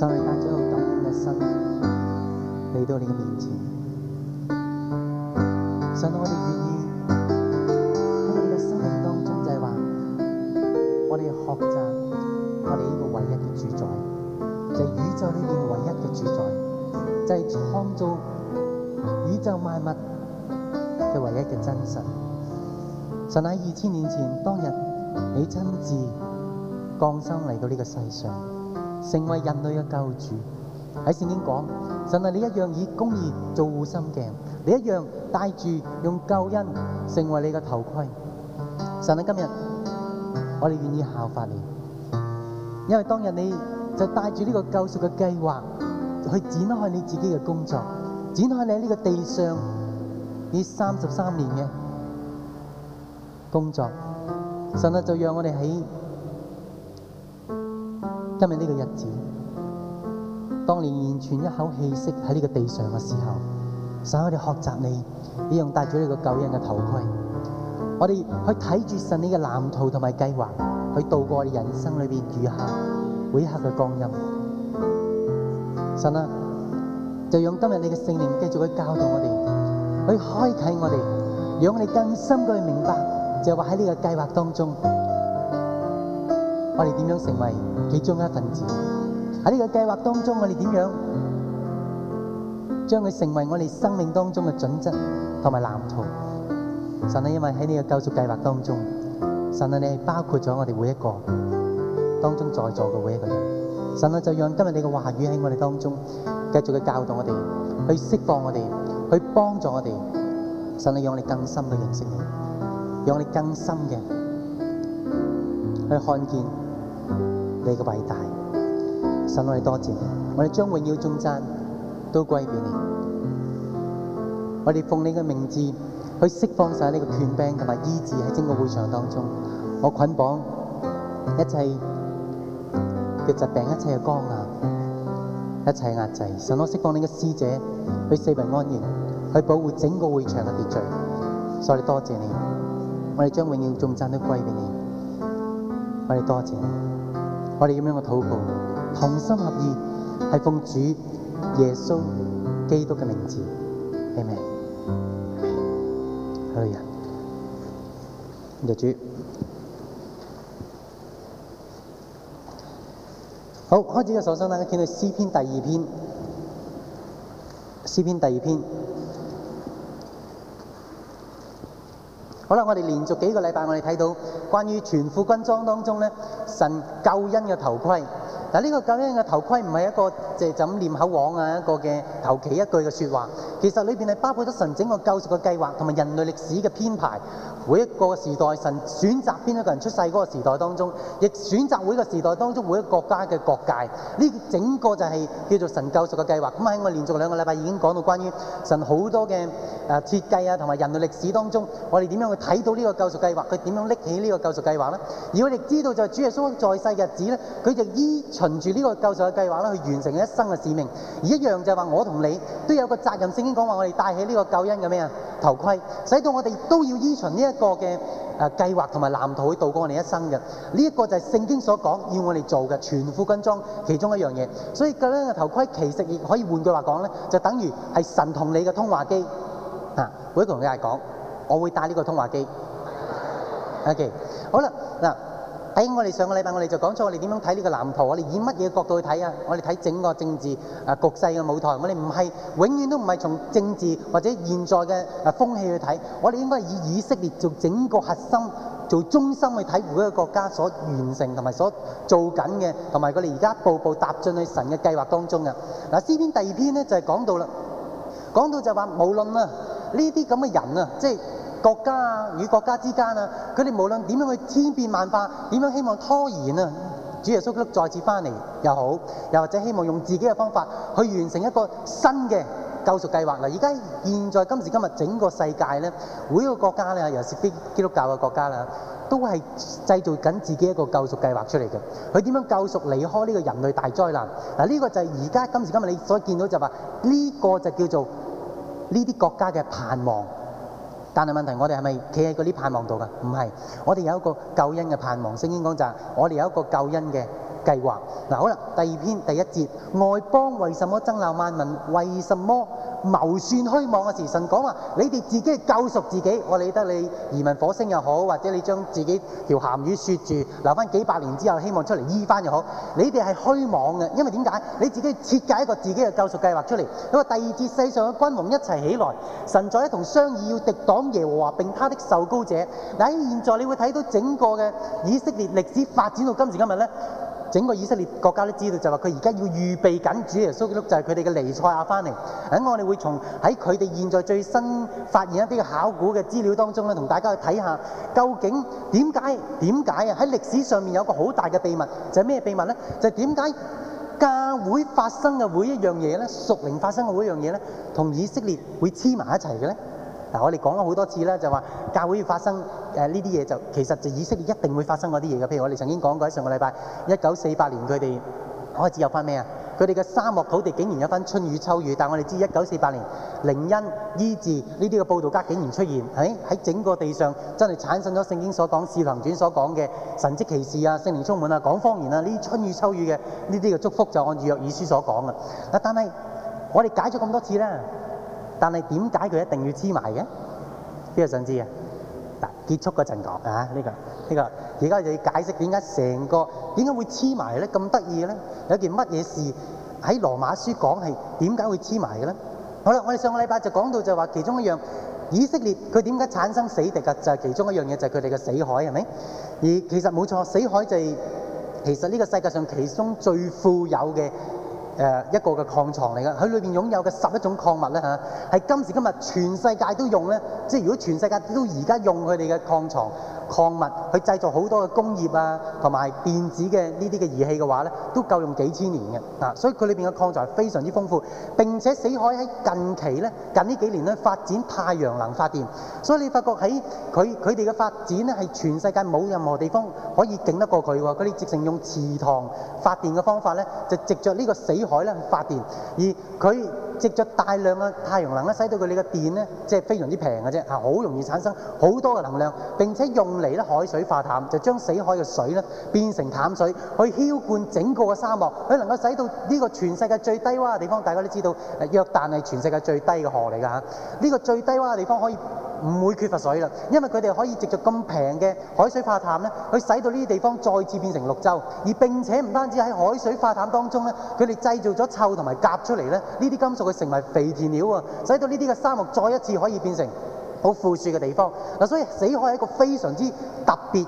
就係帶咗一個感恩嘅心嚟到你嘅面前，所以我哋願意喺我哋嘅生命當中就係話，我哋學習我哋呢個唯一嘅主宰，就係宇宙裏面唯一嘅主宰，就係創造宇宙萬物嘅唯一嘅真神。神喺二千年前當日，你親自降生嚟到呢個世上。成為人類嘅救主，喺聖經講，神啊，你一樣以公義做護心鏡，你一樣帶住用救恩成為你嘅頭盔。神啊今日，我哋願意效法你，因為當日你就帶住呢個救贖嘅計劃去展開你自己嘅工作，展開你喺呢個地上呢三十三年嘅工作。神啊就讓我哋喺。今日呢個日子，當年完全一口氣息喺呢個地上嘅時候，使我哋學習你，用帶着你用戴住你個救恩嘅頭盔，我哋去睇住神你嘅藍圖同埋計劃，去度過我哋人生裏邊餘下每一刻嘅光陰。神啊，就用今日你嘅聖靈繼續去教導我哋，去開啟我哋，讓我哋更深地去明白，就話喺呢個計劃當中，我哋點樣成為其中一份子喺呢個計劃當中我，我哋點樣將佢成為我哋生命當中嘅準則同埋藍圖？神啊，因為喺呢個救贖計劃當中，神啊，你包括咗我哋每一個當中在座嘅每一個人。神啊，就讓今日你嘅話語喺我哋當中繼續去教導我哋，去釋放我哋，去幫助我哋。神啊，讓我哋更深嘅認識你，讓我哋更深嘅去看見。你嘅偉大，神，我哋多謝你，我哋將永遠頌讚都歸俾你。我哋奉你嘅名字去釋放晒你嘅權柄同埋醫治喺整個會場當中，我捆綁一切嘅疾病，一切嘅光暗，一切嘅壓制。神，我釋放你嘅使者去四圍安營，去保護整個會場嘅秩序。神，我多謝你，我哋將永遠頌讚都歸俾你。我哋多謝你我哋咁樣嘅禱告，同心合意，係奉主耶穌基督嘅名字，阿們。好啊，耶穌，好，開始嘅所想啦，大家見到詩篇第二篇，詩篇第二篇。好啦，我哋連續幾個禮拜，我哋睇到關於全副軍裝當中呢，神救恩嘅頭盔。嗱，呢個救恩嘅頭盔唔係一個，就係就咁唸口簧啊，一個嘅求其一句嘅說話。其實裏面係包括咗神整個救贖嘅計劃，同埋人類歷史嘅編排。每一個時代，神選擇邊一個人出世嗰個時代當中，亦選擇每一個時代當中每一個國家嘅國界。呢整個就係叫做神救贖嘅計劃。咁喺我連續兩個禮拜已經講到關於神好多嘅設計啊，同埋人類歷史當中，我哋點樣去睇到呢個救贖計劃？佢點樣拎起呢個救贖計劃呢？而我哋知道就係主耶穌在世日子呢，佢亦依循住呢個救贖嘅計劃去完成一生嘅使命。而一樣就係話，我同你都有個責任性。講話我哋帶起呢個救恩嘅咩啊頭盔，使到我哋都要依循呢一個嘅誒計劃同埋藍圖去度過我哋一生嘅。呢一個就係聖經所講要我哋做嘅全副軍裝其中一樣嘢。所以救恩嘅頭盔其實亦可以換句話講咧，就等於係神同你嘅通話機啊！我同你係講，我會帶呢個通話機。OK，好啦，嗱。在、哎、我哋上個禮拜，我哋就講咗我哋點樣睇呢個藍圖。我哋以乜嘢角度去睇啊？我哋睇整個政治啊，局勢嘅舞台。我哋唔係永遠都唔係從政治或者現在嘅風氣去睇。我哋應該以以色列做整個核心做中心去睇每一個國家所完成同埋所做緊嘅，同埋佢哋而家步步踏進去神嘅計劃當中嘅。嗱，詩篇第二篇呢就係、是、講到啦，講到就話無論啊呢啲咁嘅人啊，即係。國家與國家之間啊，佢哋無論點樣去千變萬化，點樣希望拖延啊，主耶穌基督再次返嚟又好，又或者希望用自己嘅方法去完成一個新嘅救贖計劃。而家現在，現在今時今日整個世界，每個國家咧，尤其是基督教嘅國家，都係製造緊自己一個救贖計劃出嚟嘅。佢點樣救贖離開呢個人類大災難？呢個就係而家今時今日你所見到就話呢個就叫做呢啲國家嘅盼望。但係問題我們是是，我哋係咪企喺嗰啲盼望度㗎？唔係，我哋有一個救恩嘅盼望。聖經講就係我哋有一個救恩嘅。計劃嗱，好啦，第二篇第一節，外邦為什麼爭鬧萬民？為什麼謀算虛妄嘅時？神講話：你哋自己去救贖自己，我理得你移民火星又好，或者你將自己條鹹魚雪住，留翻幾百年之後希望出嚟醫翻又好。你哋係虛妄嘅，因為點解你自己設計一個自己嘅救贖計劃出嚟？因啊，第二節，世上嘅君王一齊起來，神在一同商議要敵擋耶和華並他的受膏者。但喺現在，你會睇到整個嘅以色列歷史發展到今時今日呢。整個以色列國家都知道就是他現在，就話佢而家要預備緊主耶穌基督，就係佢哋嘅彌賽亞返嚟。我哋會從喺佢哋現在最新發現的一啲嘅考古嘅資料當中呢，同大家去睇下，究竟點解點解啊？喺歷史上面有一個好大嘅秘密，就係、是、咩秘密呢？就係點解教會發生嘅每一樣嘢呢，屬靈發生嘅每一樣嘢呢，同以色列會黐埋一齊嘅呢？嗱，我哋講咗好多次啦，就話教會要發生誒呢啲嘢，就其實就以色列一定會發生嗰啲嘢嘅。譬如我哋曾經講過喺上個禮拜，一九四八年佢哋開始有翻咩啊？佢哋嘅沙漠土地竟然有翻春雨秋雨，但係我哋知一九四八年，靈恩、醫治呢啲嘅報道家竟然出現喺喺、哎、整個地上，真係產生咗聖經所講、使徒行傳所講嘅神蹟奇事啊、聖靈充滿啊、講方言啊，呢啲春雨秋雨嘅呢啲嘅祝福就按住約珥書所講嘅。但係我哋解咗咁多次啦。但係點解佢一定要黐埋嘅？邊個想知啊？嗱，結束嗰陣講啊，呢個呢個，而家就要解釋點解成個點解會黐埋咧？咁得意嘅咧，有件乜嘢事喺羅馬書講係點解會黐埋嘅咧？好啦，我哋上個禮拜就講到就話其中一樣，以色列佢點解產生死敵呀？就係其中一樣嘢就係佢哋嘅死海係咪？而其實冇錯，死海就係其實呢個世界上其中最富有嘅。誒，一個嘅礦床嚟嘅，佢裏邊擁有嘅十一種礦物咧嚇，係今時今日全世界都用咧，即係如果全世界都而家用佢哋嘅礦床。礦物去製造好多嘅工業啊，同埋電子嘅呢啲嘅儀器嘅話咧，都夠用幾千年嘅啊！所以佢裏邊嘅礦材非常之豐富，並且死海喺近期咧，近呢幾年咧發展太陽能發電，所以你發覺喺佢佢哋嘅發展咧，係全世界冇任何地方可以勁得過佢喎。佢哋直成用池塘發電嘅方法咧，就藉着呢個死海咧去發電，而佢。藉着大量嘅太陽能咧，使到佢哋嘅電咧，即係非常之平嘅啫嚇，好容易產生好多嘅能量，並且用嚟咧海水化淡，就將死海嘅水咧變成淡水，去澆灌整個嘅沙漠，佢能夠使到呢個全世界最低洼嘅地方，大家都知道約旦係全世界最低嘅河嚟㗎嚇。呢、這個最低洼嘅地方可以唔會缺乏水啦，因為佢哋可以藉着咁平嘅海水化淡，咧，去使到呢啲地方再次變成綠洲，而並且唔單止喺海水化淡當中咧，佢哋製造咗溴同埋鉀出嚟咧，呢啲金屬。佢成為肥田鳥喎，使到呢啲嘅沙漠再一次可以變成好富庶嘅地方。嗱，所以死海係一個非常之特別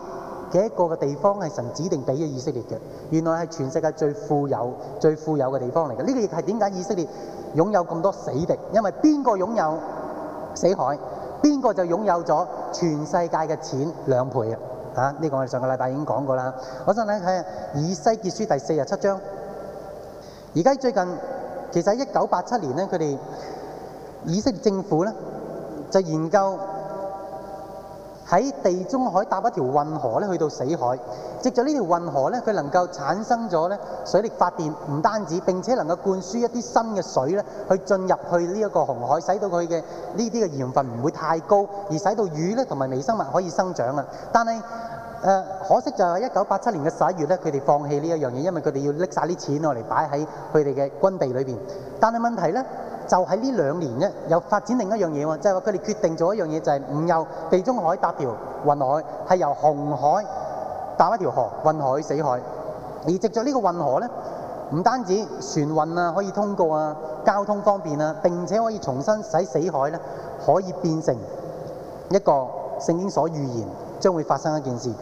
嘅一個嘅地方，係神指定俾嘅以色列嘅。原來係全世界最富有、最富有嘅地方嚟嘅。呢個亦係點解以色列擁有咁多死敵？因為邊個擁有死海，邊個就擁有咗全世界嘅錢兩倍啊！啊，呢、呢個我哋上個禮拜已經講過啦。我想睇下以西結書第四十七章。而家最近。其實喺一九八七年咧，佢哋以色列政府咧就研究喺地中海搭一條運河咧去到死海，藉著呢條運河咧，佢能夠產生咗咧水力發電，唔單止並且能夠灌輸一啲新嘅水咧去進入去呢一個紅海，使到佢嘅呢啲嘅鹽分唔會太高，而使到魚咧同埋微生物可以生長啊。但係誒可惜就係一九八七年嘅十一月咧，佢哋放棄呢一樣嘢，因為佢哋要拎晒啲錢落嚟擺喺佢哋嘅軍備裏邊。但係問題咧，就喺呢兩年啫，又發展另一樣嘢喎，就係話佢哋決定咗一樣嘢，就係唔由地中海搭條運河，係由紅海搭一條河運海死海。而藉著呢個運河咧，唔單止船運啊可以通過啊，交通方便啊，並且可以重新使死海咧可以變成一個聖經所預言。將會發生一件事，《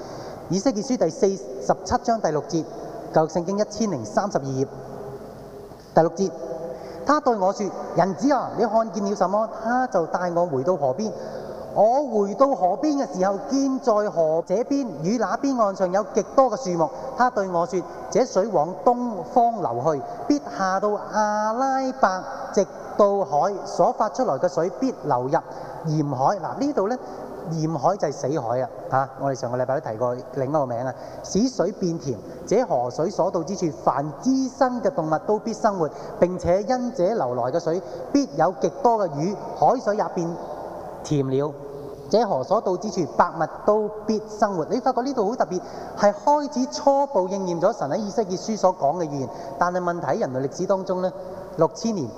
以西結書》第四十七章第六節，舊聖經一千零三十二頁第六節。他對我說：人子啊，你看見了什麼？他就帶我回到河邊。我回到河邊嘅時候，見在河這邊與那邊岸上有極多嘅樹木。他對我說：這水往東方流去，必下到亞拉伯，直到海，所發出來嘅水必流入鹽海。嗱，呢度呢。鹽海就係死海啊！嚇、啊，我哋上個禮拜都提過另一個名啊。使水變甜，這河水所到之處，凡滋生嘅動物都必生活。並且因者流來嘅水，必有極多嘅魚。海水也變甜了。這河所到之處，百物都必生活。你發覺呢度好特別，係開始初步應驗咗神喺《以西結書》所講嘅預言。但係問題喺人類歷史當中呢，六千年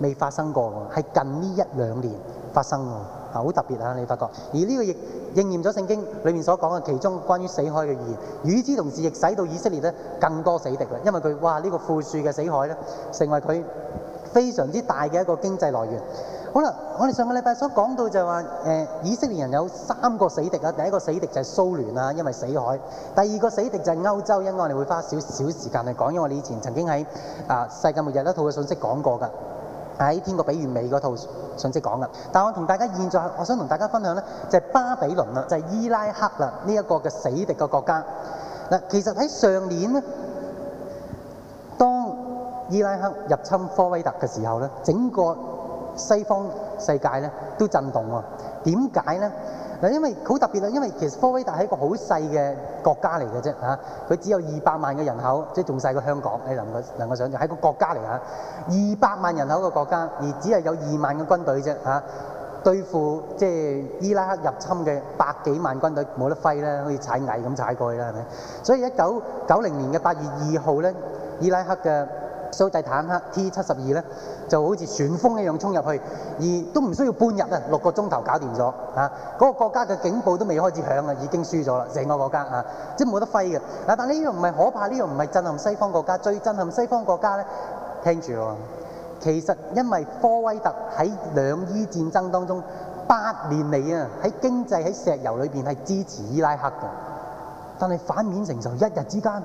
未發生過喎，係近呢一兩年發生喎。好、啊、特別啊！你發覺，而呢個亦應驗咗聖經裏面所講嘅其中關於死海嘅意義。與之同時，亦使到以色列咧更多死敵啦，因為佢哇呢、呢個富庶嘅死海咧，成為佢非常之大嘅一個經濟來源。好啦，我哋上個禮拜所講到就話誒、呃，以色列人有三個死敵啊。第一個死敵就係蘇聯啦，因為死海；第二個死敵就係歐洲，應該小小，因為我哋會花少少時間去講，因為我哋以前曾經喺啊世界末日一套嘅信息講過㗎。喺天國比完美嗰套信息講啦，但係我同大家現在，我想同大家分享咧，就係巴比倫啦，就係伊拉克啦，呢一個嘅死敵嘅國家。嗱，其實喺上年咧，當伊拉克入侵科威特嘅時候咧，整個西方世界咧都震動啊。點解咧？嗱，因為好特別啊，因為其實科威特係一個好細嘅國家嚟嘅啫嚇，佢只有二百萬嘅人口，即係仲細過香港。你能夠能夠想象係一個國家嚟嚇，二百萬人口嘅國家，而只係有二萬嘅軍隊啫嚇，對付即係伊拉克入侵嘅百幾萬軍隊冇得揮啦，好似踩蟻咁踩過去啦，係咪？所以一九九零年嘅八月二號咧，伊拉克嘅蘇製坦克 T 七十二咧，就好似旋風一樣衝入去，而都唔需要半日啊，六個鐘頭搞掂咗啊！嗰個國家嘅警報都未開始響啊，已經輸咗啦，成個國家啊，即係冇得揮嘅。嗱、啊，但呢樣唔係可怕，呢樣唔係震撼西方國家，最震撼西方國家咧，聽住喎。其實因為科威特喺兩伊戰爭當中八年嚟啊，喺經濟喺石油裏邊係支持伊拉克嘅，但係反面承受一日之間。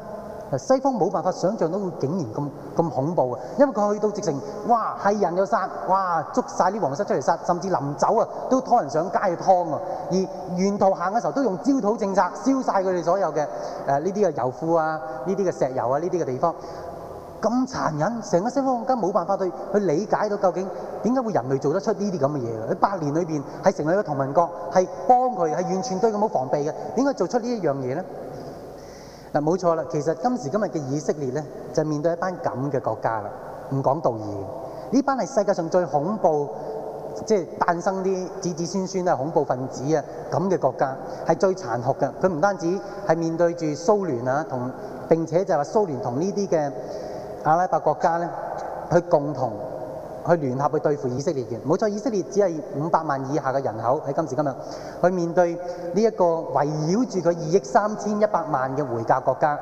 西方冇辦法想像到會竟然咁咁恐怖啊！因為佢去到直情，哇係人就殺，哇捉晒啲皇室出嚟殺，甚至臨走啊都拖人上街去劏喎。而沿途行嘅時候都用焦土政策燒晒佢哋所有嘅誒呢啲嘅油庫啊、呢啲嘅石油啊、呢啲嘅地方。咁殘忍，成個西方更加冇辦法去去理解到究竟點解會人類做得出呢啲咁嘅嘢喺百年裏邊喺成為一個同盟國，係幫佢係完全對佢冇防備嘅，點解做出呢一樣嘢咧？冇錯啦，其實今時今日嘅以色列呢，就面對一班咁嘅國家啦，唔講道義呢班係世界上最恐怖，即係誕生啲子子孫孫咧恐怖分子啊咁嘅國家，係最殘酷嘅。佢唔單止係面對住蘇聯啊，同並且就係話蘇聯同呢啲嘅阿拉伯國家呢，去共同。去聯合去對付以色列嘅，冇錯，以色列只係五百萬以下嘅人口，喺今時今日，去面對呢一個圍繞住佢二億三千一百萬嘅回教國家，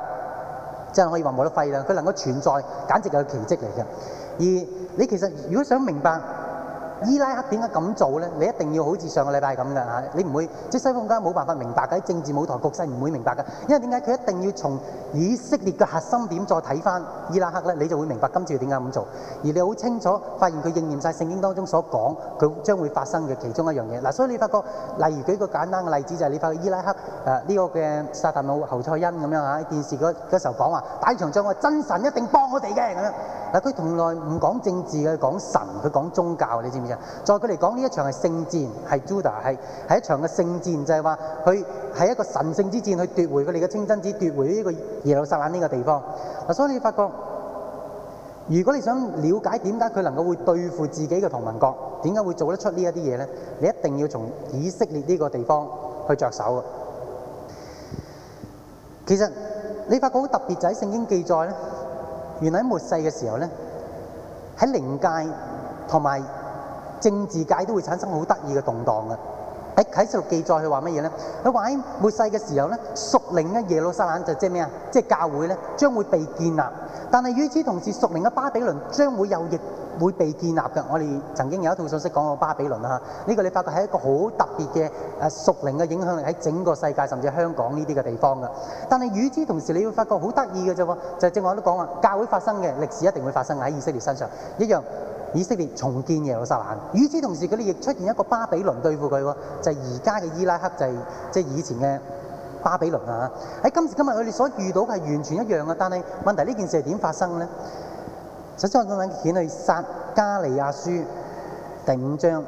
真係可以話冇得廢啦。佢能夠存在，簡直係個奇蹟嚟嘅。而你其實如果想明白。伊拉克點解咁做咧？你一定要好似上個禮拜咁嘅嚇，你唔會即西方國家冇辦法明白嘅，喺政治舞台局勢唔會明白嘅。因為點解佢一定要從以色列嘅核心點再睇翻伊拉克咧？你就會明白今次點解咁做。而你好清楚發現佢應驗晒聖經當中所講佢將會發生嘅其中一樣嘢嗱。所以你發覺，例如舉個簡單嘅例子就係、是、你發覺伊拉克誒呢、這個嘅薩達姆侯賽恩咁樣嚇，喺電視嗰時候講話打場仗，我真神一定幫我哋嘅咁樣嗱。佢從來唔講政治嘅，佢講神，佢講宗教，你知唔知？在佢嚟講，呢一場係聖戰，係 Jihad 係係一場嘅聖戰，就係話佢係一個神聖之戰，去奪回佢哋嘅清真寺，奪回呢個耶路撒冷呢個地方。嗱，所以你發覺，如果你想了解點解佢能夠會對付自己嘅同盟國，點解會做得出這些呢一啲嘢咧，你一定要從以色列呢個地方去着手。其實你發覺好特別，就喺聖經記載咧，原來喺末世嘅時候咧，喺靈界同埋。政治界都會產生好得意嘅動盪嘅。喺啟示錄記載佢話乜嘢呢？佢話喺末世嘅時候呢，屬靈嘅耶路撒冷就即係咩啊？即係教會呢將會被建立。但係與此同時，屬靈嘅巴比倫將會又亦會被建立嘅。我哋曾經有一套信息講過巴比倫啦。嚇，呢個你發覺係一個好特別嘅誒屬靈嘅影響力喺整個世界，甚至香港呢啲嘅地方嘅。但係與此同時，你會發覺好得意嘅啫喎，就係正我都講話，教會發生嘅歷史一定會發生喺以色列身上一樣。以色列重建耶路撒冷，與此同時，佢哋亦出現一個巴比倫對付佢喎，就係而家嘅伊拉克，就係即係以前嘅巴比倫啊！喺今時今日，佢哋所遇到嘅係完全一樣嘅，但係問題呢件事係點發生呢？首先，我等等掀去撒加利亞書第五章，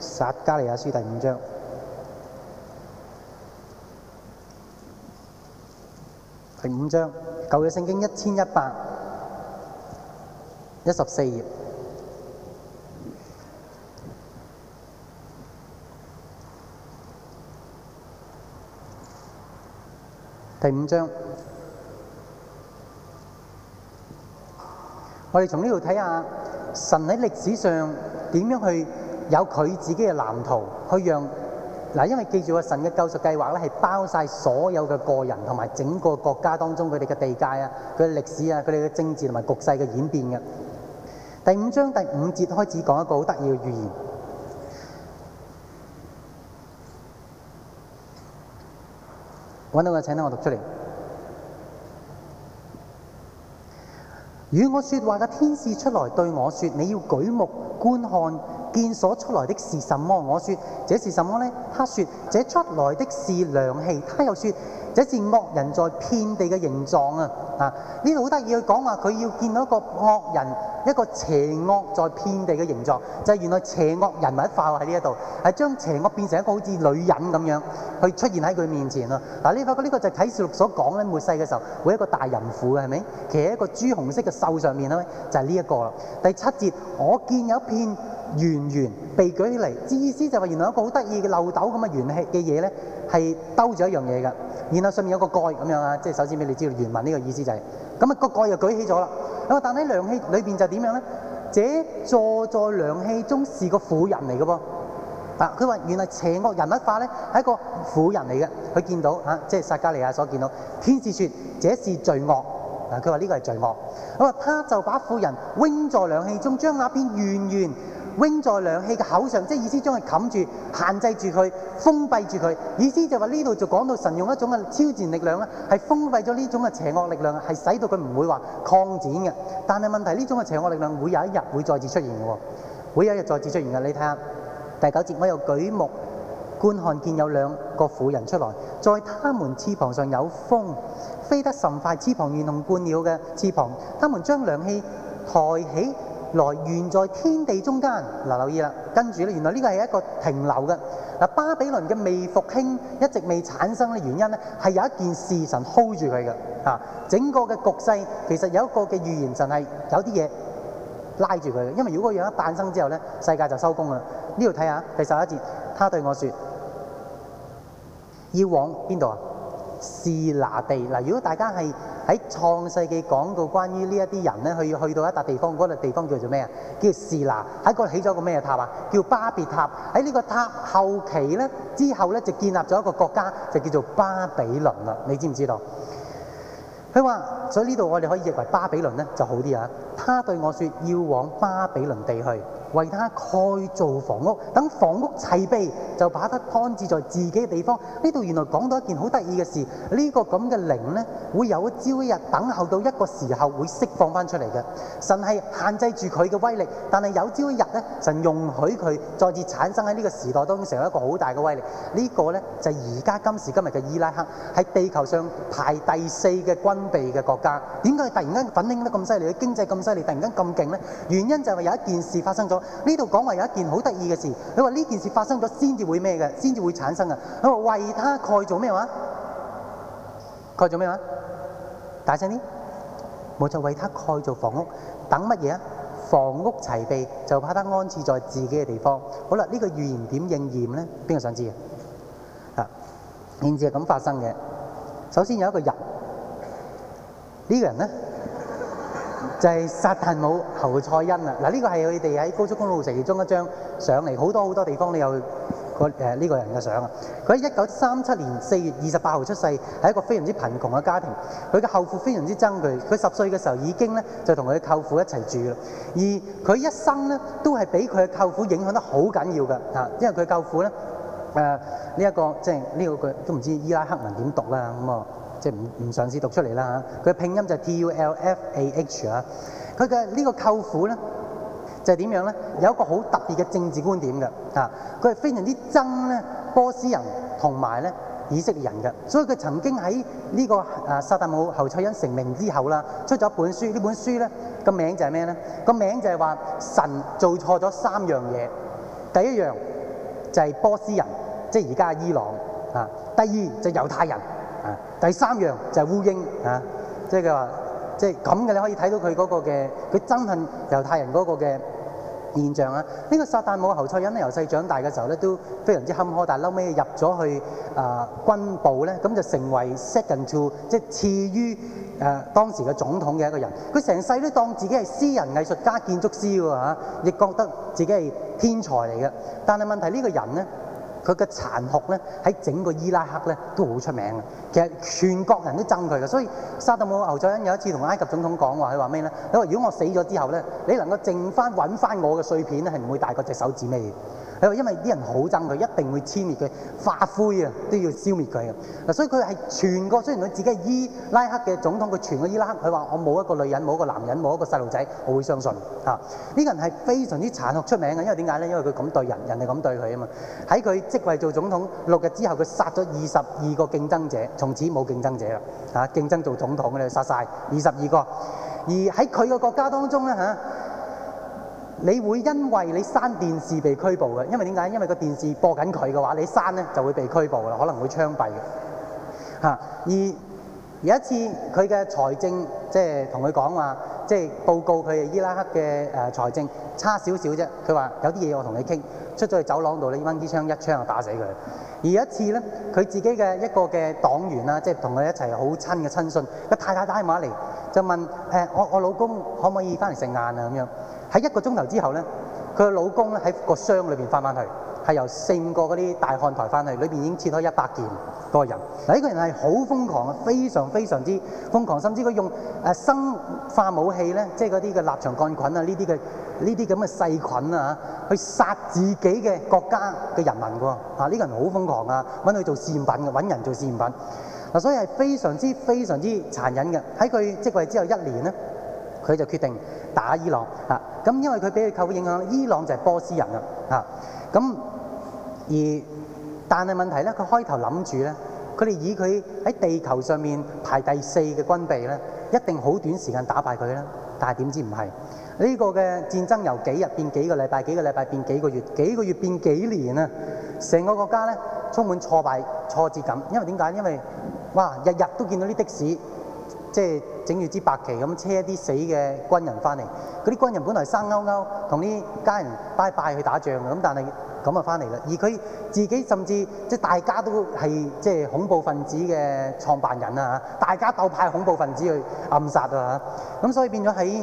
撒加利亞書第五章，第五章舊約聖經一千一百一十四頁。第五章，我哋從呢度睇下神喺歷史上點樣去有佢自己嘅藍圖去讓嗱，因為記住啊，神嘅救贖計劃咧係包晒所有嘅個人同埋整個國家當中佢哋嘅地界啊、佢嘅歷史啊、佢哋嘅政治同埋局勢嘅演變嘅。第五章第五節開始講一個好得意嘅預言。揾到個請，等我讀出嚟。與我說話嘅天使出來對我說：你要舉目觀看見所出來的是什麼？我說：這是什麼呢？他說：這出來的是量器。他又說。這是惡人在遍地嘅形狀啊！啊，呢度好得意，佢講話佢要見到一個惡人，一個邪惡在遍地嘅形狀，就係、是、原來邪惡人物化喎喺呢一度，係將邪惡變成一個好似女人咁樣去出現喺佢面前咯、啊啊。你發覺呢個就係啟示錄所講咧，末世嘅時候會一個大淫婦嘅係咪？騎在一個朱紅色嘅獸上面咧，就係呢一個啦。第七節，我見有一片。圓圓被舉起嚟，意思就係原來有一個好得意嘅漏斗咁嘅元氣嘅嘢咧，係兜住一樣嘢嘅。然後上面有一個蓋咁樣啊，即係首先俾你知道原文呢個意思就係咁啊。這個蓋又舉起咗啦。咁啊，但喺涼氣裏邊就點樣咧？這坐在涼氣中是個婦人嚟嘅噃。嗱、啊，佢話原來邪惡人物化咧係一個婦人嚟嘅。佢見到嚇、啊，即係撒加利亞所見到，天使説這是罪惡。嗱，佢話呢個係罪惡。咁啊，他、啊、就把婦人喚在涼氣中，將那片圓圓。封在量器嘅口上，即意思將佢冚住、限制住佢、封閉住佢。意思就話呢度就講到神用一種嘅超自然力量咧，係封閉咗呢種嘅邪惡力量，係使到佢唔會話擴展嘅。但係問題呢種嘅邪惡力量會有一日會再次出現嘅，會有一日再次出現嘅。你睇下第九節，我又舉目觀看，見有兩個婦人出來，在他們翅膀上有風，飛得甚快，翅膀如同鸛鳥嘅翅膀。他們將量器抬起。來，源在天地中間，嗱留意啦。跟住咧，原來呢個係一個停留嘅。嗱，巴比倫嘅未復興一直未產生嘅，原因咧係有一件事神 hold 住佢嘅。啊，整個嘅局勢其實有一個嘅預言，神係有啲嘢拉住佢嘅。因為如果嗰樣一誕生之後咧，世界就收工啦。呢度睇下第十一節，他對我說：要往邊度啊？示拿地嗱。如果大家係喺創世記講到關於呢一啲人咧，佢要去到一笪地方，嗰笪地方叫做咩啊？叫士拿喺嗰度起咗個咩塔啊？叫巴別塔喺呢個塔後期咧之後咧就建立咗一個國家，就叫做巴比倫啦。你知唔知道？佢話：，所以呢度我哋可以認為巴比倫咧就好啲啊。他對我説：要往巴比倫地去。為他蓋造房屋，等房屋齊備，就把他安置在自己嘅地方。呢度原來講到一件好得意嘅事，這個、這的呢個咁嘅靈咧，會有朝一日等候到一個時候，會釋放返出嚟嘅。神係限制住佢嘅威力，但係有朝一日咧，神容許佢再次產生喺呢個時代當中成為一個好大嘅威力。這個、呢個咧就而、是、家今時今日嘅伊拉克，係地球上排第四嘅軍備嘅國家。點解佢突然間反興得咁犀利，經濟咁犀利，突然間咁勁咧？原因就係有一件事發生咗。呢度講話有一件好得意嘅事，佢話呢件事發生咗先至會咩嘅，先至會產生嘅。佢話為他蓋造咩話？蓋造咩話？大聲啲，冇錯，為他蓋造房屋，等乜嘢啊？房屋齊備，就把他安置在自己嘅地方。好啦，呢個預言點應驗咧？邊個想知啊？啊，應驗係咁發生嘅。首先有一個人，呢個人咧？就係薩達姆侯賽因啦！嗱，呢個係佢哋喺高速公路城中一張相嚟，好多好多地方你有個呢個人嘅相啊！佢喺一九三七年四月二十八號出世，係一個非常之貧窮嘅家庭。佢嘅後父非常之憎佢。佢十歲嘅時候已經咧就同佢嘅舅父一齊住啦。而佢一生咧都係俾佢嘅舅父影響得好緊要嘅嚇，因為佢舅父咧誒呢一個即係呢個佢都唔知伊拉克文點讀啦咁啊。即係唔唔嘗試讀出嚟啦嚇，佢嘅拼音就係 T U L F A H 啊，佢嘅呢個舅父咧就係、是、點樣咧？有一個好特別嘅政治觀點嘅嚇，佢、啊、係非常之憎咧波斯人同埋咧以色列人嘅，所以佢曾經喺呢、這個啊薩達姆侯賽恩成名之後啦，出咗一本書，呢本書咧個名就係咩咧？個名就係話神做錯咗三樣嘢，第一樣就係波斯人，即係而家嘅伊朗啊，第二就係猶太人。啊、第三樣就係烏鷹啊，即係佢話，即係咁嘅你可以睇到佢嗰個嘅，佢憎恨猶太人嗰個嘅現象啊。呢、呢個薩達姆侯賽因咧，由細長大嘅時候咧都非常之坎坷，但係嬲尾入咗去啊軍部咧，咁就成為 second to w 即係次於誒、啊、當時嘅總統嘅一個人。佢成世都當自己係詩人、藝術家、建築師喎，亦、啊、覺得自己係天才嚟嘅。但係問題呢個人咧？佢嘅殘酷咧，喺整個伊拉克咧都好出名嘅。其實全國人都憎佢嘅，所以沙達姆牛仔恩有一次同埃及總統講話，佢話咩咧？佢話：如果我死咗之後咧，你能夠剩翻揾翻我嘅碎片咧，係唔會大過隻手指尾嘅。因為啲人好憎佢，一定會殲滅佢，化灰啊，都要消滅佢啊！嗱，所以佢係全個，雖然佢自己係伊拉克嘅總統，佢全個伊拉克他說，佢話我冇一個女人，冇一個男人，冇一個細路仔，我會相信嚇。呢、啊、個人係非常之殘酷出名嘅，因為點解咧？因為佢咁對人，人哋咁對佢啊嘛。喺佢即位做總統六日之後，佢殺咗二十二個競爭者，從此冇競爭者啦嚇、啊。競爭做總統嘅咧殺晒二十二個，而喺佢個國家當中咧嚇。啊。你會因為你刪電視被拘捕嘅，因為點解？因為個電視播緊佢嘅話，你刪咧就會被拘捕啦，可能會槍斃嘅嚇。而有一次，佢嘅財政即係同佢講話，即係報告佢係伊拉克嘅誒財政差少少啫。佢話有啲嘢我同你傾，出咗去走廊度，你掹支槍一槍就打死佢。而有一次咧，佢自己嘅一個嘅黨員啦，即係同佢一齊好親嘅親信，個太太打電話嚟就問誒我我老公可唔可以翻嚟食晏啊？咁樣。喺一個鐘頭之後咧，佢嘅老公咧喺個箱裏邊翻翻去，係由四五個嗰啲大漢抬翻去，裏邊已經切開一百件人，這個人。嗱，呢個人係好瘋狂啊，非常非常之瘋狂，甚至佢用誒生化武器咧，即係嗰啲嘅臘腸桿菌啊，呢啲嘅呢啲咁嘅細菌啊，去殺自己嘅國家嘅人民喎。嚇、啊、呢，這個人好瘋狂啊，揾佢做試驗品，品，揾人做試驗品。嗱，所以係非常之非常之殘忍嘅。喺佢職位之後一年咧，佢就決定打伊朗嚇。啊咁因為佢俾佢扣嘅影響，伊朗就係波斯人啦嚇。咁、啊、而但係問題咧，佢開頭諗住咧，佢哋以佢喺地球上面排第四嘅軍備咧，一定好短時間打敗佢啦。但係點知唔係，呢個嘅戰爭由幾日變幾個禮拜，幾個禮拜變幾個月，幾個月變幾年啊！成個國家咧，充滿挫敗挫折感，因為點解？因為哇，日日都見到啲的士。即係整住支白旗咁，車啲死嘅軍人翻嚟。嗰啲軍人本來生勾勾，同啲家人拜拜去打仗嘅，咁但係咁啊翻嚟啦。而佢自己甚至即係大家都係即係恐怖分子嘅創辦人啊！大家鬥派恐怖分子去暗殺啊！咁所以變咗喺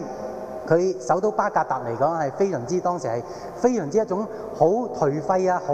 佢首都巴格達嚟講係非常之當時係非常之一種好頹廢啊！好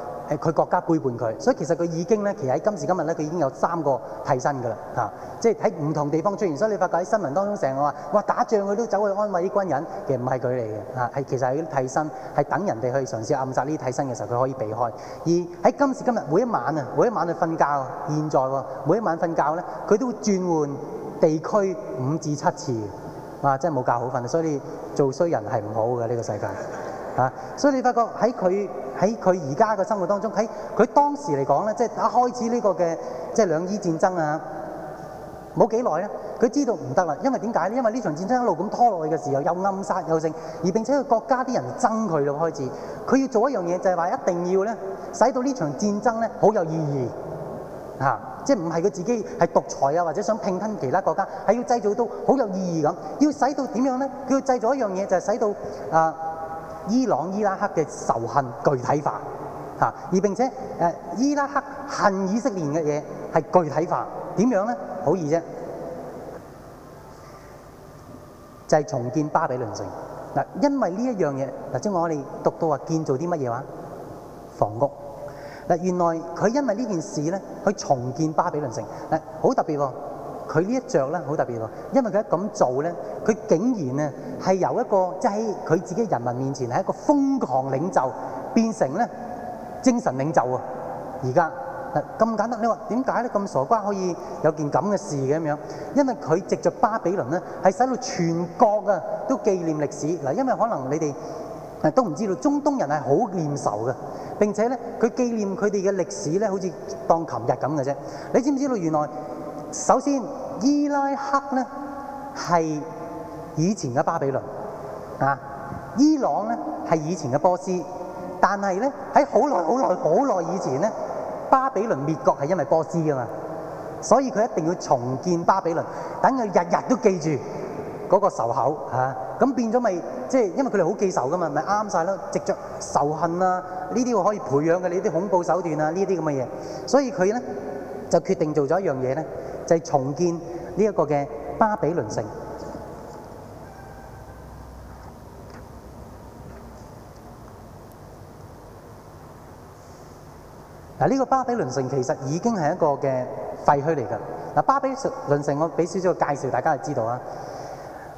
係佢國家背叛佢，所以其實佢已經咧，其實喺今時今日咧，佢已經有三個替身噶啦，嚇，即係喺唔同地方出現。所以你發覺喺新聞當中成日話哇打仗佢都走去安慰啲軍人，其實唔係佢嚟嘅，嚇，係其實係啲替身，係等人哋去嘗試暗殺呢啲替身嘅時候，佢可以避開。而喺今時今日每一晚啊，每一晚去瞓覺，現在每一晚瞓覺咧，佢都會轉換地區五至七次，啊，真係冇覺好瞓。所以你做衰人係唔好嘅呢個世界，嚇。所以你發覺喺佢。喺佢而家嘅生活當中，喺佢當時嚟講咧，即係一開始呢個嘅即係兩伊戰爭啊，冇幾耐咧，佢知道唔得啦，因為點解咧？因為呢場戰爭一路咁拖落去嘅時候，又暗殺又勝，而並且個國家啲人爭佢咯開始，佢要做一樣嘢就係話一定要咧，使到呢場戰爭咧好有意義嚇、啊，即係唔係佢自己係獨裁啊，或者想拼吞其他國家，係要製造到好有意義咁，要使到點樣咧？佢要製造一樣嘢就係使到啊。伊朗伊拉克嘅仇恨具體化，嚇！而並且誒伊拉克恨以色列嘅嘢係具體化，點樣咧？好易啫，就係、是、重建巴比倫城嗱。因為呢一樣嘢嗱，頭先我哋讀到話建造啲乜嘢話房屋嗱，原來佢因為呢件事咧去重建巴比倫城嗱，好特別喎。佢呢一著咧好特別喎，因為佢一咁做咧，佢竟然咧係由一個即係喺佢自己人民面前係一個瘋狂領袖變成咧精神領袖啊！而家咁簡單，你話點解咧咁傻瓜可以有件咁嘅事嘅咁樣？因為佢藉着巴比倫咧係使到全國啊都紀念歷史嗱，因為可能你哋都唔知道，中東人係好念仇嘅，並且咧佢紀念佢哋嘅歷史咧好似當琴日咁嘅啫。你知唔知道原來首先？伊拉克咧係以前嘅巴比倫啊，伊朗咧係以前嘅波斯，但係咧喺好耐好耐好耐以前咧，巴比倫滅國係因為波斯㗎嘛，所以佢一定要重建巴比倫，等佢日日都記住嗰個仇口嚇，咁、啊、變咗咪即係因為佢哋好記仇噶嘛，咪啱晒咯，藉著仇恨啊呢啲可以培養嘅你啲恐怖手段啊呢啲咁嘅嘢，所以佢咧就決定做咗一樣嘢咧。就係重建呢個嘅巴比倫城。呢個巴比倫城其實已經係一個嘅廢墟嚟㗎。巴比倫城我俾少少介紹，大家就知道啊。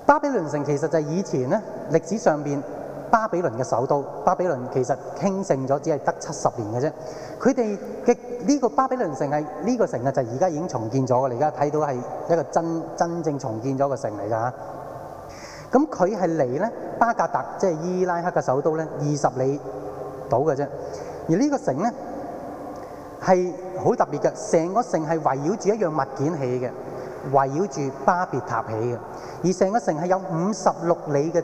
巴比倫城其實就係以前咧歷史上面，巴比倫嘅首都，巴比倫其實興盛咗，只係得七十年嘅啫。佢哋嘅呢個巴比倫城係呢個城啊，就而家已經重建咗嘅。你而家睇到係一個真真正重建咗嘅城嚟㗎嚇。咁佢係離咧巴格達，即係伊拉克嘅首都咧，二十里到嘅啫。而呢個城咧係好特別嘅，成個城係圍繞住一樣物件起嘅，圍繞住巴別塔起嘅。而成個城係有五十六里嘅。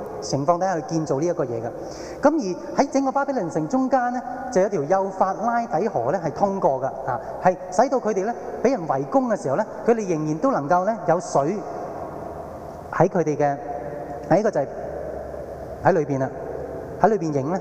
情況底下去建造呢個個嘢嘅，咁而喺整個巴比倫城中間呢，就有一條幼發拉底河咧係通過的，嚇係使到佢哋咧俾人圍攻嘅時候呢，佢哋仍然都能夠呢有水喺佢哋嘅，係呢個就係喺裏邊啦，喺裏邊影呢。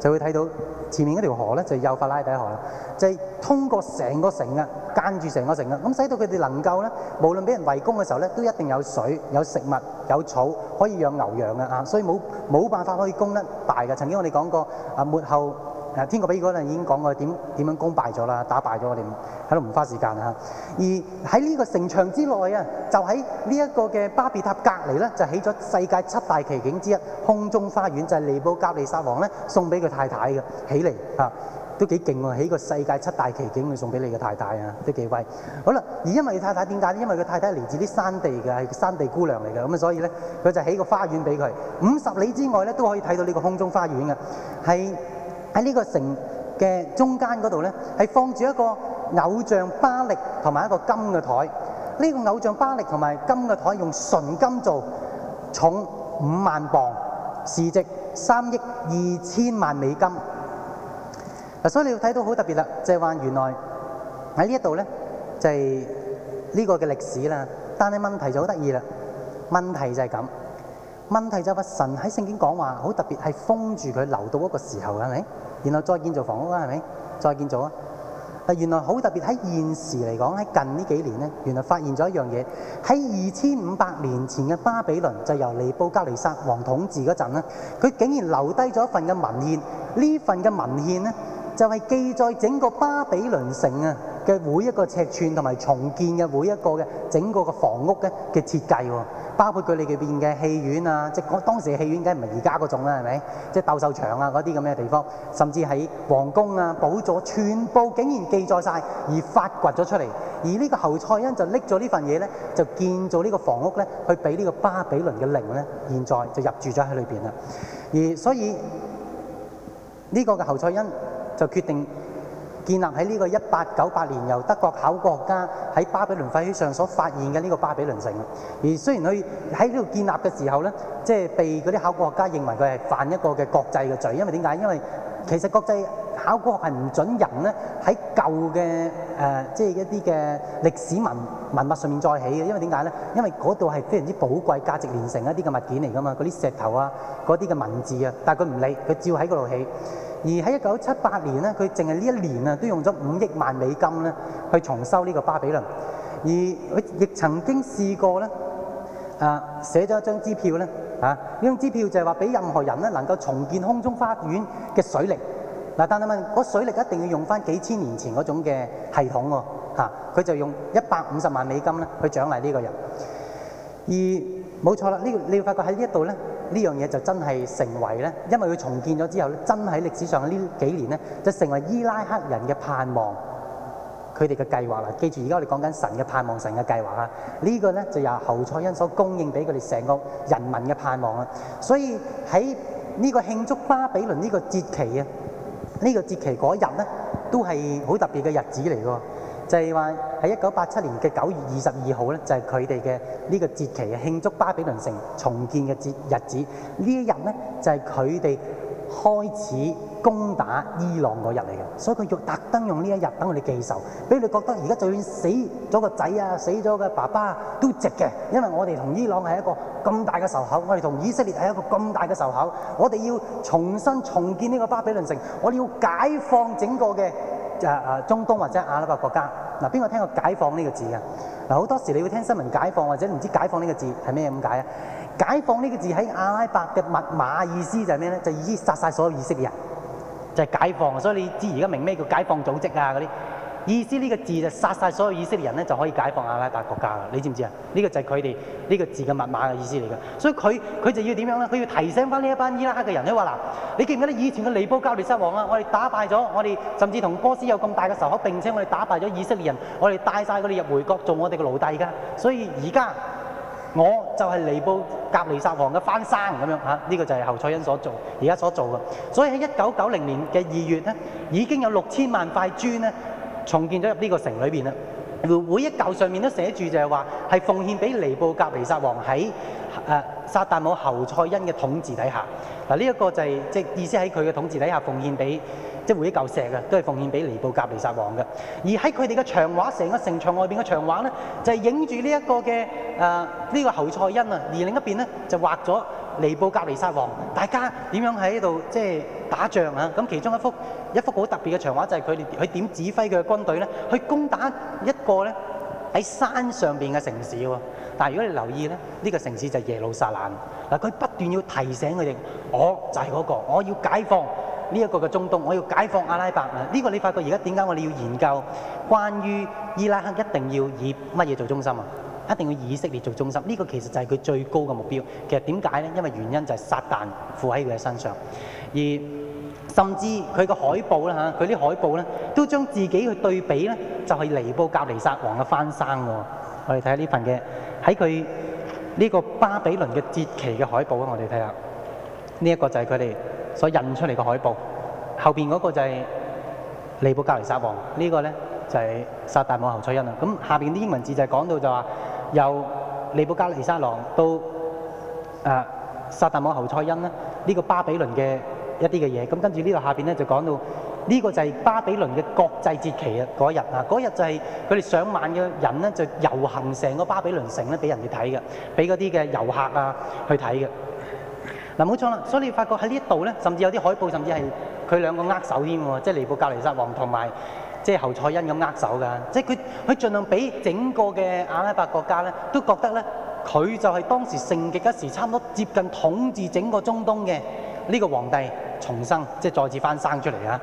就會睇到前面嗰條河咧，就係幼發拉底河啦。就係通過成個城啊，間住成個城啊，咁使到佢哋能夠咧，無論俾人圍攻嘅時候咧，都一定有水、有食物、有草，可以養牛羊嘅啊。所以冇冇辦法可以攻得大嘅。曾經我哋講過啊，末後。誒天國比喻嗰陣已經講過點點樣功敗咗啦，打敗咗我哋，喺度唔花時間啊！而喺呢個城牆之內啊，就喺呢一個嘅巴比塔隔離咧，就起咗世界七大奇景之一空中花園，就係、是、尼布甲利撒王咧送俾佢太太嘅起嚟啊！都幾勁喎，起個世界七大奇景去送俾你嘅太太啊，都幾威！好啦，而因為你太太點解咧？因為佢太太嚟自啲山地嘅，係山地姑娘嚟嘅，咁所以咧，佢就起個花園俾佢，五十里之外咧都可以睇到呢個空中花園嘅，係。喺呢個城嘅中間嗰度咧，係放住一個偶像巴力同埋一個金嘅台。呢個偶像巴力同埋金嘅台用純金做，重五萬磅，市值三億二千萬美金。嗱，所以你要睇到好特別啦，就係話原來喺呢一度咧，就係呢個嘅歷史啦。但係問題就好得意啦，問題就係咁。問題就係、是、神喺聖經講，話好特別係封住佢留到一個時候嘅係咪？然後再建造房屋啊係咪？再建造啊！啊原來好特別喺現時嚟講喺近呢幾年咧，原來發現咗一樣嘢，喺二千五百年前嘅巴比倫就由尼布甲尼撒王統治嗰陣咧，佢竟然留低咗一份嘅文獻。呢份嘅文獻咧。就係記載整個巴比倫城啊嘅每一個尺寸同埋重建嘅每一個嘅整個嘅房屋嘅嘅設計喎，包括佢哋裏邊嘅戲院啊，即係當時嘅戲院梗唔係而家嗰種啦，係咪？即係鬥獸場啊嗰啲咁嘅地方，甚至喺皇宮啊寶座全部竟然記載晒，而發掘咗出嚟。而呢個侯賽恩就拎咗呢份嘢咧，就建造呢個房屋咧，去俾呢個巴比倫嘅靈咧，現在就入住咗喺裏邊啦。而所以呢個嘅侯賽恩。就決定建立喺呢個一八九八年由德國考古學家喺巴比倫廢墟上所發現嘅呢個巴比倫城。而雖然佢喺呢度建立嘅時候呢，即係被嗰啲考古學家認為佢係犯一個嘅國際嘅罪，因為點解？因為其實國際考古學係唔準人呢喺舊嘅誒，即、呃、係、就是、一啲嘅歷史文文物上面再起嘅，因為點解呢？因為嗰度係非常之寶貴、價值連城一啲嘅物件嚟㗎嘛，嗰啲石頭啊，嗰啲嘅文字啊，但係佢唔理，佢照喺嗰度起。而喺一九七八年咧，佢淨係呢一年啊，都用咗五億萬美金咧，去重修呢個巴比倫。而佢亦曾經試過咧，啊寫咗一張支票咧，啊呢張支票就係話俾任何人咧，能夠重建空中花園嘅水力。嗱，但係問，嗰水力一定要用翻幾千年前嗰種嘅系統喎。嚇，佢就用一百五十萬美金咧，去獎勵呢個人。而冇錯啦，呢個你會發覺喺呢一度咧。呢樣嘢就真係成為咧，因為佢重建咗之後咧，真喺歷史上呢幾年咧，就成為伊拉克人嘅盼望，佢哋嘅計劃啦。記住，而家我哋講緊神嘅盼望神的計劃，神嘅計劃啊，呢個咧就由侯賽恩所供應俾佢哋成個人民嘅盼望啊。所以喺呢個慶祝巴比倫呢個節期啊，呢、這個節期嗰日咧，都係好特別嘅日子嚟㗎。就係話喺一九八七年嘅九月二十二號咧，就係佢哋嘅呢個節期嘅慶祝巴比倫城重建嘅節日子。這一呢一日咧就係佢哋開始攻打伊朗嗰日嚟嘅，所以佢要特登用呢一日等我哋記仇，俾你覺得而家就算死咗個仔啊、死咗個爸爸、啊、都值嘅，因為我哋同伊朗係一個咁大嘅仇口，我哋同以色列係一個咁大嘅仇口，我哋要重新重建呢個巴比倫城，我哋要解放整個嘅。就係啊，中東或者阿拉伯國家，嗱，邊個聽過解放呢個字嘅？嗱，好多時你會聽新聞解放或者唔知解放呢個字係咩咁解啊？解放呢個字喺阿拉伯嘅密碼意思就係咩咧？就意思殺晒所有意識嘅人，就係、是、解放。所以你知而家明咩叫解放組織啊嗰啲？意思呢個字就殺晒所有以色列人咧，就可以解放阿拉伯國家啦。你知唔知啊？呢、這個就係佢哋呢個字嘅密碼嘅意思嚟嘅，所以佢佢就要點樣咧？佢要提醒翻呢一班伊拉克嘅人，佢話嗱，你記唔記得以前嘅尼布甲尼撒王啊？我哋打敗咗，我哋甚至同波斯有咁大嘅仇口，口並且我哋打敗咗以色列人，我哋帶晒佢哋入回國做我哋嘅奴隸噶。所以而家我就係尼布甲尼撒王嘅翻生咁樣嚇，呢、這個就係侯賽因所做而家所做嘅。所以喺一九九零年嘅二月咧，已經有六千萬塊磚咧。重建咗入呢個城裏邊啦，每一舊上面都寫住就係話係奉獻俾尼布甲尼撒王在、呃、撒王喺誒薩達姆侯賽恩嘅統治底下。嗱，呢一個就係、是、即係意思喺佢嘅統治底下奉獻俾即係每一舊石嘅，都係奉獻俾尼布甲尼撒王嘅。而喺佢哋嘅牆畫，成個城牆外邊嘅牆畫咧，就係影住呢一個嘅誒呢個侯賽恩啊，而另一邊咧就畫咗尼布甲尼撒王，大家點樣喺度即係打仗啊？咁其中一幅。一幅好特別嘅長畫，就係佢哋佢點指揮佢嘅軍隊咧？去攻打一個咧喺山上邊嘅城市喎。但係如果你留意咧，呢個城市就係耶路撒冷。嗱，佢不斷要提醒佢哋，我就係嗰個，我要解放呢一個嘅中東，我要解放阿拉伯。呢個你發覺而家點解我哋要研究關於伊拉克一定要以乜嘢做中心啊？一定要以色列做中心。呢個其實就係佢最高嘅目標。其實點解咧？因為原因就係撒旦附喺佢嘅身上而。甚至佢個海報啦嚇，佢、啊、啲海報咧，都將自己去對比咧，就係、是、尼布甲尼撒王嘅翻生喎。我哋睇下呢份嘅喺佢呢個巴比倫嘅節期嘅海報啊，我哋睇下呢一個就係佢哋所印出嚟嘅海報，後邊嗰個就係尼布甲尼撒王，這個、呢個咧就係、是、撒但姆侯賽恩啦。咁下邊啲英文字就係講到就話由尼布甲尼撒、啊、撒郎到誒薩達姆侯賽恩咧，呢、這個巴比倫嘅。一啲嘅嘢，咁跟住呢度下邊咧就講到呢、呢個就係巴比倫嘅國際節期啊！嗰日啊，嗰日、啊、就係佢哋上萬嘅人咧就遊行成個巴比倫城咧俾人哋睇嘅，俾嗰啲嘅遊客啊去睇嘅。嗱、啊、冇錯啦，所以你發覺喺呢一度咧，甚至有啲海報，甚至係佢兩個握手添、啊、喎，即係尼布甲尼撒王同埋即係侯賽恩咁握手噶、啊，即係佢佢盡量俾整個嘅阿拉伯國家咧都覺得咧佢就係當時盛極嗰時，差唔多接近統治整個中東嘅。呢個皇帝重生，即係再次翻生出嚟啊！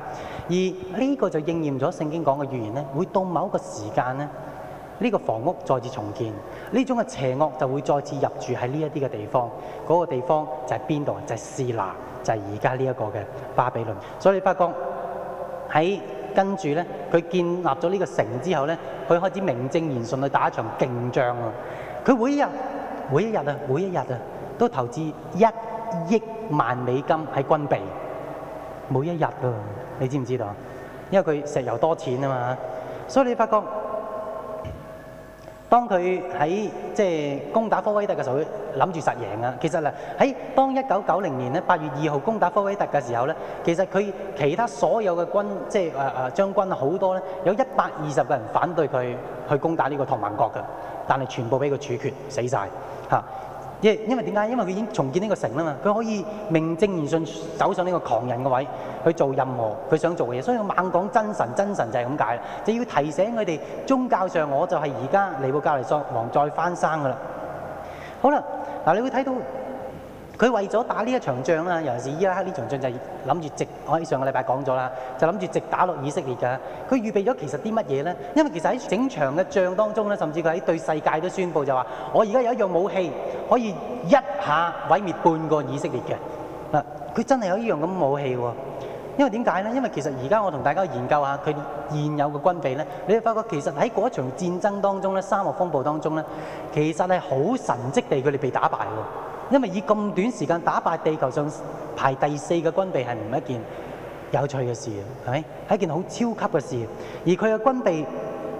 而呢個就應驗咗聖經講嘅預言咧，會到某一個時間咧，呢個房屋再次重建，呢種嘅邪惡就會再次入住喺呢一啲嘅地方。嗰個地方就係邊度？就係示拿，就係而家呢一個嘅巴比倫。所以你發覺喺跟住咧，佢建立咗呢個城之後咧，佢開始名正言順去打一場勁仗啊！佢每一日，每一日啊，每一日啊，都投資一。億萬美金喺軍備，每一日啊！你知唔知道？因為佢石油多錢啊嘛，所以你發覺，當佢喺即係攻打科威特嘅時候，佢諗住實贏啊！其實咧，喺當一九九零年咧八月二號攻打科威特嘅時候咧，其實佢其他所有嘅軍即係啊啊將軍好多咧，有一百二十個人反對佢去攻打呢個唐曼國㗎，但係全部俾佢處決死曬嚇。因、yeah，因為點解？因為佢已經重建呢個城啦嘛，佢可以名正言順走上呢個狂人嘅位去做任何佢想做嘅嘢，所以我猛講真神真神就係咁解啦，就要提醒佢哋宗教上我就係而家尼布甲尼撒王再翻生噶啦。好啦，嗱，你會睇到。佢為咗打呢一場仗啦，尤其是伊拉克呢場仗就諗住直，我上個禮拜講咗啦，就諗住直打落以色列噶。佢預備咗其實啲乜嘢呢？因為其實喺整場嘅仗當中呢，甚至佢喺對世界都宣佈就話：我而家有一樣武器可以一下毀滅半個以色列嘅嗱。佢真係有呢樣咁武器喎？因為點解呢？因為其實而家我同大家研究下佢現有嘅軍備呢。你會發覺其實喺嗰一場戰爭當中呢，沙漠風暴當中呢，其實係好神蹟地佢哋被打敗喎。因為以咁短時間打敗地球上排第四嘅軍備係唔一件有趣嘅事，係咪？係一件好超級嘅事。而佢嘅軍備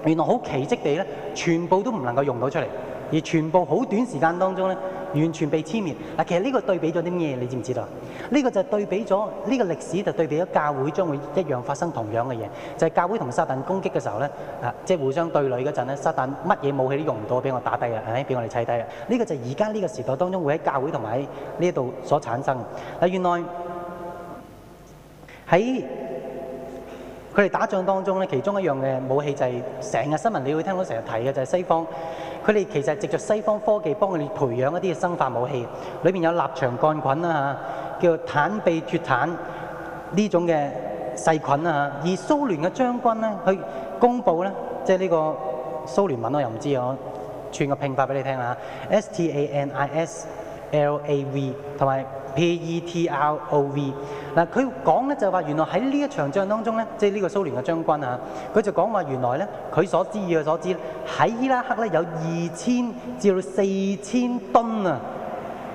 原來好奇蹟地咧，全部都唔能夠用到出嚟，而全部好短時間當中咧。完全被殲滅嗱，其實呢個對比咗啲咩嘢，你知唔知道啊？呢、這個就係對比咗呢、這個歷史，就是、對比咗教會將會一樣發生同樣嘅嘢，就係、是、教會同撒但攻擊嘅時候咧，啊，即係互相對壘嗰陣咧，撒但乜嘢武器都用唔到，俾我打低啦，係俾我哋砌低啦？呢、這個就係而家呢個時代當中會喺教會同埋呢度所產生嗱，原來喺。佢哋打仗當中咧，其中一樣嘅武器就係成日新聞，你會聽到成日提嘅就係西方。佢哋其實藉着西方科技幫佢哋培養一啲嘅生化武器，裏面有臘腸桿菌啊，嚇，叫做坦秘脫坦呢種嘅細菌啊。而蘇聯嘅將軍咧，去公布咧，即係呢個蘇聯文我又唔知啊，串個拼法俾你聽啊，S T A N I S L A V，同埋 Petrov 嗱，佢講咧就話原來喺呢一場仗當中咧，即係呢個蘇聯嘅將軍啊，佢就講話原來咧，佢所知嘅所知喺伊拉克咧有二千至到四千噸啊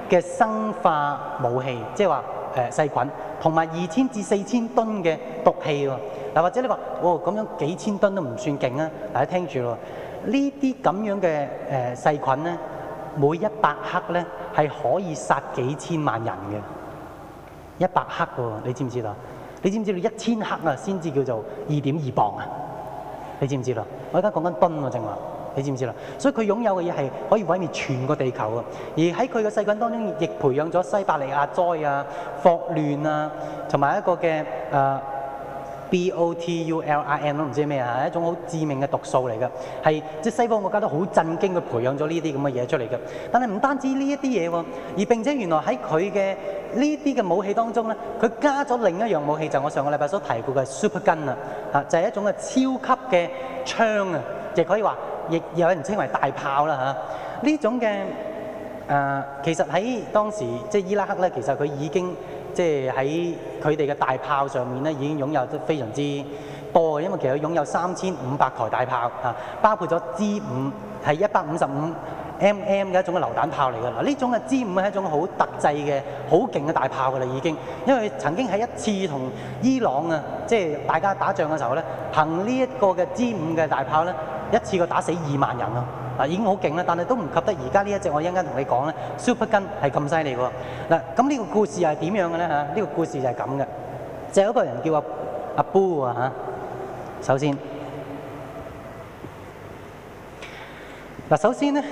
嘅生化武器，即係話誒細菌同埋二千至四千噸嘅毒氣喎。嗱，或者你話哦咁樣幾千噸都唔算勁啊，大家聽住咯。呢啲咁樣嘅誒細菌咧。每一百克咧係可以殺幾千萬人嘅，一百克嘅喎，你知唔知啦？你知唔知你一千克啊先至叫做二點二磅啊？你知唔知啦？我而家講緊噸啊，正話，你知唔知啦？所以佢擁有嘅嘢係可以毀滅全個地球嘅，而喺佢嘅細菌當中亦培養咗西伯利亞災啊、霍亂啊，同埋一個嘅誒。呃 B O T U L I N 都唔知咩啊，係一種好致命嘅毒素嚟嘅，係即係西方國家都好震驚嘅培養咗呢啲咁嘅嘢出嚟嘅。但係唔單止呢一啲嘢喎，而並且原來喺佢嘅呢啲嘅武器當中咧，佢加咗另一樣武器，就係、我上個禮拜所提過嘅 super gun 啊，啊就係、係、一種嘅超級嘅槍啊，亦可以話，亦有人稱為大炮啦嚇。呢、啊、種嘅誒、呃，其實喺當時即係伊拉克咧，其實佢已經。即係喺佢哋嘅大炮上面咧，已經擁有得非常之多嘅，因為其實佢擁有三千五百台大炮啊，包括咗 G 五係一百五十五。M.M 嘅一種嘅榴彈炮嚟㗎啦，呢種嘅 G 五係一種好特製嘅好勁嘅大炮㗎啦已經。因為曾經喺一次同伊朗啊，即係大家打仗嘅時候咧，憑呢一個嘅 G 五嘅大炮咧，一次過打死二萬人啊，嗱已經好勁啦，但係都唔及得而家呢一隻我一陣間同你講咧，Supergun 係咁犀利喎嗱，咁呢個故事係點樣嘅咧嚇？呢個故事就係咁嘅，就有一個人叫阿阿 Bo 啊。嚇，首先嗱，首先咧。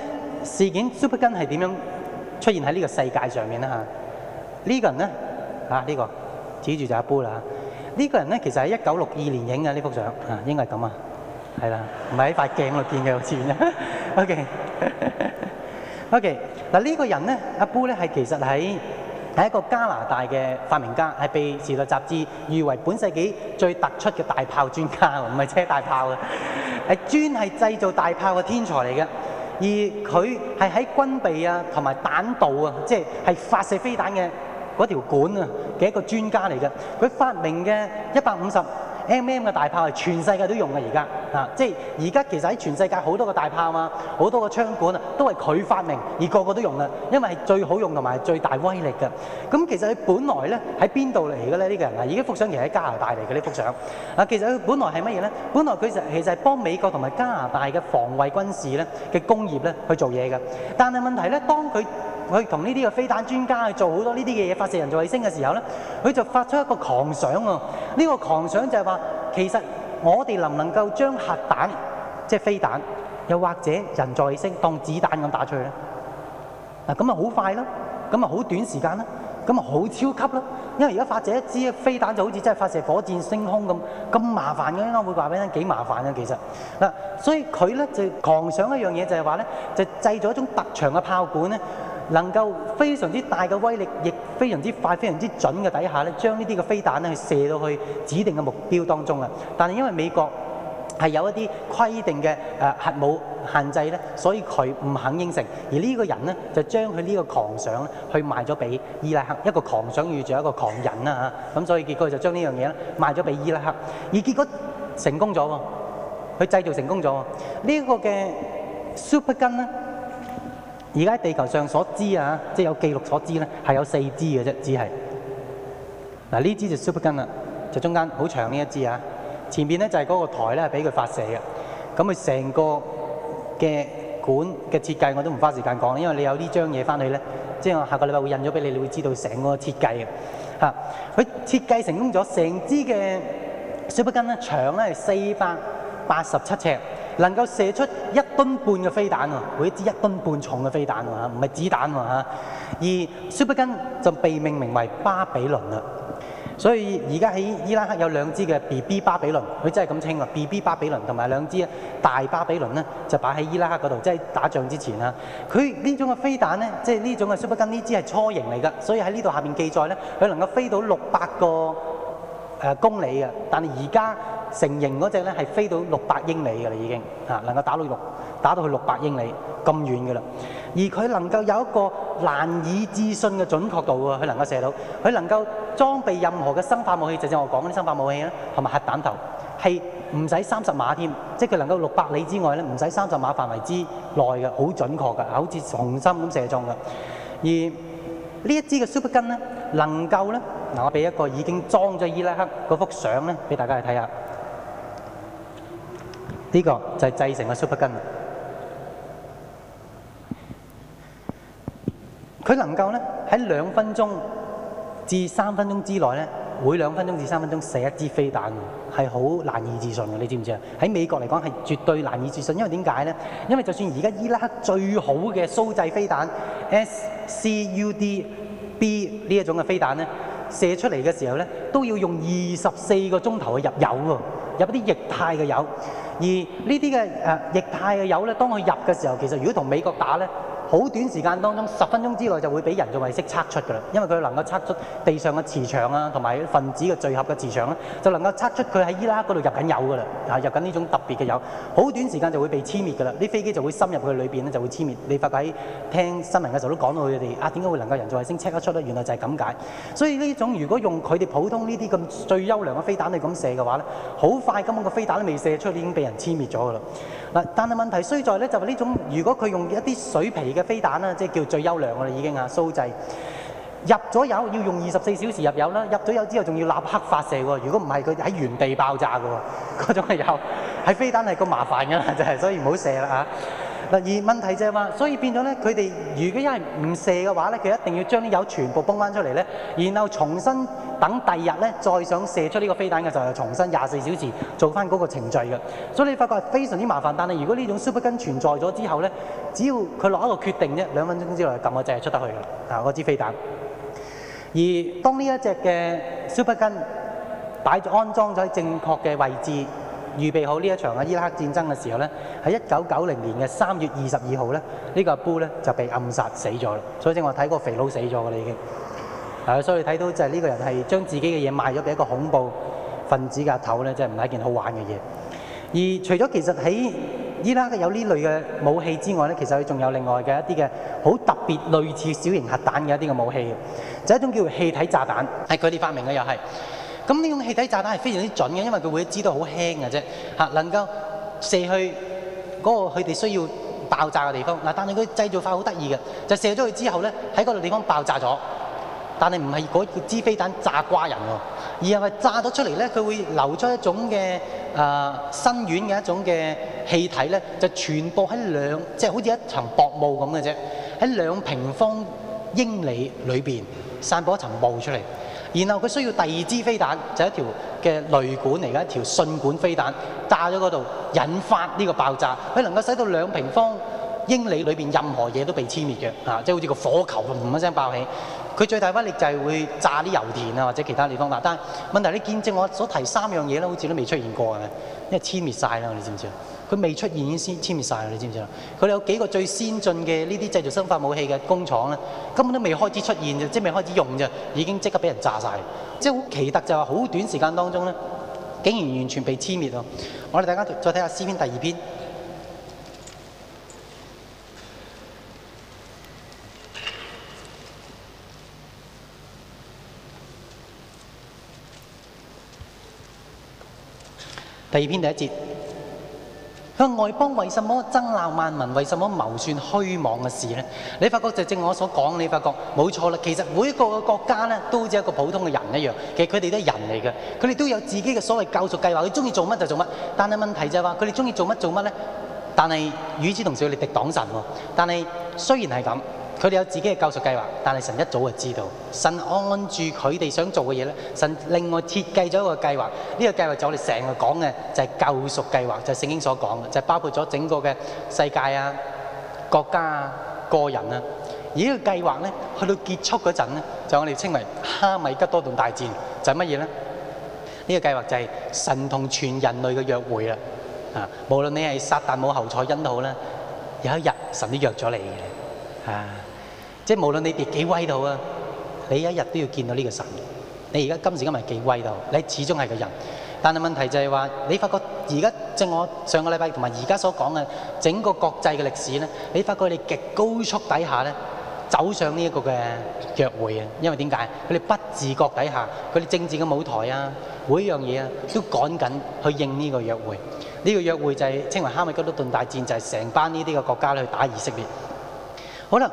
事件 Supergun 係點樣出現喺呢個世界上面咧嚇？呢、啊這個這個人咧啊，呢個指住就阿 Bo 啦嚇。呢個人咧，其實喺一九六二年影嘅呢幅相啊，應該係咁啊，係啦，唔係喺塊鏡度見嘅好似。 OK OK 嗱、啊、呢、這個人咧阿 Bo 咧係其實喺係一個加拿大嘅發明家，係被時代雜誌譽為本世紀最突出嘅大炮專家，唔係車大炮嘅，係專係製造大炮嘅天才嚟嘅。而佢係喺軍備啊同埋彈道啊、即係發射飛彈嘅嗰條管啊嘅一個專家嚟嘅，佢發明嘅一百五十 M M 嘅大炮係全世界都用嘅而家，啊，即係而家其實喺全世界好多個大炮啊，好多個槍管啊，都係佢發明而個個都用啦，因為係最好用同埋最大威力嘅。咁、啊、其實佢本來咧喺邊度嚟嘅咧？呢、呢個人啊，而家幅相其實喺加拿大嚟嘅呢幅相。啊，其實佢本來係乜嘢咧？本來佢就其實係幫美國同埋加拿大嘅防衛軍事咧嘅工業咧去做嘢嘅。但係問題咧，當佢。佢同呢啲嘅飛彈專家去做好多呢啲嘅嘢，發射人造衛星嘅時候咧，佢就發出一個狂想啊！呢、這個狂想就係話，其實我哋能唔能夠將核彈即係、就是、飛彈，又或者人造衛星當子彈咁打出去咧？嗱，咁啊好快啦，咁啊好短時間啦，咁啊好超級啦，因為而家發射一支飛彈就好似真係發射火箭升空咁咁麻煩嘅，啱啱會話俾你聽幾麻煩啊。其實嗱，所以佢咧就狂想一樣嘢就係話咧，就製造一種特長嘅炮管咧。能夠非常之大嘅威力，亦非常之快、非常之準嘅底下咧，將呢啲嘅飛彈咧去射到去指定嘅目標當中啊！但係因為美國係有一啲規定嘅誒、呃、核武限制咧，所以佢唔肯應承。而呢個人咧就將佢呢個狂想咧去賣咗俾伊拉克，一個狂想遇著一個狂人啦、啊、嚇。咁所以結果就將呢樣嘢咧賣咗俾伊拉克，而結果成功咗喎，佢製造成功咗。呢、呢個嘅 super gun 咧。而家地球上所知啊，即係有記錄所知咧，係有四支嘅啫，只係嗱呢支就 Super Gun 啦，就中間好長呢一支啊，前邊咧就係嗰個台咧，係俾佢發射嘅，咁佢成個嘅管嘅設計我都唔花時間講，因為你有呢張嘢翻去咧，即係我下個禮拜會印咗俾你，你會知道成個設計嘅嚇。佢設計成功咗，成支嘅 Super Gun 咧，長咧係四百八十七尺。能夠射出一噸半嘅飛彈啊，佢一支一噸半重嘅飛彈喎，唔係子彈喎嚇。而蘇布根就被命名為巴比倫啦。所以而家喺伊拉克有兩支嘅 B B 巴比倫，佢真係咁稱啊。B B 巴比倫同埋兩支大巴比倫咧，就擺喺伊拉克嗰度，即、就、係、是、打仗之前啦。佢呢種嘅飛彈咧，即係呢種嘅 Super 蘇布根呢支係初型嚟㗎，所以喺呢度下面記載咧，佢能夠飛到六百個。誒公里嘅，但係而家成型嗰隻咧係飛到六百英里嘅啦，已經啊能夠打到六，打到去六百英里咁遠嘅啦。而佢能夠有一個難以置信嘅準確度喎，佢能夠射到，佢能夠裝備任何嘅生化武器，就像我講嗰啲生化武器啦，同埋核彈頭，係唔使三十碼添，即係佢能夠六百里之外咧，唔使三十碼範圍之內嘅，好準確嘅，好似紅心咁射中嘅。而呢一呢一支嘅 s u p Super Gun 咧，能夠咧，嗱，我俾一個已經裝咗伊拉克嗰幅相咧，俾大家去睇下。呢、呢個就係製成嘅 Super Gun。佢能夠咧喺兩分鐘至三分鐘之內咧，每兩分鐘至三分鐘射一支飛彈，係好難以置信嘅。你知唔知啊？喺美國嚟講係絕對難以置信，因為點解咧？因為就算而家伊拉克最好嘅蘇製飛彈 S CUDB 呢一種嘅飛彈咧，射出嚟嘅時候咧，都要用二十四個鐘頭去入油喎，入一啲液態嘅油。而這些、啊、油呢啲嘅誒液態嘅油咧，當佢入嘅時候，其實如果同美國打咧。好短時間當中，十分鐘之內就會俾人造衛星測出㗎啦，因為佢能夠測出地上嘅磁場啊，同埋分子嘅聚合嘅磁場咧、啊，就能夠測出佢喺伊拉克嗰度入緊油㗎啦，啊入緊呢種特別嘅油，好短時間就會被殲滅㗎啦，啲飛機就會深入佢裏邊咧就會殲滅。你發覺喺聽新聞嘅時候都講到佢哋，啊點解會能夠人造衛星測得出咧？原來就係咁解。所以呢種如果用佢哋普通呢啲咁最優良嘅飛彈去咁射嘅話咧，好快根本個飛彈都未射出，已經被人殲滅咗㗎啦。嗱，但係問題衰在咧，就係、是、呢種如果佢用一啲水皮嘅飛彈啦，即係叫最優良嘅啦已經啊，蘇製入咗油要用二十四小時入油啦，入咗油之後仲要立刻發射喎，如果唔係佢喺原地爆炸嘅喎，嗰種油喺飛彈係個麻煩㗎啦，就係所以唔好射啦啊！嗱，而問題就係、是、話，所以變咗咧，佢哋如果一係唔射嘅話咧，佢一定要將啲油全部泵翻出嚟咧，然後重新等第二日咧再想射出呢個飛彈嘅時候，又重新廿四小時做翻嗰個程序嘅。所以你發覺係非常之麻煩。但係如果呢種 Super Gun 存在咗之後咧，只要佢落一個決定啫，兩分鐘之內撳個掣我就係出得去嘅啦。嗱，嗰支飛彈。而當呢一隻嘅 Super Gun 擺咗安裝咗喺正確嘅位置。預備好呢一場嘅伊拉克戰爭嘅時候咧，喺一九九零年嘅三月二十二號咧，呢個阿布咧就被暗殺死咗啦。所以正話睇過肥佬死咗啦已經。係所以睇到就係呢個人係將自己嘅嘢賣咗俾一個恐怖分子嘅頭咧，真係唔係一件好玩嘅嘢。而除咗其實喺伊拉克有呢類嘅武器之外咧，其實佢仲有另外嘅一啲嘅好特別類似小型核彈嘅一啲嘅武器，就係一種叫氣體炸彈、哎，係佢哋發明嘅又係。咁呢種氣體炸彈係非常之準嘅，因為佢會知道好輕嘅啫，能夠射去嗰個佢哋需要爆炸嘅地方。嗱，但係佢製造法好得意嘅，就射咗佢之後咧，喺嗰度地方爆炸咗。但係唔係嗰支飛彈炸瓜人喎，而係咪炸咗出嚟咧？佢會流出一種嘅啊、呃，伸軟嘅一種嘅氣體咧，就全部喺兩，即係好似一層薄霧咁嘅啫，喺兩平方英里裏面散播一層霧出嚟。然後佢需要第二支飛彈，就係一條嘅雷管嚟嘅一條信管飛彈，炸咗嗰度，引發呢個爆炸，佢能夠使到兩平方英里裏面任何嘢都被殲滅嘅，啊，即係好似個火球咁一聲爆起。佢最大威力就係會炸啲油田啊或者其他地方，但係問題你見證我所提三樣嘢咧，好似都未出現過嘅，因為殲滅晒啦，你知唔知啊？佢未出現已經先殲滅晒，你知唔知啊？佢哋有幾個最先進嘅呢啲製造生化武器嘅工廠咧，根本都未開始出現啫，即係未開始用啫，已經即刻俾人炸晒。即係好奇特就係好短時間當中咧，竟然完全被殲滅咯。我哋大家再睇下《詩篇》第二篇，第二篇第一節。佢話外邦為什麼爭鬧萬民？為什麼謀算虛妄嘅事呢？你發覺就正我所講，你發覺冇錯啦。其實每一個嘅國家呢，都好似一個普通嘅人一樣。其實佢哋都係人嚟嘅，佢哋都有自己嘅所謂救贖計劃。佢中意做乜就做乜，但係問題就係話佢哋中意做乜做乜呢？但係與之同時，佢哋敵擋神喎、啊。但係雖然係咁。佢哋有自己嘅救贖計劃，但係神一早就知道，神按住佢哋想做嘅嘢咧，神另外設計咗一個計劃。呢個計劃就我哋成日講嘅，就係救贖計劃，就聖經所講嘅，就係包括咗整個嘅世界啊、國家啊、個人啊。而呢個計劃咧，去到結束嗰陣咧，就我哋稱為哈米吉多頓大戰，就係乜嘢咧？呢個計劃就係神同全人類嘅約會啊！啊，無論你係撒旦母侯賽因都好啦，有一日神都約咗你嘅啊！即係無論你哋幾威到啊，你一日都要見到呢個神。你而家今時今日幾威到？你始終係個人。但係問題就係話，你發覺而家正我上個禮拜同埋而家所講嘅整個國際嘅歷史咧，你發覺你極高速底下咧走上呢一個嘅約會啊！因為點解？佢哋不自覺底下，佢哋政治嘅舞台啊，每一樣嘢啊，都趕緊去應呢個約會。呢、這個約會就係、是、稱為哈米吉多頓大戰，就係、是、成班呢啲嘅國家去打以色列。好啦。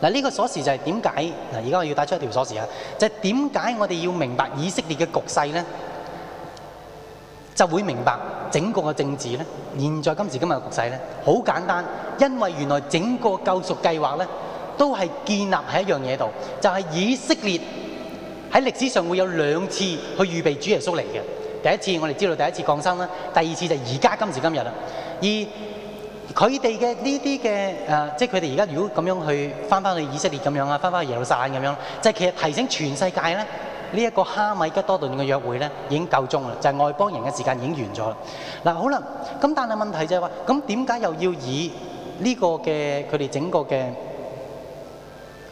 嗱，呢個鎖匙就係點解？嗱，而家我要帶出一條鎖匙啊！就係點解我哋要明白以色列嘅局勢咧，就會明白整個嘅政治咧，現在今時今日嘅局勢咧，好簡單，因為原來整個救贖計劃咧，都係建立喺一樣嘢度，就係以色列喺歷史上會有兩次去預備主耶穌嚟嘅。第一次我哋知道第一次降生啦，第二次就係而家今時今日啦，而佢哋嘅呢啲嘅誒，即係佢哋而家如果咁樣去翻翻去以色列咁樣啊，翻翻去耶路撒冷咁樣，即係其實提醒全世界咧，呢一個哈米吉多頓嘅約會咧已經夠鐘啦，就係外邦人嘅時間已經完咗啦。嗱，好啦，咁但係問題就係話，咁點解又要以呢個嘅佢哋整個嘅？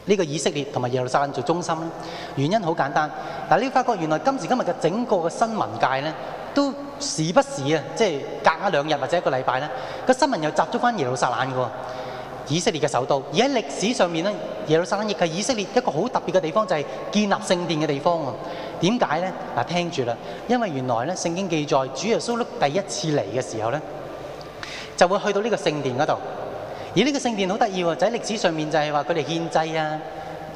呢個以色列同埋耶路撒冷做中心咧，原因好簡單。但你會發覺原來今時今日嘅整個嘅新聞界咧，都時不時啊，即係隔一兩日或者一個禮拜咧，個新聞又集中翻耶路撒冷嘅喎，以色列嘅首都。而喺歷史上面咧，耶路撒冷亦係以色列一個好特別嘅地方，就係建立聖殿嘅地方喎。點解咧？嗱，聽住啦，因為原來咧聖經記載主耶穌第一次嚟嘅時候咧，就會去到呢個聖殿嗰度。而呢個聖殿好得意喎，就喺、是、歷史上面就係話佢哋獻祭啊、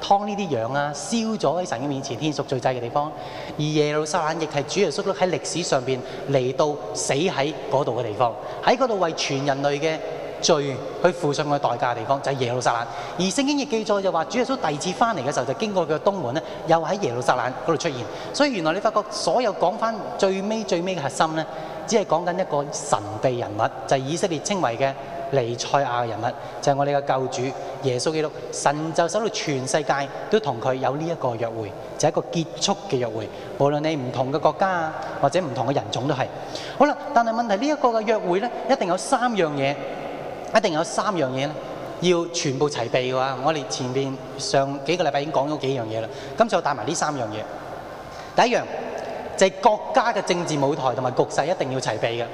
劏呢啲羊啊、燒咗喺神嘅面前獻贖罪祭嘅地方。而耶路撒冷亦係主耶穌咧喺歷史上面嚟到死喺嗰度嘅地方，喺嗰度為全人類嘅罪去付上佢嘅代價嘅地方，就係、是、耶路撒冷。而聖經亦記載就話，主耶穌第二次翻嚟嘅時候就經過佢嘅東門咧，又喺耶路撒冷嗰度出現。所以原來你發覺所有講翻最尾最尾嘅核心咧，只係講緊一個神秘人物，就係、是、以色列稱為嘅。尼賽亞人物就係我哋嘅救主耶穌基督，神就守到全世界都同佢有呢一個約會，就係一個結束嘅約會。無論你唔同嘅國家啊，或者唔同嘅人種都係。好啦，但係問題呢一個嘅約會咧，一定有三樣嘢，一定有三樣嘢咧，要全部齊備嘅話，我哋前邊上幾個禮拜已經講咗幾樣嘢啦。今次我帶埋呢三樣嘢。第一樣就係國家嘅政治舞台同埋局勢一定要齊備嘅。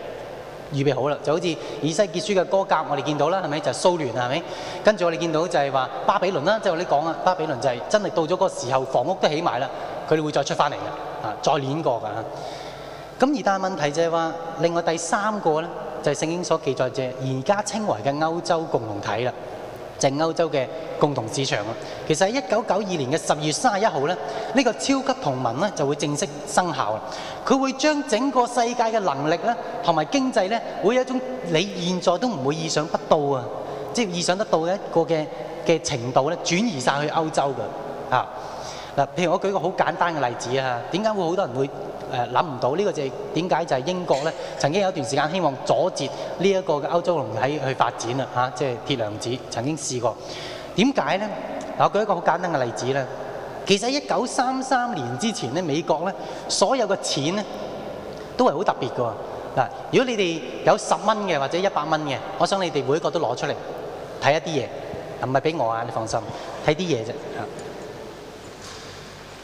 預備好啦，就好似以西結書嘅歌格，我哋見到啦，係咪就係、蘇聯啊，係咪？跟住我哋見到就係話巴比倫啦，即、就係、我哋講啊，巴比倫就係真係到咗嗰個時候，房屋都起埋啦，佢哋會再出翻嚟嘅，啊，再練過嘅㗎。咁而但係問題就係、係、話，另外第三個咧，就係聖經所記載嘅而家稱為嘅歐洲共同體啦。歐歐洲嘅共同市場其實喺一九九二年嘅十月三十一號咧，呢個超級同盟咧就會正式生效啦。佢會將整個世界嘅能力咧同埋經濟咧，會有一種你現在都唔會意想不到啊，即係意想得到嘅一個嘅嘅程度咧，轉移晒去歐洲嘅吓嗱，譬如我舉個好簡單嘅例子啊，點解會好多人會誒諗唔到，呢個就係點解，就係英國咧曾經有段時間希望阻截呢一個嘅歐洲龍喺去發展啦嚇，即係鐵娘子曾經試過。點解咧？嗱，我舉一個好簡單嘅例子咧，其實一九三三年之前咧，美國咧所有嘅錢咧都係好特別噶嗱。如果你哋有十蚊嘅或者一百蚊嘅，我想你哋每個都攞出嚟睇一啲嘢，唔係俾我啊，你放心，睇啲嘢啫。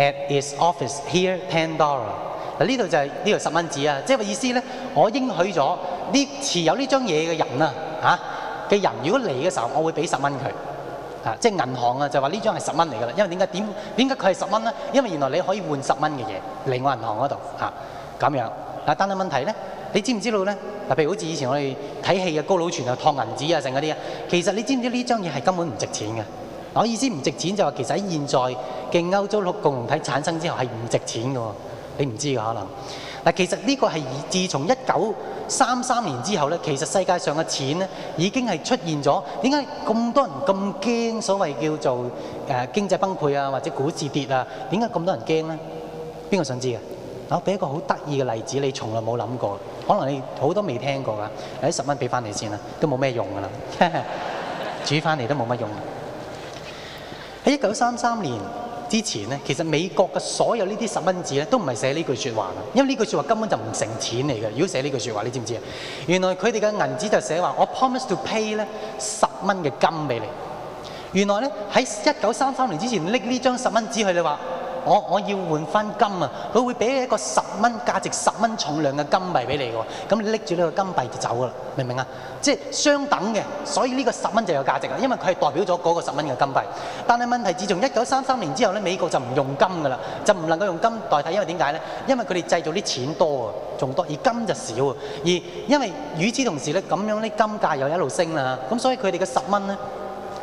At his office here ten dollar，嗱呢度就係呢度十蚊紙啊，即係個意思咧，我應許咗呢持有呢張嘢嘅人啊。嚇嘅人，如果嚟嘅時候，我會俾十蚊佢嚇，即係銀行啊就話呢張係十蚊嚟噶啦，因為點解點點解佢係十蚊咧？因為原來你可以換十蚊嘅嘢嚟我銀行嗰度嚇咁樣嗱，但係問題咧，你知唔知道咧？嗱，譬如好似以前我哋睇戲嘅高佬傳啊，托銀紙啊，剩嗰啲啊，其實你知唔知呢張嘢係根本唔值錢嘅？我意思唔值錢就話其實喺現在。嘅歐洲六共同體產生之後係唔值錢㗎喎，你唔知㗎可能。嗱其實呢個係自從一九三三年之後咧，其實世界上嘅錢咧已經係出現咗。點解咁多人咁驚所謂叫做誒經濟崩潰啊，或者股市跌啊？點解咁多人驚咧？邊個想知啊？啊，俾一個好得意嘅例子，你從來冇諗過，可能你好多未聽過㗎。誒，十蚊俾翻你先啦，都冇咩用㗎啦， 煮翻嚟都冇乜用。喺一九三三年。之前咧，其實美國嘅所有呢啲十蚊紙咧，都唔係寫呢句説話嘅，因為呢句説話根本就唔成錢嚟嘅。如果寫呢句説話，你知唔知啊？原來佢哋嘅銀紙就寫話：我 promise to pay 咧十蚊嘅金俾你。原來咧喺一九三三年之前拎呢張十蚊紙去，你話，我我要換翻金啊！佢會俾你一個十蚊價值十蚊重量嘅金幣俾你㗎喎，咁你拎住呢個金幣就走㗎啦，明唔明啊？即係相等嘅，所以呢個十蚊就有價值啦，因為佢係代表咗嗰個十蚊嘅金幣。但係問題係自從一九三三年之後咧，美國就唔用金㗎啦，就唔能夠用金代替，因為點解咧？因為佢哋製造啲錢多啊，仲多，而金就少啊。而因為與此同時咧，咁樣啲金價又一路升啦，咁所以佢哋嘅十蚊咧。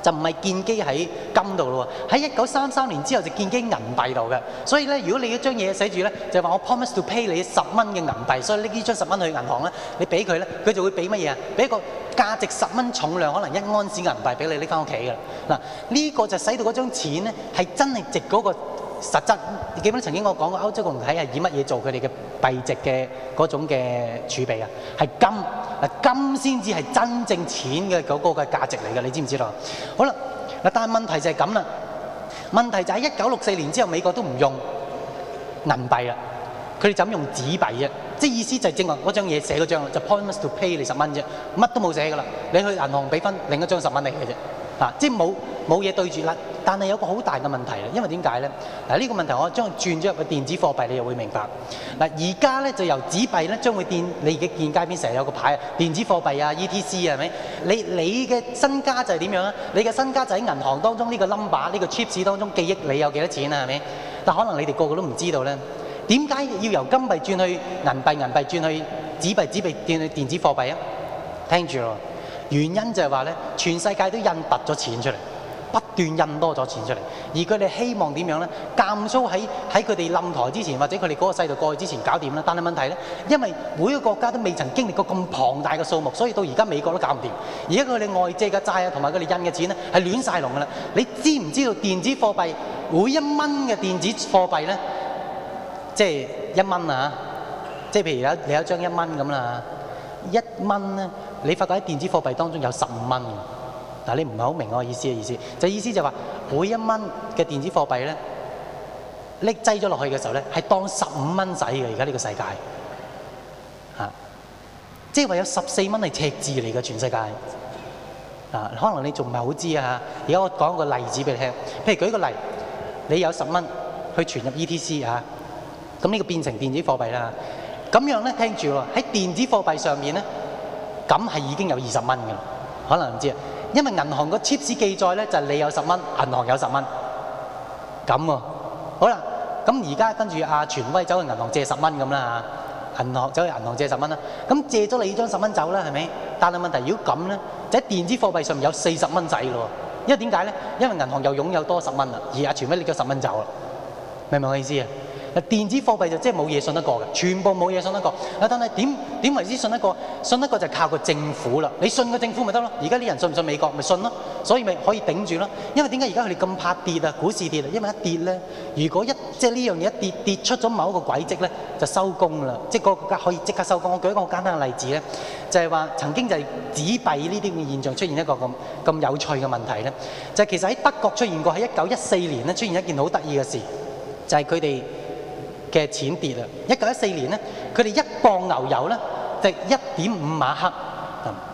就唔係建基喺金度咯喎，喺一九三三年之後就建基銀幣度嘅，所以咧，如果你要張嘢寫住咧，就係話我 promise to pay 你十蚊嘅銀幣，所以搦呢張十蚊去銀行咧，你俾佢咧，佢就會俾乜嘢啊？俾一個價值十蚊重量可能一安士銀幣俾你拎翻屋企嘅喇，嗱呢、呢個就使到嗰張錢咧係真係值嗰、嗰個。實質，你記唔記得曾經我講過歐洲共同體係以乜嘢做佢哋嘅幣值嘅嗰種嘅儲備啊？係金，啊金先至係真正錢嘅嗰個嘅價值嚟嘅，你知唔知道？好啦，嗱，但係問題就係咁啦，問題就係一九六四年之後美國都唔用銀幣啦，佢哋就咁用紙幣啫，即係意思就係正話嗰張嘢寫嗰張就 promise to pay 你十蚊啫，乜都冇寫噶啦，你去銀行俾返另一張十蚊嚟嘅啫。嗱，即係冇冇嘢對住啦，但係有個好大嘅問題啊！因為點解咧？嗱、啊，呢、呢個問題我將轉咗入去電子貨幣，你又會明白。嗱、啊，而家咧就由紙幣咧將會變，你而家見街邊成日有個牌啊，電子貨幣啊、ETC 啊，係咪？你你嘅身家就係點樣咧？你嘅身家就喺銀行當中呢個 number 呢個 chip 子當中記憶你有幾多錢啊？係咪？但可能你哋個個都唔知道咧。點解要由金幣轉去銀幣，銀幣轉去紙幣，紙幣轉去電子貨幣啊？聽住咯。原因就係話咧，全世界都印凸咗錢出嚟，不斷印多咗錢出嚟，而佢哋希望點樣咧？減縮喺喺佢哋冧台之前，或者佢哋嗰個世代過去之前搞掂啦。但係問題咧，因為每個國家都未曾經歷過咁龐大嘅數目，所以到而家美國都搞唔掂。而家佢哋外借嘅債啊，同埋佢哋印嘅錢咧，係亂晒龍㗎啦。你知唔知道電子貨幣每一蚊嘅電子貨幣咧，即係一蚊啊，即係譬如你有一張一蚊咁啦，一蚊咧啊。你發覺喺電子貨幣當中有十五蚊，嗱，你唔係好明白我意思嘅，意思就意思就話每一蚊嘅電子貨幣咧，拎擠咗落去嘅時候咧，係當十五蚊使嘅。而家呢個世界，嚇，即係話有十四蚊係赤字嚟嘅，全世界，嗱，可能你仲唔係好知啊嚇，而家我講個例子俾你聽，譬如舉個例，你有十蚊去存入 ETC 啊，咁呢個變成電子貨幣啦，咁樣咧，聽住喎，喺電子貨幣上面咧。咁係已經有二十蚊嘅，可能唔知啊。因為銀行個 chip 紙記載咧，就你有十蚊，銀行有十蚊。咁喎、啊，好啦，咁而家跟住阿全威走去銀行借十蚊咁啦嚇，銀行走去銀行借十蚊啦。咁借咗你張十蚊走啦，係咪？但係問題，如果咁咧，就喺電子貨幣上面有四十蚊仔咯。因為點解咧？因為銀行又擁有多十蚊啦，而阿全威搦咗十蚊走啦，明唔明我意思啊？電子貨幣就即係冇嘢信得過嘅，全部冇嘢信得過。但係點點為之信得過？信得過就靠個政府啦。你信個政府咪得咯？而家啲人信唔信美國？咪信咯。所以咪可以頂住咯。因為點解而家佢哋咁怕跌啊？股市跌啊，因為一跌咧，如果一即係呢樣嘢一跌跌出咗某一個軌跡咧，就收工啦。即係個國家可以即刻收工。我舉一個好簡單嘅例子咧，就係話曾經就係紙幣呢啲咁嘅現象出現一個咁咁有趣嘅問題咧，就係其實喺德國出現過喺一九一四年咧出現一件好得意嘅事，就係佢哋。嘅錢跌啦！一九一四年咧，佢哋一磅牛油咧值一點五馬克，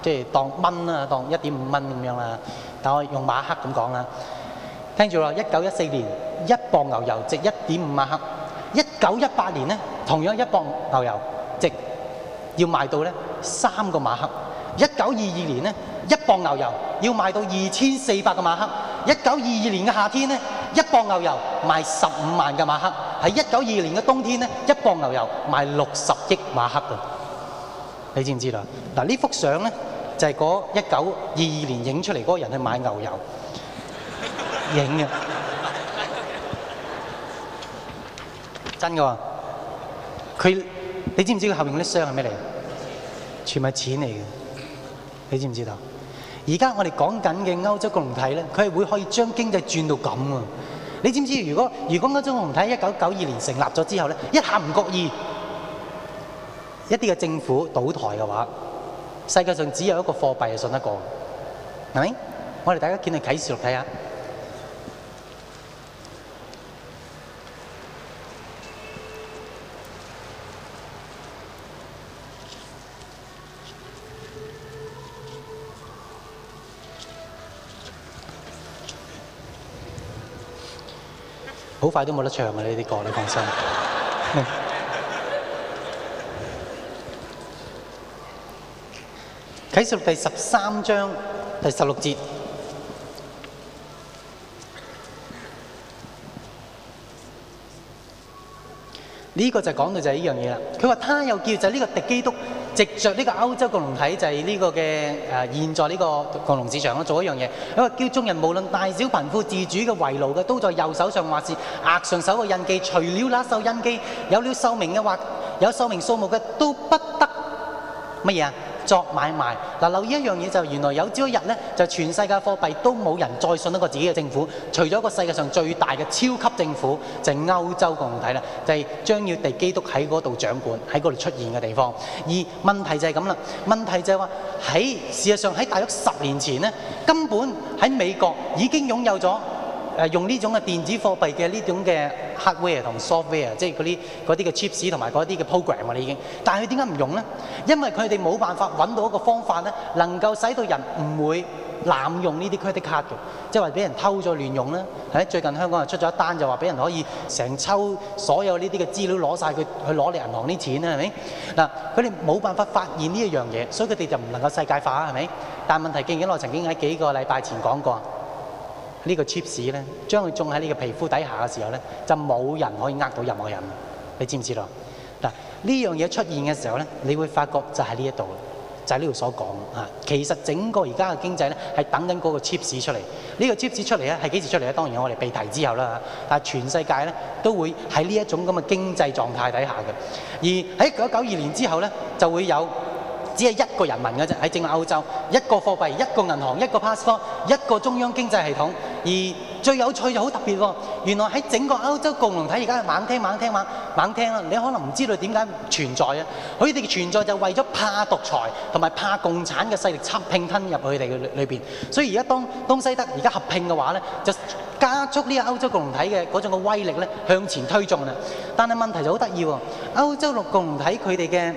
即係當蚊啦，當一點五蚊咁樣啦。但我用馬克咁講啦，聽住咯！一九一四年一磅牛油值一點五馬克，一九一八年咧，同樣一磅牛油值要賣到咧三個馬克，一九二二年咧。一磅牛油要賣到二千四百個馬克。一九二二年嘅夏天咧，一磅牛油賣十五萬個馬克。喺一九二二年嘅冬天咧，一磅牛油賣六十億馬克㗎。你知唔知道？嗱，呢幅相咧就係嗰一九二二年影出嚟嗰個人去買牛油影嘅，真㗎喎。佢你知唔知佢後面嗰啲箱係咩嚟？全係錢嚟嘅，你知唔知道？而家我哋講緊嘅歐洲共同體咧，佢係會可以將經濟轉到咁喎？你知唔知？如果如果歐洲共同體一九九二年成立咗之後咧，一下唔覺意，一啲嘅政府倒台嘅話，世界上只有一個貨幣係信得過嘅，係咪？我哋大家見到啟示錄睇下。好快都冇得唱啊！呢啲歌，你放心。繼續第十三章第十六節，呢個就講到就係呢樣嘢啦。佢話他又叫，就係呢個敵基督。直着呢個歐洲共同體就係呢個嘅、呃、現在呢個共同市場做一樣嘢，因為叫眾人無論大小貧富自主嘅為奴嘅，都在右手上或是額上手的印記，除了那受印記，有了壽命嘅或，有壽命數目嘅，都不得乜嘢作買賣嗱，留意一樣嘢，就原來有朝一日咧，就全世界貨幣都冇人再信得過自己嘅政府，除咗個世界上最大嘅超級政府就係、是、歐洲共同體啦，就係、是、將要敵基督喺嗰度掌管，喺嗰度出現嘅地方。而問題就係咁啦，問題就係話喺事實上喺大約十年前咧，根本喺美國已經擁有咗。誒用呢種嘅電子貨幣嘅呢種嘅 hardware 同 software，即係嗰啲嗰啲嘅 chips 同埋嗰啲嘅 program 你已經，但係佢點解唔用咧？因為佢哋冇辦法揾到一個方法咧，能夠使到人唔會濫用呢啲 credit card 嘅，即係話俾人偷咗亂用啦。誒最近香港又出咗一單，就話俾人可以成抽所有呢啲嘅資料攞晒，佢去攞銀行啲錢啦，係咪？嗱，佢哋冇辦法發現呢一樣嘢，所以佢哋就唔能夠世界化啦，係咪？但係問題究竟然我曾經喺幾個禮拜前講過。這個呢個 chip 士咧，將佢種喺呢個皮膚底下嘅時候咧，就冇人可以呃到任何人。你知唔知道？嗱，呢樣嘢出現嘅時候咧，你會發覺就喺呢一度，就喺呢度所講啊。其實整個而家嘅經濟咧，係等緊嗰個 chip 士出嚟。這個、出來呢個 chip 士出嚟咧，係幾時出嚟咧？當然我哋被提之後啦。但係全世界咧都會喺呢一種咁嘅經濟狀態底下嘅。而喺一九九二年之後咧，就會有。只係一個人民嘅啫，喺整個歐洲一個貨幣、一個銀行、一個 passport、一個中央經濟系統。而最有趣就好特別喎，原來喺整個歐洲共同體而家係猛聽猛聽猛猛聽啦！你可能唔知道點解存在嘅，佢哋嘅存在就為咗怕獨裁同埋怕共產嘅勢力侵並吞入去佢哋嘅裏邊。所以而家東西德而家合併嘅話咧，就加速呢個歐洲共同體嘅嗰種嘅威力咧向前推進啦。但係問題就好得意喎，歐洲六共同體佢哋嘅。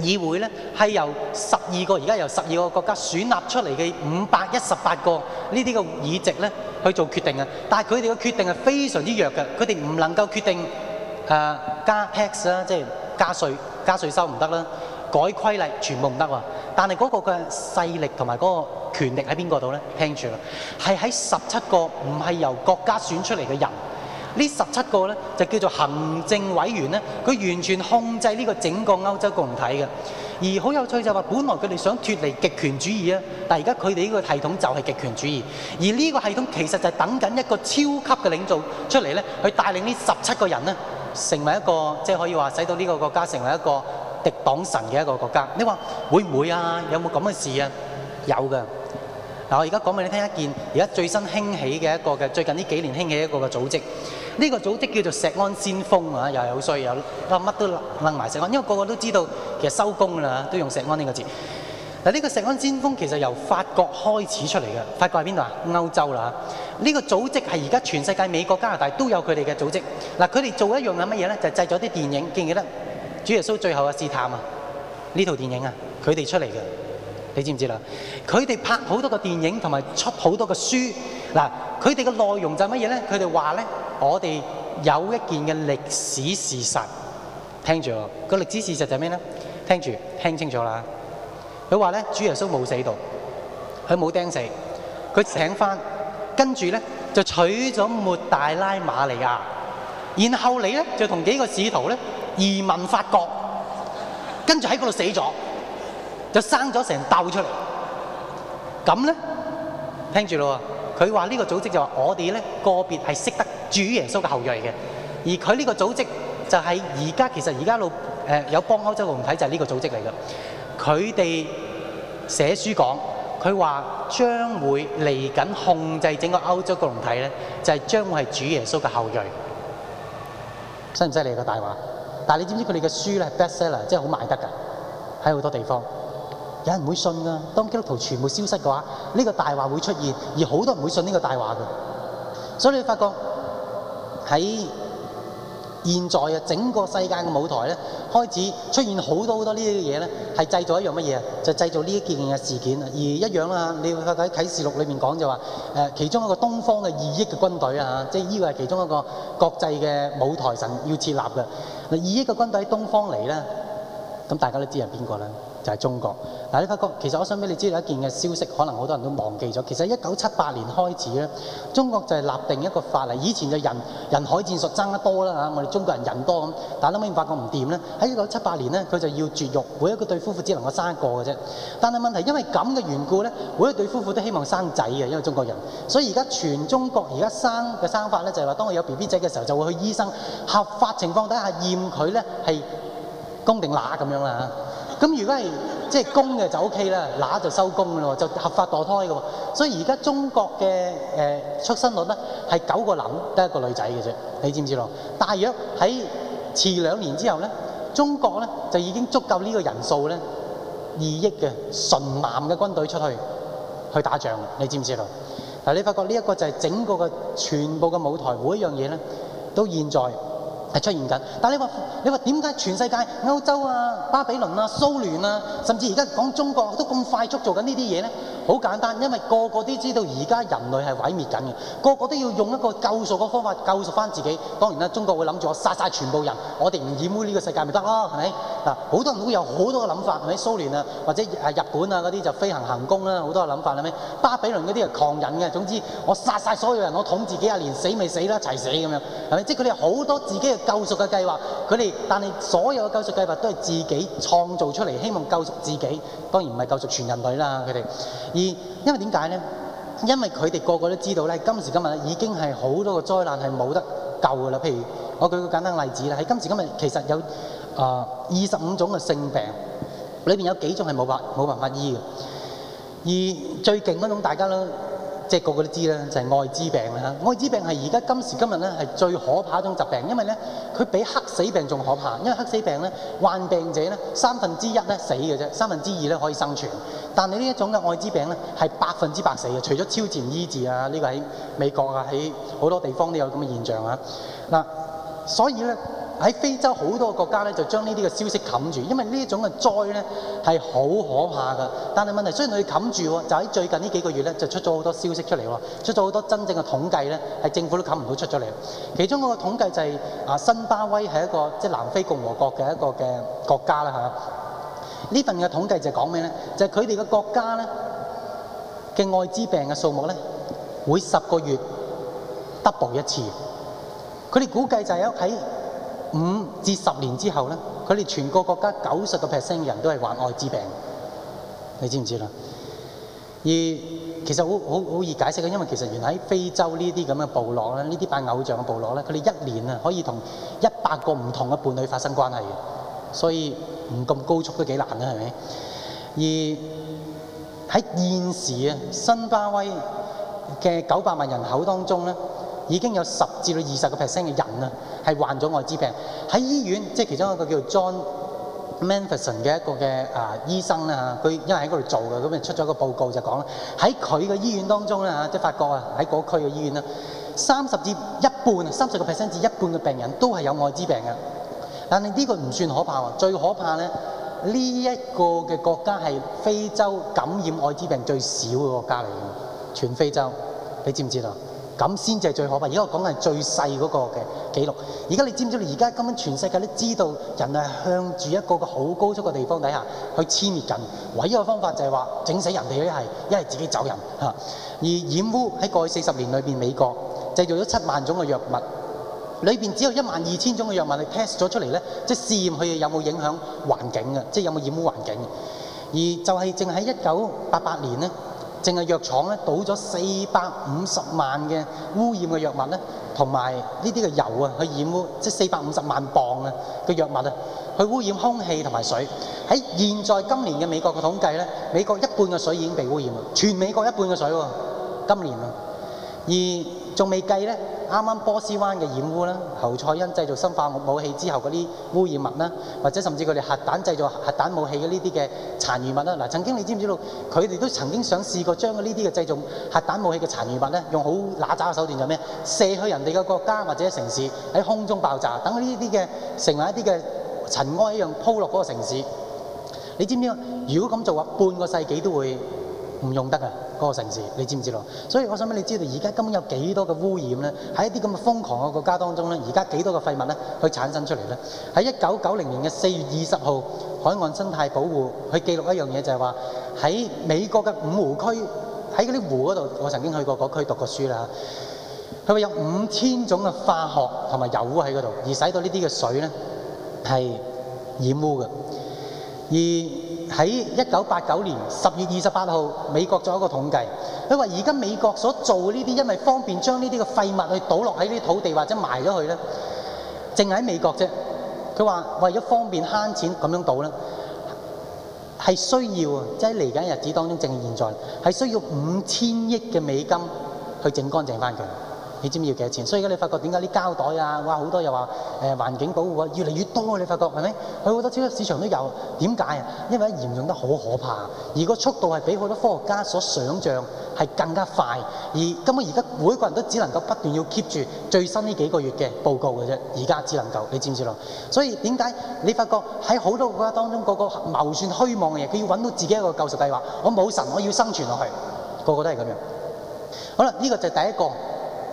議會咧係由十二個，而家由十二個國家選立出嚟嘅五百一十八個呢啲嘅議席咧去做決定嘅，但係佢哋嘅決定係非常之弱嘅，佢哋唔能夠決定誒加 tax 啦，即係加稅、加稅收唔得啦，改規例全部唔得喎。但係嗰個嘅勢力同埋嗰個權力喺邊個度咧？聽住啦，係喺十七個唔係由國家選出嚟嘅人。呢十七個呢就叫做行政委員呢，佢完全控制呢個整個歐洲共體嘅。而好有趣就話，本來佢哋想脫離極權主義啊，但係而家佢哋呢個系統就係極權主義。而呢個系統其實就係等緊一個超級嘅領導出嚟呢，去帶領呢十七個人呢，成為一個即係可以話使到呢個國家成為一個敵擋神嘅一個國家。你話會唔會啊？有冇咁嘅事啊？有嘅。嗱，我而家講俾你聽一件，而家最新興起嘅一個嘅最近呢幾年興起一個嘅組織。呢個組織叫做錫安先鋒啊，又係好衰，又乜都掄埋錫安，因為個個都知道其實收工啦，都用錫安呢個字。嗱，呢個錫安先鋒其實由法國開始出嚟嘅，法國喺邊度啊？歐洲啦。呢個組織係而家全世界美國、加拿大都有佢哋嘅組織。嗱，佢哋做一樣係乜嘢咧？就製咗啲電影，記唔記得主耶穌最後嘅試探啊？呢套電影啊，佢哋出嚟嘅。你知唔知啦？佢哋拍好多個電影，同埋出好多個書。嗱，佢哋嘅內容就乜嘢咧？佢哋話咧，我哋有一件嘅歷史事實。聽住，個歷史事實就係咩咧？聽住，聽清楚啦。佢話咧，主耶穌冇死到，佢冇釘死，佢醒翻，跟住咧就娶咗抹大拉瑪利亞，然後你咧就同幾個使徒咧移民法國，跟住喺嗰度死咗。就生咗成竇出嚟，咁咧，聽住咯，佢話呢個組織就話我哋咧個別係識得主耶穌嘅後裔嘅，而佢呢個組織就係而家其實而家老、呃、有幫歐洲共同體就係呢個組織嚟㗎，佢哋寫書講，佢話將會嚟緊控制整個歐洲共同體咧，就係、是、將會係主耶穌嘅後裔，犀唔犀利個大話？但係你知唔知佢哋嘅書咧 Bestseller，即係好賣得㗎，喺好多地方。有人唔會信噶，當基督徒全部消失嘅話，呢、呢個大話會出現，而好多人唔會信呢個大話嘅。所以你發覺喺現在啊，整個世界嘅舞台咧，開始出現好多好多呢啲嘢咧，係製造一樣乜嘢就、製造呢一件嘅事件啊。而一樣啦，你會睇啟示錄裏面講就話誒，其中一個東方嘅二億嘅軍隊啊，即係呢個係其中一個國際嘅舞台神要設立嘅。嗱，二億嘅軍隊喺東方嚟咧，咁大家都知係邊個啦？就係中國嗱，你發覺其實我想俾你知道有一件嘅消息，可能好多人都忘記咗。其實一九七八年開始咧，中國就係立定一個法例，以前就人人海戰術爭得多啦嚇，我哋中國人人多咁，但係諗尾發覺唔掂咧。喺一九七八年咧，佢就要絕育，每一個對夫婦只能夠生一個嘅啫。但係問題因為咁嘅緣故咧，每一個對夫婦都希望生仔嘅，因為中國人，所以而家全中國而家生嘅生法咧就係話，當佢有 B B 仔嘅時候，就會去醫生合法情況底下驗佢咧係公定乸咁樣啦咁如果係即係公嘅就 O K 啦，乸就收工噶咯，就合法墮胎嘅喎。所以而家中國嘅誒出生率咧係九個男得一個女仔嘅啫，你知唔知道？大約喺遲兩年之後咧，中國咧就已經足夠呢個人數咧二億嘅純男嘅軍隊出去去打仗，你知唔知道？嗱，你發覺呢一個就係整個嘅全部嘅舞台，每一樣嘢咧都現在，係出現緊，但係你話，你話點解全世界歐洲啊、巴比倫啊、蘇聯啊，甚至而家講中國都咁快速做緊呢啲嘢咧？好簡單，因為個個都知道而家人類係毀滅緊嘅，個個都要用一個救贖嘅方法救贖返自己。當然啦，中國會諗住我殺晒全部人，我哋唔染污呢個世界咪得咯，係咪？好多人都會有好多嘅諗法，係咪？蘇聯呀，或者日本呀嗰啲就飛行行宮啦，好多諗法係咪？巴比倫嗰啲係狂人嘅，總之我殺晒所有人，我統自己呀，年，死未死啦，齊死咁樣，係咪？即係佢哋好多自己嘅救贖嘅計劃，佢哋但係所有嘅救贖計劃都係自己創造出嚟，希望救贖自己。當然唔係救贖全人類啦，佢哋。而因為點解咧？因為佢哋個個都知道咧，今時今日已經係好多個災難係冇得救㗎啦。譬如我舉個簡單嘅例子啦，喺今時今日其實有啊二十五種嘅性病，裏邊有幾種係冇法冇辦法醫嘅。而最勁嗰種，大家都。即係個個都知啦，就係、是、愛滋病啦。愛滋病係而家今時今日咧係最可怕一種疾病，因為咧佢比黑死病仲可怕。因為黑死病咧，患病者咧三分之一咧死嘅啫，三分之二咧可以生存。但係呢一種嘅愛滋病咧係百分之百死嘅，除咗超前醫治啊，呢、這個喺美國啊喺好多地方都有咁嘅現象啊。嗱、啊，所以咧。喺非洲好多個國家咧，就將呢啲嘅消息冚住，因為呢種嘅災咧係好可怕噶。但係問題，雖然佢冚住喎，就喺最近呢幾個月咧，就出咗好多消息出嚟喎，出咗好多真正嘅統計咧，係政府都冚唔到出出嚟。其中一個統計就係啊，新巴威係一個即係南非共和國嘅一個嘅國家啦嚇。呢份嘅統計就係講咩咧？就係佢哋嘅國家咧嘅愛滋病嘅數目咧，會十個月 double 一次。佢哋估計就係喺五至十年之後咧，佢哋全個國家九十個 percent 嘅人都係患艾滋病，你知唔知啦？而其實好好好易解釋嘅，因為其實原來喺非洲呢啲咁嘅部落咧，呢啲拜偶像嘅部落咧，佢哋一年啊可以同一百個唔同嘅伴侶發生關係嘅，所以唔咁高速都幾難啦，係咪？而喺現時啊，津巴威嘅九百萬人口當中咧，已經有十至到二十個 percent 嘅人啊，係患咗艾滋病。喺醫院，即係其中一個叫做 John Manferson 嘅一個嘅啊醫生啦嚇，佢因為喺嗰度做嘅，咁啊出咗個報告就講，喺佢嘅醫院當中啦嚇，即係發覺啊喺嗰區嘅醫院啦，三十至一半，三十個 percent 至一半嘅病人都係有艾滋病嘅。但係呢個唔算可怕喎，最可怕咧呢一個嘅國家係非洲感染艾滋病最少嘅國家嚟嘅，全非洲，你知唔知道？咁先至係最可怕，而家我講緊係最細嗰個嘅記錄。而家你知唔知？你而家根本全世界都知道，人類係向住一個個好高速嘅地方底下去殲滅緊。唯一個方法就係話整死人哋，一係一係自己走人嚇、啊。而染污喺過去四十年裏邊，美國製造咗七萬種嘅藥物，裏邊只有一萬二千種嘅藥物你 test 咗出嚟咧，即係試驗佢有冇影響環境嘅，即係有冇染污環境。而就係淨喺一九八八年咧。淨係藥廠咧，倒咗四百五十萬嘅污染嘅藥物咧，同埋呢啲嘅油啊，去染污，即係四百五十萬磅啊嘅藥物啊，去污染空氣同埋水。喺現在今年嘅美國嘅統計咧，美國一半嘅水已經被污染啊，全美國一半嘅水喎，今年喎，而。仲未計咧，啱啱波斯灣嘅染污啦，侯賽因製造生化武器之後嗰啲污染物啦，或者甚至佢哋核彈製造核彈武器嘅呢啲嘅殘餘物啦，嗱，曾經你知唔知道佢哋都曾經想試過將呢啲嘅製造核彈武器嘅殘餘物咧，用好揦渣嘅手段就咩？射去人哋嘅國家或者城市喺空中爆炸，等呢啲嘅成為一啲嘅塵埃一樣鋪落嗰個城市。你知唔知道？如果咁做啊，半個世紀都會。唔用得噶，嗰個城市，你知唔知道？所以我想俾你知道，而家根本有幾多嘅污染咧？喺一啲咁嘅瘋狂嘅國家當中咧，而家幾多嘅廢物咧，去產生出嚟咧？喺一九九零年嘅四月二十號，海岸生態保護去記錄一樣嘢，就係話喺美國嘅五湖區，喺嗰啲湖嗰度，我曾經去過嗰區讀過書啦。佢話有五千種嘅化學同埋油喺嗰度，而使到呢啲嘅水咧係染污嘅。而喺一九八九年十月二十八號，美國做一個統計，佢話而家美國所做呢啲因為方便將呢啲嘅廢物去倒落喺呢啲土地或者埋咗去咧，淨喺美國啫。佢話為咗方便慳錢咁樣倒咧，係需要啊！即係嚟緊日子當中，正現在係需要五千億嘅美金去整乾淨翻佢。你知唔知要幾多錢？所以而家你發覺點解啲膠袋啊，哇好多又話誒環境保護啊，越嚟越多啊。你發覺係咪？佢好多超級市場都有點解？因為嚴重得好可怕，而個速度係比好多科學家所想像係更加快。而根本而家每個人都只能夠不斷要 keep 住最新呢幾個月嘅報告嘅啫。而家只能夠你知唔知道？所以點解你發覺喺好多國家當中，個個謀算虛妄嘅嘢，佢要揾到自己一個救贖計劃。我冇神，我要生存落去，個個都係咁樣。好啦，呢個就係第一個。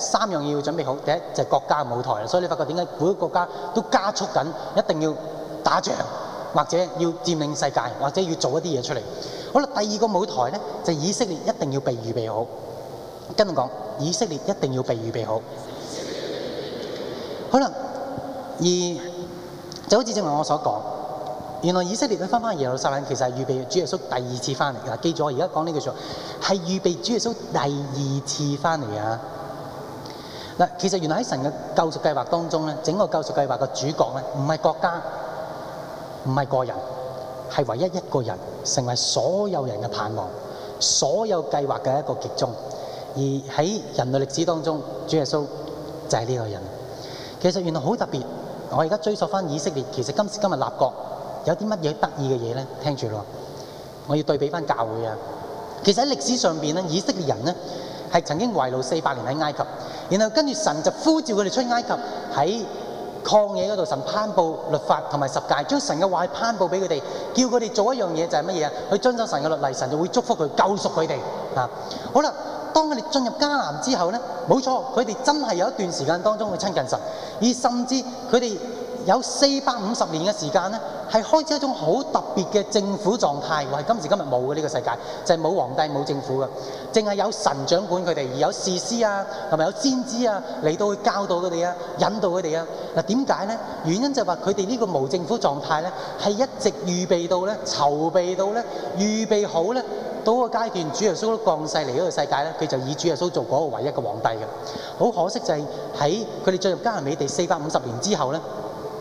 三樣嘢要準備好，第一就係國家舞台啦，所以你發覺點解每個國家都加速緊，一定要打仗，或者要佔領世界，或者要做一啲嘢出嚟。好啦，第二個舞台咧就係以色列一定要備預備好，跟住講以色列一定要備預備好。好啦，而就好似正話我所講，原來以色列去翻返耶路撒冷，其實係預備主耶穌第二次翻嚟嘅，記住我而家講呢句說話，係預備主耶穌第二次翻嚟啊！其實原來喺神嘅救贖計劃當中咧，整個救贖計劃嘅主角咧，唔係國家，唔係個人，係唯一一個人成為所有人嘅盼望，所有計劃嘅一個集中。而喺人類歷史當中，主耶穌就係呢個人。其實原來好特別。我而家追溯翻以色列，其實今時今日立國有啲乜嘢得意嘅嘢咧？聽住咯，我要對比翻教會啊。其實喺歷史上邊咧，以色列人呢係曾經為奴四百年喺埃及。然後跟住神就呼召佢哋出埃及，喺曠野嗰度，神頒布律法同埋十誡，將神嘅話頒布俾佢哋，叫佢哋做一樣嘢就係乜嘢啊？去遵守神嘅律例，神就會祝福佢，救贖佢哋啊。好啦，當佢哋進入迦南之後呢，冇錯，佢哋真係有一段時間當中去親近神，而甚至佢哋。有四百五十年嘅時間呢，係開始一種好特別嘅政府狀態，話今時今日冇嘅呢個世界，就係、是、冇皇帝、冇政府嘅，淨係有神掌管佢哋，而有士師啊，同埋有先知啊，嚟到去教導佢哋啊，引導佢哋啊。嗱，點解呢？原因就話佢哋呢個無政府狀態呢，係一直預備到呢，籌備到呢，預備好呢，到個階段，主耶穌都降世嚟呢個世界呢，佢就以主耶穌做嗰個唯一嘅皇帝嘅。好可惜就係喺佢哋進入迦南美地四百五十年之後呢。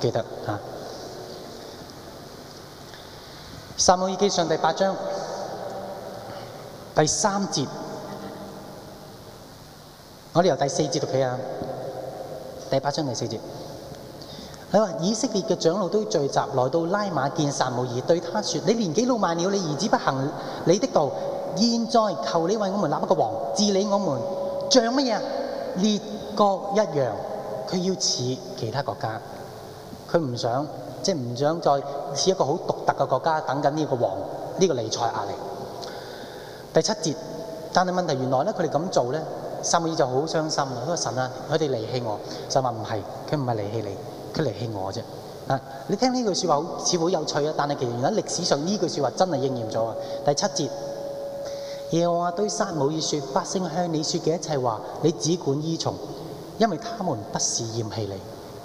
記得嚇，啊《撒母耳記上》第八章第三節，我哋由第四節讀起啊。第八章第四節，你話以色列嘅長老都聚集來到拉馬見撒母耳，對他說：你年紀老邁了，你兒子不行，你的道現在求你為我們立一個王治理我們，像乜嘢啊？列國一樣，佢要似其他國家。佢唔想，即係唔想再似一個好獨特嘅國家，等緊呢個王，呢個理財壓力。第七節，但係問題原來咧，佢哋咁做咧，撒母耳就好傷心。因、那、為、個、神啊，佢哋離棄我。神話唔係，佢唔係離棄你，佢離棄我啫。啊，你聽呢句説話，似乎好有趣啊，但係其實原來歷史上呢句説話真係應驗咗啊。第七節，耶和華對撒母耳說：百姓向你説嘅一切話，你只管依從，因為他們不是厭棄你。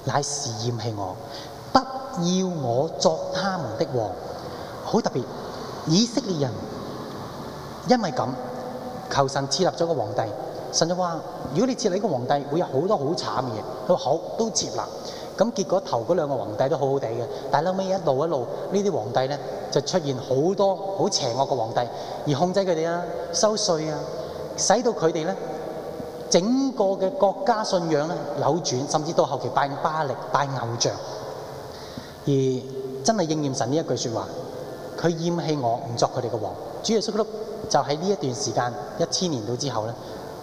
乃是厭棄我，不要我作他們的王。好特別，以色列人因為咁求神設立咗個皇帝。神就話：如果你設立個皇帝，會有好多好慘嘅嘢。佢話好，都設立。咁結果頭嗰兩個皇帝都好好地嘅，但係後尾一路一路呢啲皇帝咧，就出現好多好邪惡嘅皇帝，而控制佢哋啊，收稅啊，使到佢哋咧。整個嘅國家信仰咧扭轉，甚至到後期拜巴力、拜偶像，而真係應驗神呢一句説話，佢厭棄我唔作佢哋嘅王。主耶穌基督就喺呢一段時間，一千年到之後咧，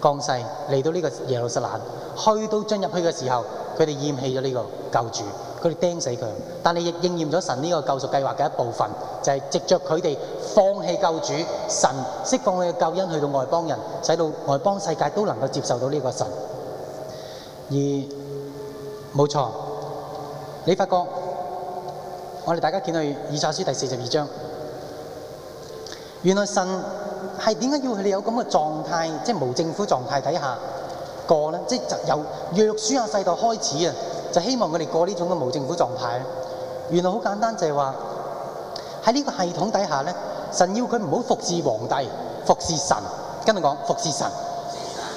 降世嚟到呢個耶路撒冷，去到進入去嘅時候，佢哋厭棄咗呢個救主。佢哋釘死佢，但係亦應驗咗神呢個救贖計劃嘅一部分，就係藉著佢哋放棄救主，神釋放佢嘅救恩去到外邦人，使到外邦世界都能夠接受到呢個神。而冇錯，你發覺，我哋大家見到以賽亞書第四十二章，原來神係點解要佢哋有咁嘅狀態，即係無政府狀態底下過呢？即係由約書亞世代開始啊！就希望佢哋過呢種嘅無政府狀態，原來好簡單，就係話喺呢個系統底下咧，神要佢唔好服侍皇帝，服侍神。跟住講服侍神。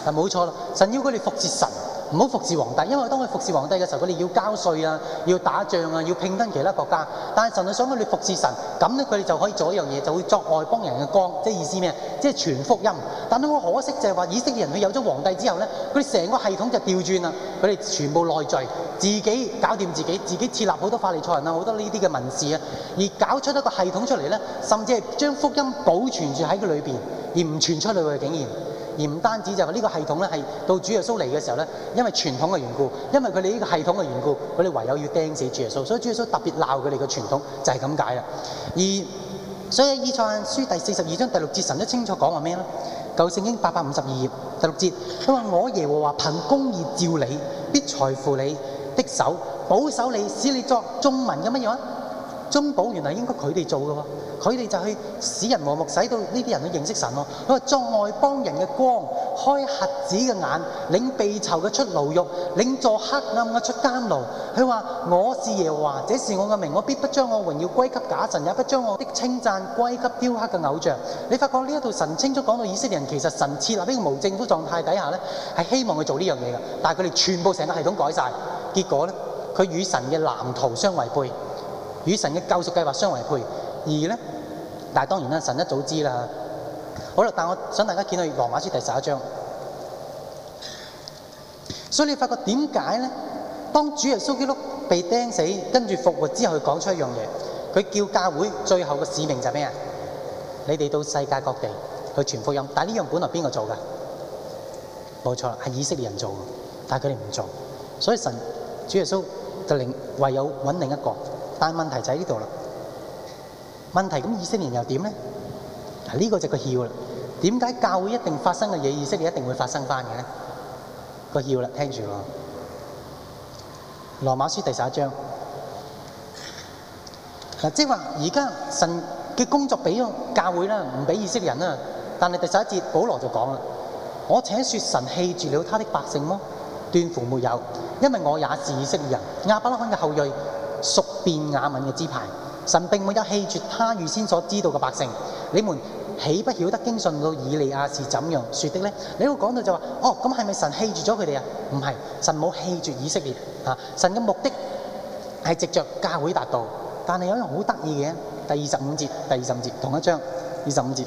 嗱，冇 錯，神要佢哋服侍神。唔好服侍皇帝，因為當佢服侍皇帝嘅時候，佢哋要交稅啊，要打仗啊，要併吞其他國家。但係神就想佢哋服侍神，咁咧佢哋就可以做一樣嘢，就會作外邦人嘅光，即係意思咩？即係傳福音。但係好可惜就係話，以色列人佢有咗皇帝之後呢，佢哋成個系統就掉轉啦，佢哋全部內在，自己搞掂自己，自己設立好多法律財銀啊，好多呢啲嘅民事啊，而搞出一個系統出嚟呢，甚至係將福音保存住喺個裏面，而唔傳出去嘅竟然。而唔單止就係呢個系統咧，係到主耶穌嚟嘅時候咧，因為傳統嘅緣故，因為佢哋呢個系統嘅緣故，佢哋唯有要釘死主耶穌，所以主耶穌特別鬧佢哋嘅傳統，就係咁解啦。而所以以賽亞書第四十二章第六節，神都清楚講話咩咧？舊聖經八百五十二頁第六節，佢話我耶和華憑公義照你，必財富你的手，保守你，使你作眾民有什麼。」嘅乜嘢？中保原嚟應該佢哋做嘅喎，佢哋就去使人和睦，使到呢啲人去認識神咯。佢話作外邦人嘅光，開瞎子嘅眼，領被囚嘅出牢獄，領坐黑暗嘅出監牢。佢話我是耶和華，這是我嘅名，我必不將我榮耀歸給假神，也不將我的稱讚歸給雕刻嘅偶像。你發覺呢一度神清楚講到以色列人其實神設立呢個無政府狀態底下呢，係希望佢做呢樣嘢嘅，但係佢哋全部成個系統改晒，結果呢，佢與神嘅藍圖相違背。與神嘅救贖計劃相為配，而咧，但係當然咧，神一早知啦。好啦，但係我想大家見到《羅馬書》第十一章，所以你發覺點解咧？當主耶穌基督被釘死，跟住復活之後，佢講出一樣嘢，佢叫教會最後嘅使命就係咩啊？你哋到世界各地去傳福音，但係呢樣本來邊個做㗎？冇錯，係以色列人做，但係佢哋唔做，所以神主耶穌就令唯有揾另一個。但問題就喺呢度啦。問題咁以色列又點咧？呢個就個笑啦。點解教會一定發生嘅嘢，以色列一定會發生翻嘅咧？個笑啦，聽住喎。羅馬書第十一章。嗱，即係話而家神嘅工作俾咗教會啦，唔俾以色列人啦。但係第十一節，保羅就講啦：我且説神棄絕了他的百姓麼？斷乎沒有，因為我也是以色列人，亞伯拉罕嘅後裔。屬便雅憫嘅支派，神並沒有棄絕他預先所知道嘅百姓。你們豈不曉得經上論到以利亞是怎樣說的呢？你會講到就話哦，咁係咪神棄絕咗佢哋啊？唔係，神冇棄絕以色列。吓、啊，神嘅目的係藉着教會達到。但係有一樣好得意嘅，第二十五節、第二十節同一章，二十五節，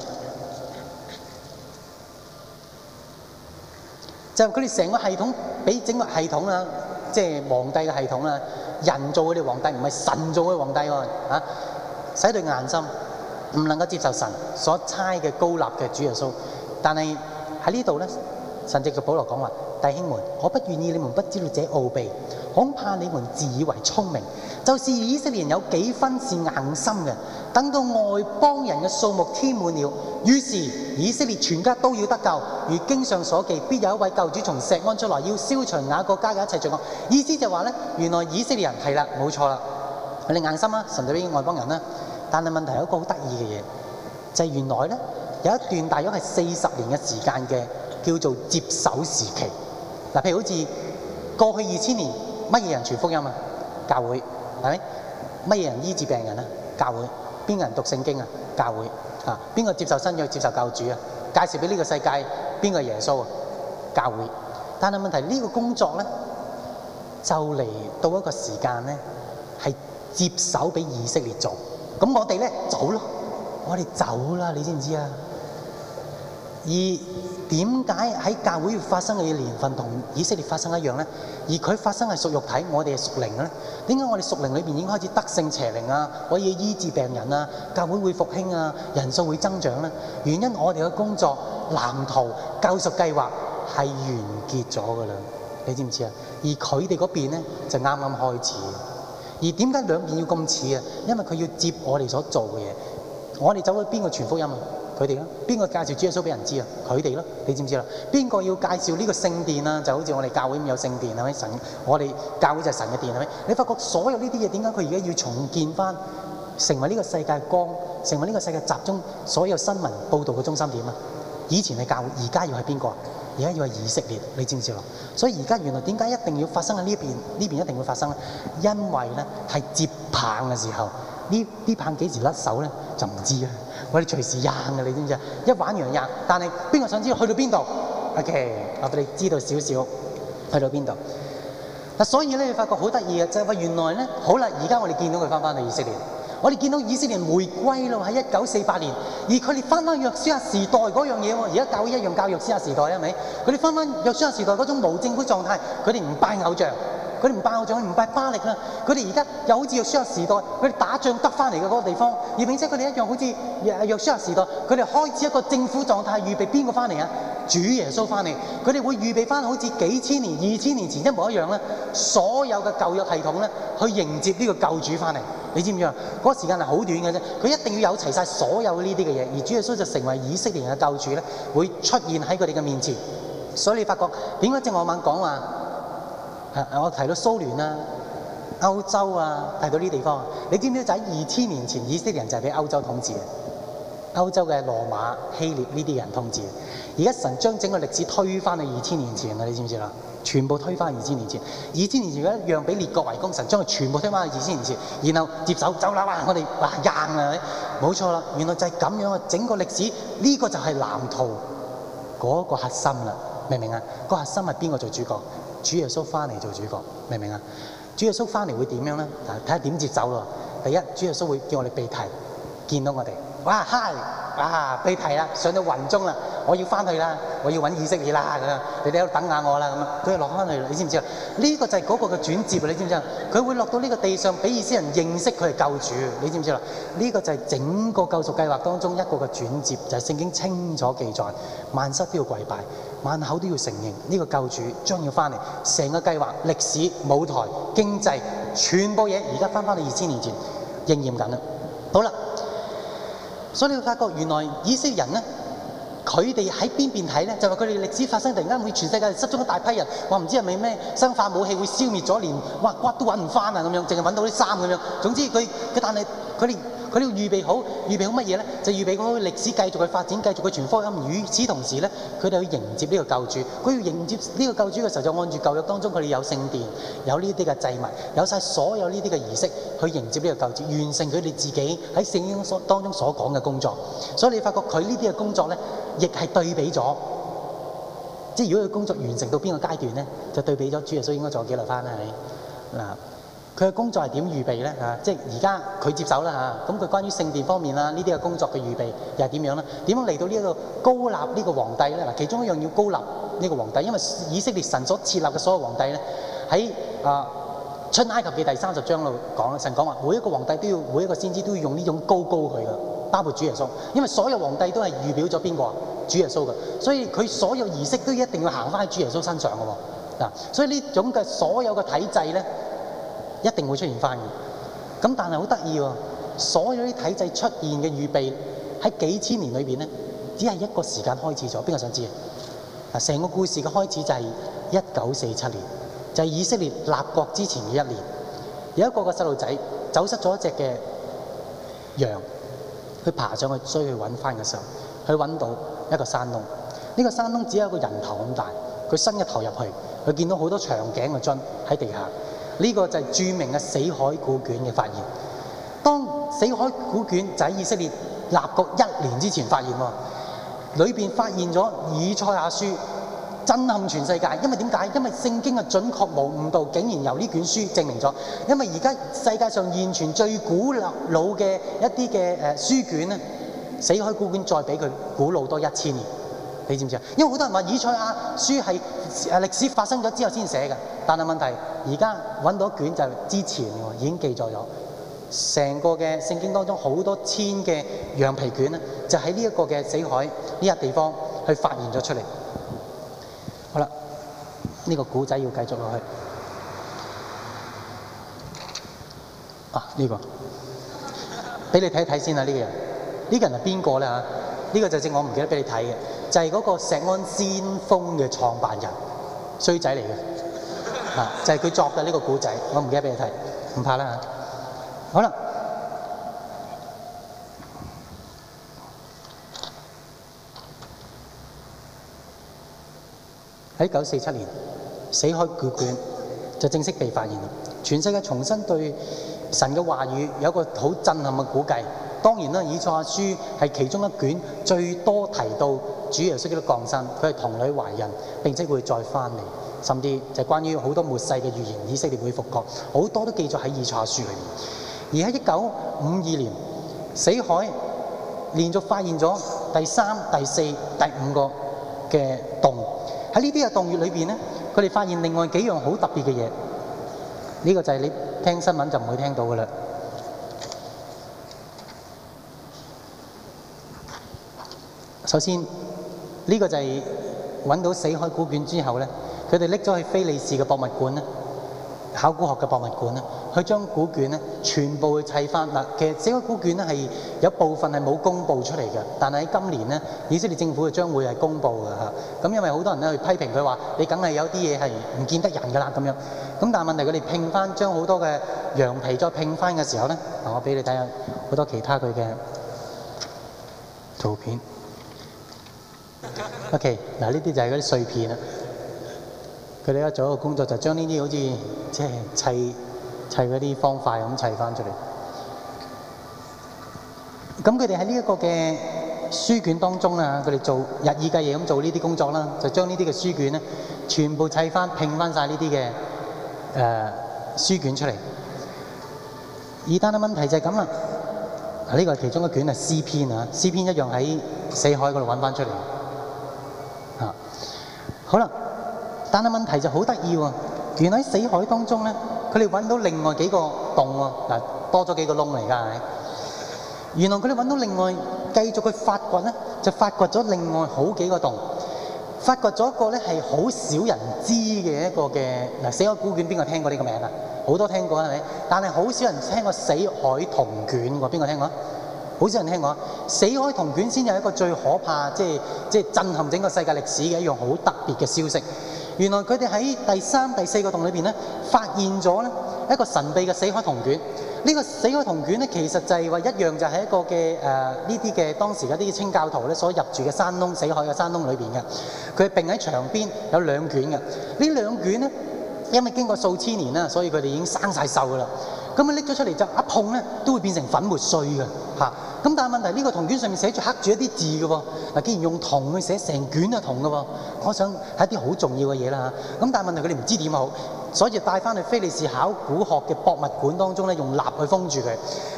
就佢哋成個系統，俾整個系統啦，即係皇帝嘅系統啦。人做嗰啲皇帝，唔係神做嗰啲皇帝啊，使對硬心，唔能夠接受神所差嘅高立嘅主耶穌。但係喺呢度咧，神直接保羅講話：弟兄們，我不願意你們不知道這奧秘，恐怕你們自以為聰明，就是以色列人有幾分是硬心嘅。等到外邦人嘅數目添滿了，於是以色列全家都要得救。如經上所記，必有一位救主從石安出來，要消除雅各家嘅一切罪惡。意思就話、是、呢，原來以色列人係啦，冇錯啦，你硬心啦，神對應外邦人啦。但係問題有一個好得意嘅嘢，就係、是、原來呢，有一段大約係四十年嘅時間嘅叫做接手時期。嗱，譬如好似過去二千年，乜嘢人傳福音啊？教會，係咪？乜嘢人醫治病人啊？教會。邊人讀聖經啊？教會啊？邊個接受新約？接受教主啊？介紹俾呢個世界，邊個耶穌啊？教會。但係問題，呢個工作咧，就嚟到一個時間咧，係接手俾以色列做，咁我哋咧走咯，我哋走啦，你知唔知啊？而點解喺教會發生嘅年份，同以色列發生一樣咧？而佢發生係屬肉體，我哋係屬靈咧。點解我哋屬靈裏邊已經開始得勝邪靈啊？可以醫治病人啊！教會會復興啊！人數會增長咧。原因我哋嘅工作藍圖救贖計劃係完結咗噶啦。你知唔知啊？而佢哋嗰邊咧就啱啱開始。而點解兩邊要咁似啊？因為佢要接我哋所做嘅嘢。我哋走去邊個傳福音啊？佢哋咯，邊個介紹耶穌俾人知啊？佢哋咯，你知唔知啦？邊個要介紹呢個聖殿啊？就好似我哋教會咁有聖殿係咪？神，我哋教會就係神嘅殿係咪？你發覺所有呢啲嘢點解佢而家要重建翻，成為呢個世界的光，成為呢個世界集中所有新聞報導嘅中心點啊？以前係教會，而家要係邊個啊？而家要係以色列，你知唔知啦？所以而家原來點解一定要發生喺呢邊？呢邊一定會發生咧，因為咧係接棒嘅時候，這這時呢呢棒幾時甩手咧就唔知啦。我哋隨時掹嘅，你知唔知啊？一玩完掹，但係邊個想知道去到邊度？O K，我俾你知道少少，去到邊度？嗱，所以咧，你發覺好得意嘅，就係話原來咧，好啦，而家我哋見到佢翻返去以色列，我哋見到以色列迴歸咯，喺一九四八年，而佢哋翻返約書亞時代嗰樣嘢喎，而家教一樣教約書亞時代係咪？佢哋翻返約書亞時代嗰種無政府狀態，佢哋唔拜偶像。佢哋唔拜偶像，唔拜巴力啦。佢哋而家又好似約書亞時代，佢哋打仗得翻嚟嘅嗰個地方，而並且佢哋一樣好似約書亞時代，佢哋開始一個政府狀態，預備邊個翻嚟啊？主耶穌翻嚟，佢哋會預備翻好似幾千年、二千年前一模一樣咧，所有嘅舊約系統咧，去迎接呢個救主翻嚟。你知唔知啊？嗰、那個時間係好短嘅啫，佢一定要有齊晒所有呢啲嘅嘢，而主耶穌就成為以色列人嘅救主咧，會出現喺佢哋嘅面前。所以你發覺點解正惡猛講話？我提到蘇聯啦、啊、歐洲啊，提到呢地方，你知唔知就喺二千年前，以色列人就俾歐洲統治嘅，歐洲嘅羅馬、希臘呢啲人統治。而家神將整個歷史推翻去二千年前啊！你知唔知啦？全部推翻二千年前。二千年前一樣俾列國圍攻，神將佢全部推翻去二千年前，然後接手走啦！哇，我哋哇硬啊！冇錯啦，原來就係咁樣啊！整個歷史呢、呢個就係藍圖嗰個核心啦，明唔明啊？個核心係邊個做主角？主耶穌翻嚟做主角，明唔明啊？主耶穌翻嚟會點樣咧？啊，睇下點接走咯。第一，主耶穌會叫我哋被提，見到我哋，哇嗨，啊被提啦，上到雲中啦，我要翻去啦，我要揾以色列去啦咁樣。你哋喺度等下我啦咁啊，佢落翻去啦，你知唔知啊？呢、這個就係嗰個嘅轉折，你知唔知啊？佢會落到呢個地上，俾以色列人認識佢係救主，你知唔知啊？呢、這個就係整個救贖計劃當中一個嘅轉折，就係、是、聖經清楚記載，萬失都要跪拜。萬口都要承認，呢個救主將要回嚟，成個計劃、歷史、舞台、經濟，全部嘢而家翻翻到二千年前，應驗緊啦。好啦，所以你會發覺原來以色列人呢，佢哋喺邊邊睇呢？就係佢哋歷史發生突然間會全世界失蹤一大批人，話唔知係咪咩生化武器會消滅咗，連骨骨都揾唔翻啊咁樣，淨係揾到啲衫咁樣。總之佢但係佢哋要預備好，預備好乜嘢咧？就預備好歷史繼續去發展，繼續去傳福音。與此同時咧，佢哋去迎接呢個救主，佢要迎接呢個救主嘅時候就按住舊約當中佢哋有聖殿，有呢啲嘅祭物，有晒所有呢啲嘅儀式去迎接呢個救主，完成佢哋自己喺聖經所當中所講嘅工作。所以你發覺佢呢啲嘅工作咧，亦係對比咗。即係如果佢工作完成到邊個階段咧，就對比咗主。所以應該仲有幾耐翻啊？你嗱。佢嘅工作係點預備咧？嚇、啊，即係而家佢接手啦嚇。咁、啊、佢關於聖殿方面啦，呢啲嘅工作嘅預備又係點樣咧？點樣嚟到呢一個高立呢個皇帝咧？嗱，其中一樣要高立呢個皇帝，因為以色列神所設立嘅所有皇帝咧，喺啊出埃及記嘅第三十章度講，神講話每一個皇帝都要每一個先知都要用呢種高高佢嘅，包括主耶穌，因為所有皇帝都係預表咗邊個啊？主耶穌嘅，所以佢所有儀式都一定要行翻喺主耶穌身上嘅喎嗱。所以呢種嘅所有嘅體制咧。一定會出現翻嘅，咁但係好得意喎，所有啲體制出現嘅預備喺幾千年裏邊咧，只係一個時間開始咗。邊個想知啊？成個故事嘅開始就係一九四七年，就係以色列立國之前嘅一年。有一個個細路仔走失咗一隻嘅羊，佢爬上去追去揾翻嘅時候，佢揾到一個山窿。呢個山窿只有一個人頭咁大，佢伸入頭入去，佢見到好多長頸嘅樽喺地下。呢個就係著名嘅死海古卷嘅發現。當死海古卷就喺以色列立國一年之前發現喎，裏邊發現咗《以賽亞書》，震撼全世界。因為點解？因為聖經嘅準確無誤度，竟然由呢卷書證明咗。因為而家世界上現存最古老嘅一啲嘅書卷，死海古卷再比佢古老多一千年。你知唔知啊？因為好多人話以賽亞書係誒歷史發生咗之後先寫嘅，但係問題而家揾到卷就係之前喎，已經記載咗成個嘅聖經當中好多千嘅羊皮卷咧，就喺呢一個嘅死海呢一笪地方去發現咗出嚟。好啦，呢個古仔要繼續落去。啊，呢個俾你睇一睇先啦，啊，呢個人，呢個人係邊個咧嚇？呢個就正我唔記得俾你睇嘅。就係嗰個石安先鋒嘅創辦人衰仔嚟嘅，來的 就係佢作嘅呢個故仔，我唔記得畀你睇，唔怕啦。好啦，喺一九四七年，《死海古卷》就正式被發現，全世界重新對神嘅話語有一個好震撼嘅估計。當然啦，《以賽亞書》係其中一卷最多提到。主耶穌基督降生，佢係童女懷孕，並且會再翻嚟，甚至就係關於好多末世嘅預言，以色列會復國，好多都記咗喺以賽亞書裏面。而喺一九五二年，死海連續發現咗第三、第四、第五個嘅洞，喺呢啲嘅洞穴裏邊咧，佢哋發現另外幾樣好特別嘅嘢。呢個就係你聽新聞就唔會聽到嘅啦。首先。呢個就係揾到死海古卷之後咧，佢哋拎咗去菲利士嘅博物館咧，考古學嘅博物館咧，去將古卷咧全部去砌翻。嗱，其實死海古卷咧係有部分係冇公佈出嚟嘅，但係喺今年咧，以色列政府就將會係公佈嘅嚇。咁因為好多人咧去批評佢話，你梗係有啲嘢係唔見得人㗎啦咁樣。咁但係問題佢哋拼翻將好多嘅羊皮再拼翻嘅時候咧，我俾你睇下好多其他佢嘅圖片。O.K. 嗱，呢啲就係啲碎片啦。佢哋一做一個工作，就將呢啲好似即係砌砌嗰啲方塊咁砌翻出嚟。咁佢哋喺呢一個嘅書卷當中啊，佢哋做日以繼夜咁做呢啲工作啦，就將呢啲嘅書卷咧，全部砌翻拼翻晒呢啲嘅誒書卷出嚟。而單嘅問題就係咁啦。呢、這個係其中一卷啊，詩篇啊，詩篇一樣喺死海嗰度揾翻出嚟。好啦，但係問題就好得意喎，原來喺死海當中咧，佢哋揾到另外幾個洞喎、哦，嗱，多咗幾個窿嚟㗎。係咪？原來佢哋揾到另外繼續去發掘咧，就發掘咗另外好幾個洞，發掘咗一個咧，係好少人知嘅一個嘅，嗱，死海古卷，邊個聽過呢個名啊？好多聽過係咪？但係好少人聽過死海銅卷喎，邊個聽過？好少人聽我死海銅卷，先有一個最可怕，即係即係震撼整個世界歷史嘅一樣好特別嘅消息。原來佢哋喺第三、第四個洞裏邊咧，發現咗咧一個神秘嘅死海銅卷。呢、這個死海銅卷咧，其實就係、是、話一樣，就係一個嘅誒呢啲嘅當時嗰啲清教徒咧所入住嘅山窿，死海嘅山窿裏邊嘅。佢並喺牆邊有兩卷嘅。呢兩卷咧，因為經過數千年啦，所以佢哋已經生晒銹噶啦。咁樣拎咗出嚟就一碰咧，都會變成粉末碎嘅嚇。咁但係問題，呢個銅卷上面寫住刻住一啲字㗎喎、啊，嗱，既然用銅去寫成卷就銅㗎喎、啊，我想係一啲好重要嘅嘢啦。咁但係問題，佢哋唔知點好。所以帶翻去菲利士考古學嘅博物館當中咧，用蠟去封住佢。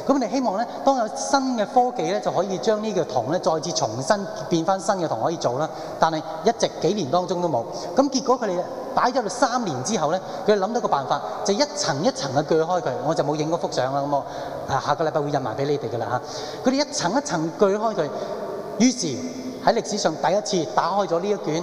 咁我哋希望咧，當有新嘅科技咧，就可以將呢個銅咧，再次重新變翻新嘅銅可以做啦。但係一直幾年當中都冇。咁結果佢哋擺咗三年之後咧，佢哋諗到個辦法，就一層一層嘅鋸開佢。我就冇影嗰幅相啦，咁我下個禮拜會印埋俾你哋㗎啦嚇。佢哋一層一層鋸開佢，於是喺歷史上第一次打開咗呢一卷。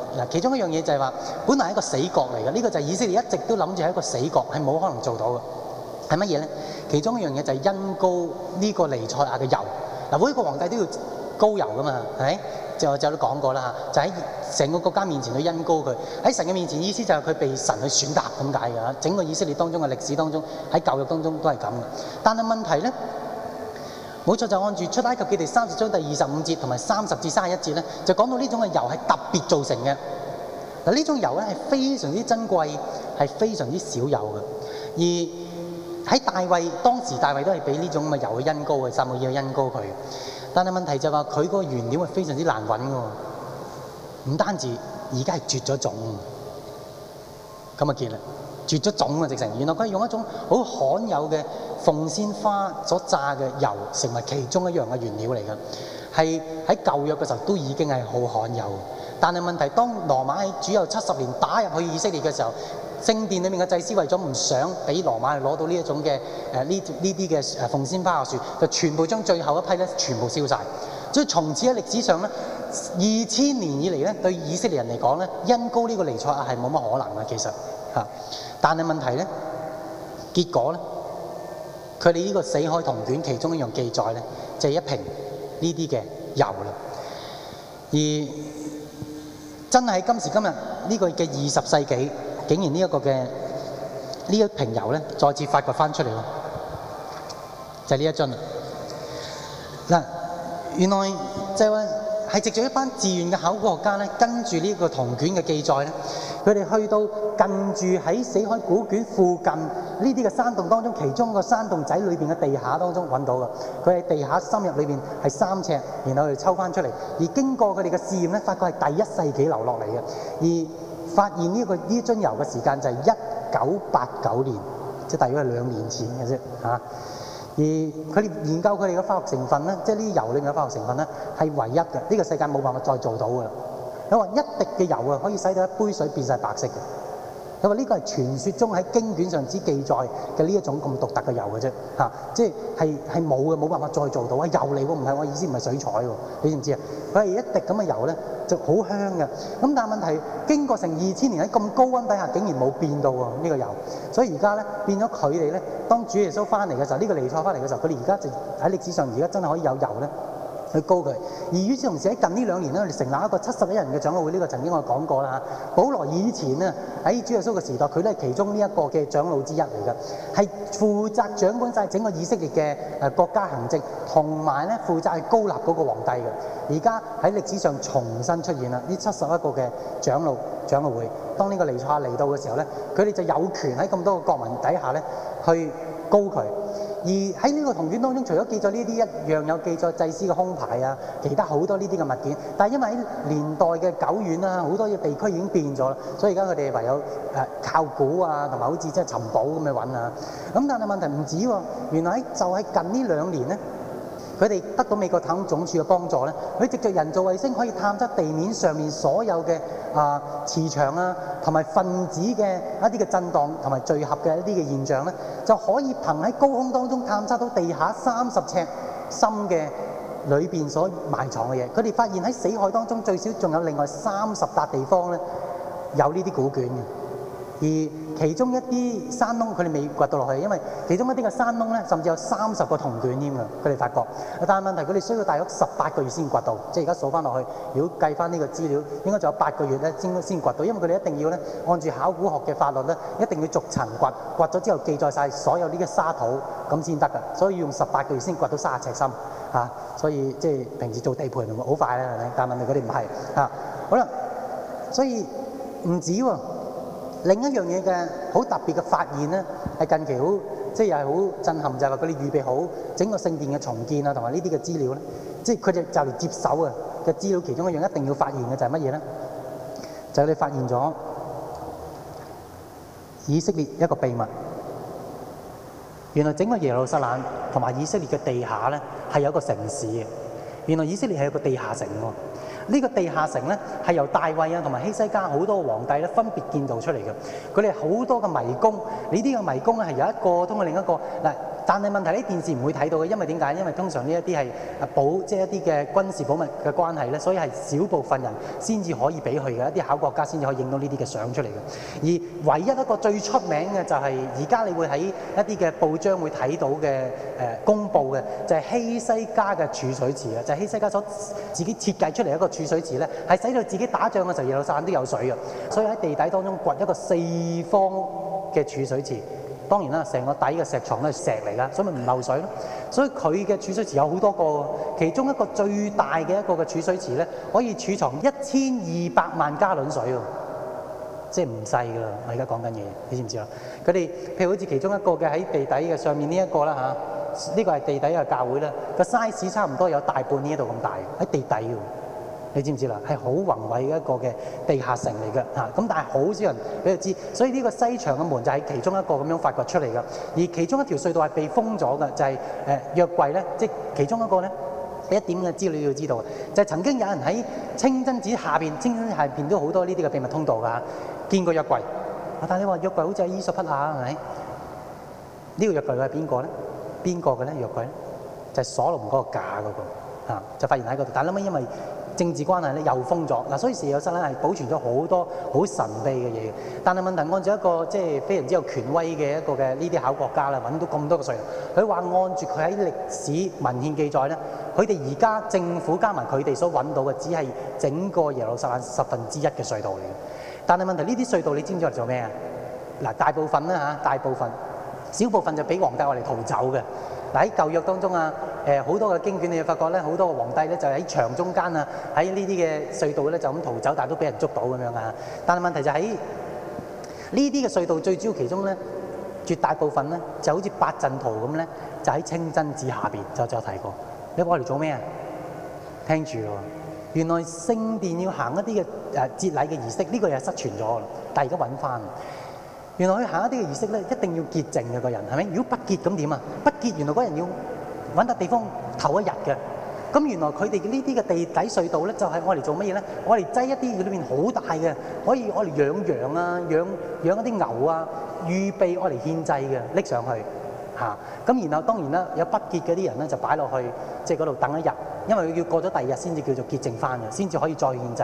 嗱，其中一樣嘢就係話，本來係一個死國嚟嘅，呢、這個就係以色列一直都諗住係一個死國，係冇可能做到嘅，係乜嘢咧？其中一樣嘢就係恩膏呢個尼賽亞嘅油。嗱，每一個皇帝都要膏油噶嘛，係咪？就就都講過啦嚇，就喺成個國家面前去恩膏佢，喺神嘅面前意思就係佢被神去選擇，噉解嘅？整個以色列當中嘅歷史當中，喺教育當中都係咁嘅。但係問題咧。冇錯，就按住出埃及記第三十章第二十五節同埋三十至三十一節咧，就講到呢種嘅油係特別造成嘅。嗱，呢種油咧係非常之珍貴，係非常之少有嘅。而喺大衛當時，大衛都係俾呢種嘅油去因高恩膏嘅，撒母耳去恩膏佢。但係問題就係話佢個原料係非常之難揾嘅，唔單止而家係絕咗種，咁啊見啦，絕咗種啊直情。原來佢係用一種好罕有嘅鳳仙花所榨嘅油成為其中一樣嘅原料嚟㗎，係喺舊約嘅時候都已經係好罕有。但係問題當羅馬喺主後七十年打入去以色列嘅時候，聖殿裡面嘅祭司為咗唔想俾羅馬攞到呢一種嘅誒呢呢啲嘅誒鳳仙花嘅樹，就全部將最後一批咧全部燒晒。所以從此喺歷史上咧，二千年以嚟咧對以色列人嚟講咧，因高呢個離錯係冇乜可能嘅。其實嚇。但係問題咧，結果咧。佢哋呢個《死海古卷》其中一樣記載咧，就係一瓶呢啲嘅油啦。而真係今時今日呢個嘅二十世紀，竟然呢一個嘅呢一瓶油咧，再次發掘翻出嚟喎，就係呢一樽啦。嗱，原來呢位～係籍住一班志願嘅考古學家咧，跟住呢個銅卷嘅記載咧，佢哋去到近住喺死海古卷附近呢啲嘅山洞當中，其中一個山洞仔裏邊嘅地下當中揾到嘅。佢喺地下深入裏邊係三尺，然後佢抽翻出嚟。而經過佢哋嘅試驗咧，發覺係第一世紀留落嚟嘅。而發現呢、呢個呢樽油嘅時間就係一九八九年，即、就、係、係、大約兩年前嘅啫嚇。啊。而佢哋研究佢哋嘅化學成分咧，即係呢啲油裏面嘅化學成分咧，係唯一嘅，呢、這個世界冇辦法再做到嘅。你話一滴嘅油啊，可以使到一杯水變成白色的。佢話呢個係傳説中喺經卷上之記載嘅呢一種咁獨特嘅油嘅啫、啊，嚇，即係係冇嘅，冇辦法再做到啊，油嚟喎，唔係我意思唔係水彩喎，你知唔知啊？佢係一滴咁嘅油咧，就好香嘅。咁但係問題經過成二千年喺咁高溫底下，竟然冇變到喎呢個油。所以而家咧變咗佢哋咧，當主耶穌翻嚟嘅時候，呢個尼賽翻嚟嘅時候，佢哋而家就喺歷史上而家真係可以有油咧。去高佢，而與此同時喺近呢兩年咧，我哋成立一個七十一人嘅長老會，呢、這個曾經我講過啦。保羅以前呢，喺主耶穌嘅時代，佢都係其中呢一個嘅長老之一嚟㗎，係負責掌管晒整個以色列嘅誒國家行政，同埋咧負責去高立嗰個皇帝嘅。而家喺歷史上重新出現啦，呢七十一個嘅長老長老會，當呢個彌賽亞嚟到嘅時候咧，佢哋就有權喺咁多個國民底下咧去高佢。而喺呢個銅卷當中，除咗記載呢啲一樣，有記載祭司嘅胸牌啊，其他好多呢啲嘅物件。但係因為在年代嘅久遠啦、啊，好多嘢地區已經變咗啦，所以而家佢哋唯有誒靠估啊，同埋好似即係尋寶咁樣揾啊。咁但係問題唔止喎、啊，原來喺就喺近呢兩年咧。佢哋得到美國太空總署嘅幫助咧，佢藉著人造衛星可以探測地面上面所有嘅啊磁場啊，同埋分子嘅一啲嘅震盪同埋聚合嘅一啲嘅現象咧，就可以憑喺高空當中探測到地下三十尺深嘅裏邊所埋藏嘅嘢。佢哋發現喺死海當中最少仲有另外三十笪地方咧，有呢啲古卷嘅。而其中一啲山窿，佢哋未掘到落去，因為其中一啲嘅山窿咧，甚至有三十個銅卷㗎。佢哋發覺，但係問題佢哋需要大約十八個月先掘到，即係而家數翻落去，如果計翻呢個資料，應該仲有八個月咧先先掘到，因為佢哋一定要咧按住考古學嘅法律咧，一定要逐層掘，掘咗之後記載晒所有呢啲沙土咁先得㗎。所以要用十八個月先掘到三十尺深，嚇、啊。所以即係平時做地盤好快啦，但問題佢哋唔係嚇。好啦，所以唔止喎、啊。另一樣嘢嘅好特別嘅發現咧，係近期好，即係又係好震撼，就係話佢哋預備好整個聖殿嘅重建啊，同埋呢啲嘅資料咧，即係佢哋就嚟接手啊嘅資料其中一樣一定要發現嘅就係乜嘢咧？就係佢哋發現咗以色列一個秘密，原來整個耶路撒冷同埋以色列嘅地下咧係有一個城市嘅，原來以色列係一個地下城喎。呢個地下城呢，係由大衛啊同埋希西家好多皇帝呢分別建造出嚟嘅。佢哋好多嘅迷宮，呢啲迷宮咧係有一個通過另一個嚟。但係問題呢，電視唔會睇到嘅，因為點解？因為通常呢、就是、一啲係保即係一啲嘅軍事保密嘅關係咧，所以係少部分人先至可以俾佢嘅一啲考國家先至可以影到呢啲嘅相出嚟嘅。而唯一一個最出名嘅就係而家你會喺一啲嘅報章會睇到嘅誒公佈嘅，就係、是、希西家嘅儲水池啊，就係、是、希西家所自己設計出嚟一個儲水池咧，係使到自己打仗嘅時候有散都有水嘅，所以喺地底當中掘一個四方嘅儲水池。當然啦，成個底嘅石床都係石嚟㗎，所以咪唔漏水咯。所以佢嘅儲水池有好多個，其中一個最大嘅一個嘅儲水池咧，可以儲藏一千二百萬加侖水喎，即係唔細㗎啦。我而家講緊嘢，你知唔知啦？佢哋譬如好似其中一個嘅喺地底嘅上面呢、這、一個啦嚇，呢、啊呢個係地底嘅教會啦，個 size 差唔多有大半呢一度咁大，喺地底㗎。你知唔知啦？係好宏偉一個嘅地下城嚟嘅嚇。咁但係好少人俾佢知道，所以呢個西牆嘅門就係其中一個咁樣發掘出嚟嘅。而其中一條隧道係被封咗嘅，就係、是、誒約櫃咧，即、就、係、是、其中一個咧。你一點嘅資料要知道，就係、是、曾經有人喺清真寺下邊、清真寺下邊都好多呢啲嘅秘密通道㗎。見過約櫃，但你話約櫃好似係伊索匹亞係咪？呢、這個約櫃係邊個咧？邊個嘅咧？約櫃呢就鎖龍嗰個架嗰、那個就發現喺嗰度。但諗起因為。政治關係咧又封咗，嗱，所以耶路撒冷係保存咗好多好神秘嘅嘢。但係問題，按照一個即係非常之有權威嘅一個嘅呢啲考古家啦，揾到咁多個隧道，佢話按住佢喺歷史文獻記載咧，佢哋而家政府加埋佢哋所揾到嘅，只係整個耶路撒冷十分之一嘅隧道嚟嘅。但係問題，呢啲隧道你知唔知嚟做咩啊？嗱，大部分啦嚇，大部分，小部分就俾皇帝我哋逃走嘅。喺舊約當中啊，誒好多嘅經卷，你會發覺咧，好多嘅皇帝咧就喺牆中間啊，喺呢啲嘅隧道咧就咁逃走，但都俾人捉到咁樣啊。但係問題就喺呢啲嘅隧道最主要其中咧，絕大部分咧就好似八陣圖咁咧，就喺清真寺下邊就就提過。你過嚟做咩啊？聽住喎，原來聖殿要行一啲嘅誒節禮嘅儀式，呢、呢個又失傳咗啦，但係而家揾翻。原來去行一啲嘅儀式咧，一定要潔淨嘅、嗰個人，係咪？如果不潔咁點啊？不潔原來嗰人要揾笪地方唞一日嘅。咁原來佢哋呢啲嘅地底隧道咧，就係用嚟做乜嘢咧？用嚟擠一啲佢裏面好大嘅，可以用嚟養羊啊，養養一啲牛啊，預備用嚟獻祭嘅，拎上去。咁、嗯、然後當然啦，有不潔嘅啲人咧，就擺落去即係嗰度等一日，因為佢要過咗第二日先至叫做潔淨返嘅，先至可以再獻祭。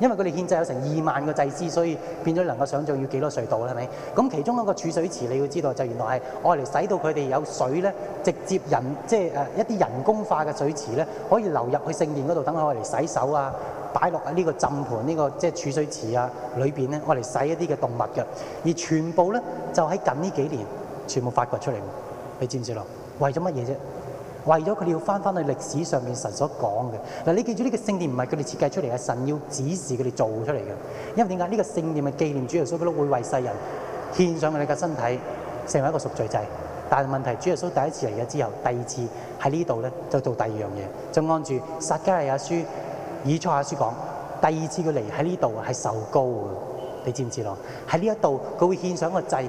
因為佢哋獻祭有成二萬個祭司，所以變咗能夠想像要幾多隧道啦，係咪？咁其中一個儲水池，你要知道就原來係我嚟洗到佢哋有水咧，直接人即係誒一啲人工化嘅水池咧，可以流入去聖殿嗰度等我嚟洗手啊，擺落喺呢個浸盤呢、這個即係儲水池啊裏邊咧，我嚟洗一啲嘅動物嘅。而全部咧就喺近呢幾年全部發掘出嚟。你知唔知咯？為咗乜嘢啫？為咗佢哋要翻翻去歷史上面神所講嘅。嗱，你記住呢個聖殿唔係佢哋設計出嚟嘅，神要指示佢哋做出嚟嘅。因為點解呢個聖殿咪紀念主耶穌佢都會為世人獻上佢哋嘅身體，成為一個贖罪祭？但係問題是，主耶穌第一次嚟咗之後，第二次喺呢度咧就做第二樣嘢。就按住撒迦利亞書以三亞書講，第二次佢嚟喺呢度係受膏嘅。你知唔知咯？喺呢一度佢會獻上個祭。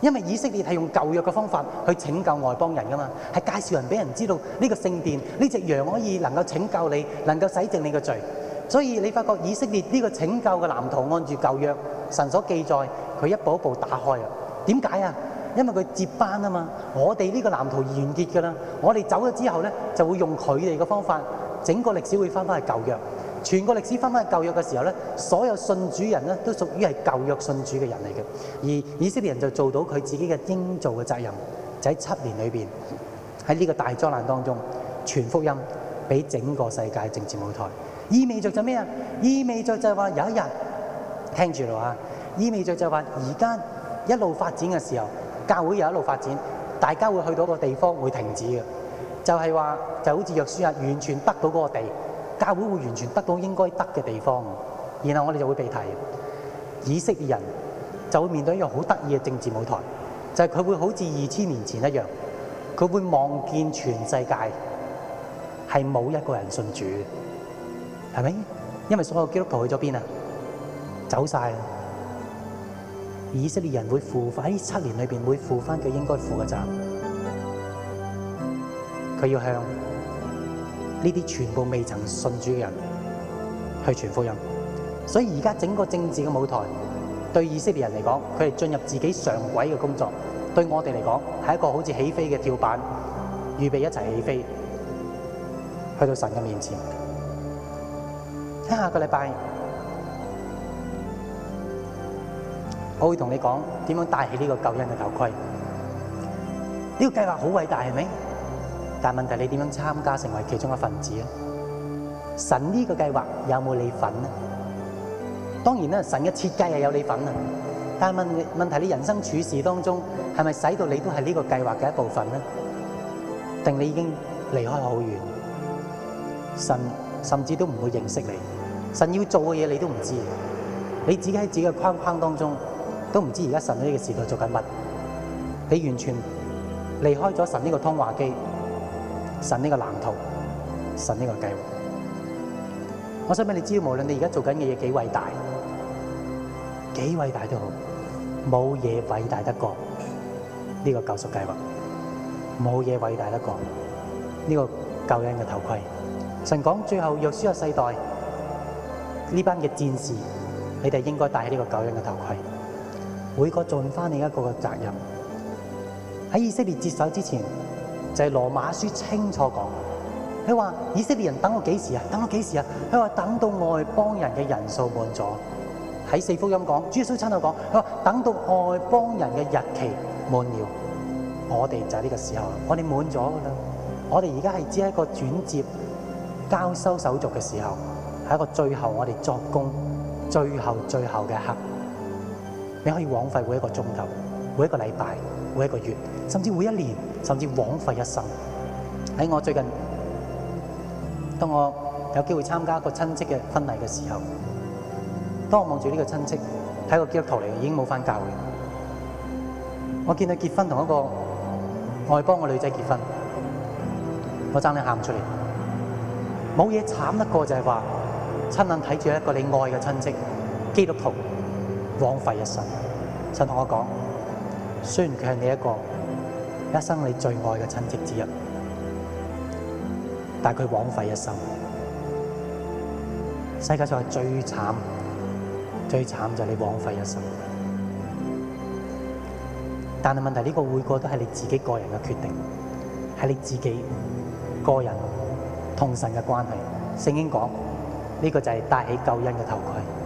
因為以色列係用舊約嘅方法去拯救外邦人㗎嘛，係介紹人畀人知道呢個聖殿呢隻羊可以能夠拯救你，能夠洗淨你嘅罪。所以你發覺以色列呢個拯救嘅藍圖，按住舊約神所記載，佢一步一步打開啊。點解啊？因為佢接班吖嘛。我哋呢個藍圖完結㗎喇，我哋走咗之後呢，就會用佢哋嘅方法，整個歷史會翻返去舊約。全個歷史翻翻去舊約嘅時候咧，所有信主人咧都屬於係舊約信主嘅人嚟嘅，而以色列人就做到佢自己嘅應做嘅責任，就喺七年裏邊，喺呢個大災難當中，傳福音俾整個世界政治舞台，意味着就咩啊？意味着就係話有一日聽住啦啊！意味着就係話而家一路發展嘅時候，教會又一路發展，大家會去到個地方會停止嘅，就係話就好似約書亞完全得到嗰個地。教會會完全得到應該得嘅地方，然後我哋就會被提。以色列人就會面對一個好得意嘅政治舞台，就係、是、佢會好似二千年前一樣，佢會望見全世界係冇一個人信主，係咪？因為所有基督徒去咗邊啊？走曬。以色列人會負翻喺七年裏邊會負翻佢應該負嘅責，佢要向呢啲全部未曾信主嘅人去傳福音，所以而家整個政治嘅舞台對以色列人嚟講，佢哋進入自己上位嘅工作，對我哋嚟講，係一個好似起飛嘅跳板，預備一齊起、起飛，去到神嘅面前。聽下個禮拜，我會同你講點樣戴起呢個救恩嘅頭盔。呢、這個計劃好偉大，係咪？但問題你點樣參加成為其中一份子咧？神呢個計劃有冇你份咧？當然咧，神嘅設計係有你份啊！但問問題你人生處事當中係咪使到你都係呢個計劃嘅一部分咧？定你已經離開好遠？神甚至都唔會認識你，神要做嘅嘢你都唔知，你自己喺自己嘅框框當中都唔知而家神喺呢個時代做緊乜？你完全離開咗神呢個通話機。神呢個藍圖，神呢個計劃，我想俾你知道，無論你而家做緊嘅嘢幾偉大，幾偉大都好，冇嘢偉大得過呢個救贖計劃，冇嘢偉大得過呢個救恩嘅頭盔。神講最後若輸入世代呢班嘅戰士，你哋應該戴呢個救恩嘅頭盔，每個盡翻你一個嘅責任，喺以色列接手之前。就係羅馬書清楚講，佢話以色列人等我幾時啊？等我幾時啊？佢話等到外邦人嘅人數滿咗，喺四福音講，主耶穌親口講，佢話等到外邦人嘅日期滿了，我哋就係呢個時候啦。我哋滿咗㗎啦，我哋而家係只係一個轉接交收手續嘅時候，係一個最後我哋作工、最後最後嘅一刻。你可以枉費每一個鐘頭，每一個禮拜。每一個月，甚至每一年，甚至枉費一生。喺我最近，當我有機會參加一個親戚嘅婚禮嘅時候，當我望住呢個親戚係個基督徒嚟，已經冇返教會，我見佢結婚同一個，外邦嘅女仔結婚，我爭啲喊出嚟。冇嘢慘得過就係話，親眼睇住一個你愛嘅親戚基督徒枉費一生。神同我講。雖然佢係你一個一生你最愛嘅親戚之一，但佢枉費一生。世界上係最慘，最慘就係你枉費一生。但係問題呢、這個每個都係你自己個人嘅決定，係你自己個人同神嘅關係。聖經講呢、這個就係戴起救恩嘅頭盔。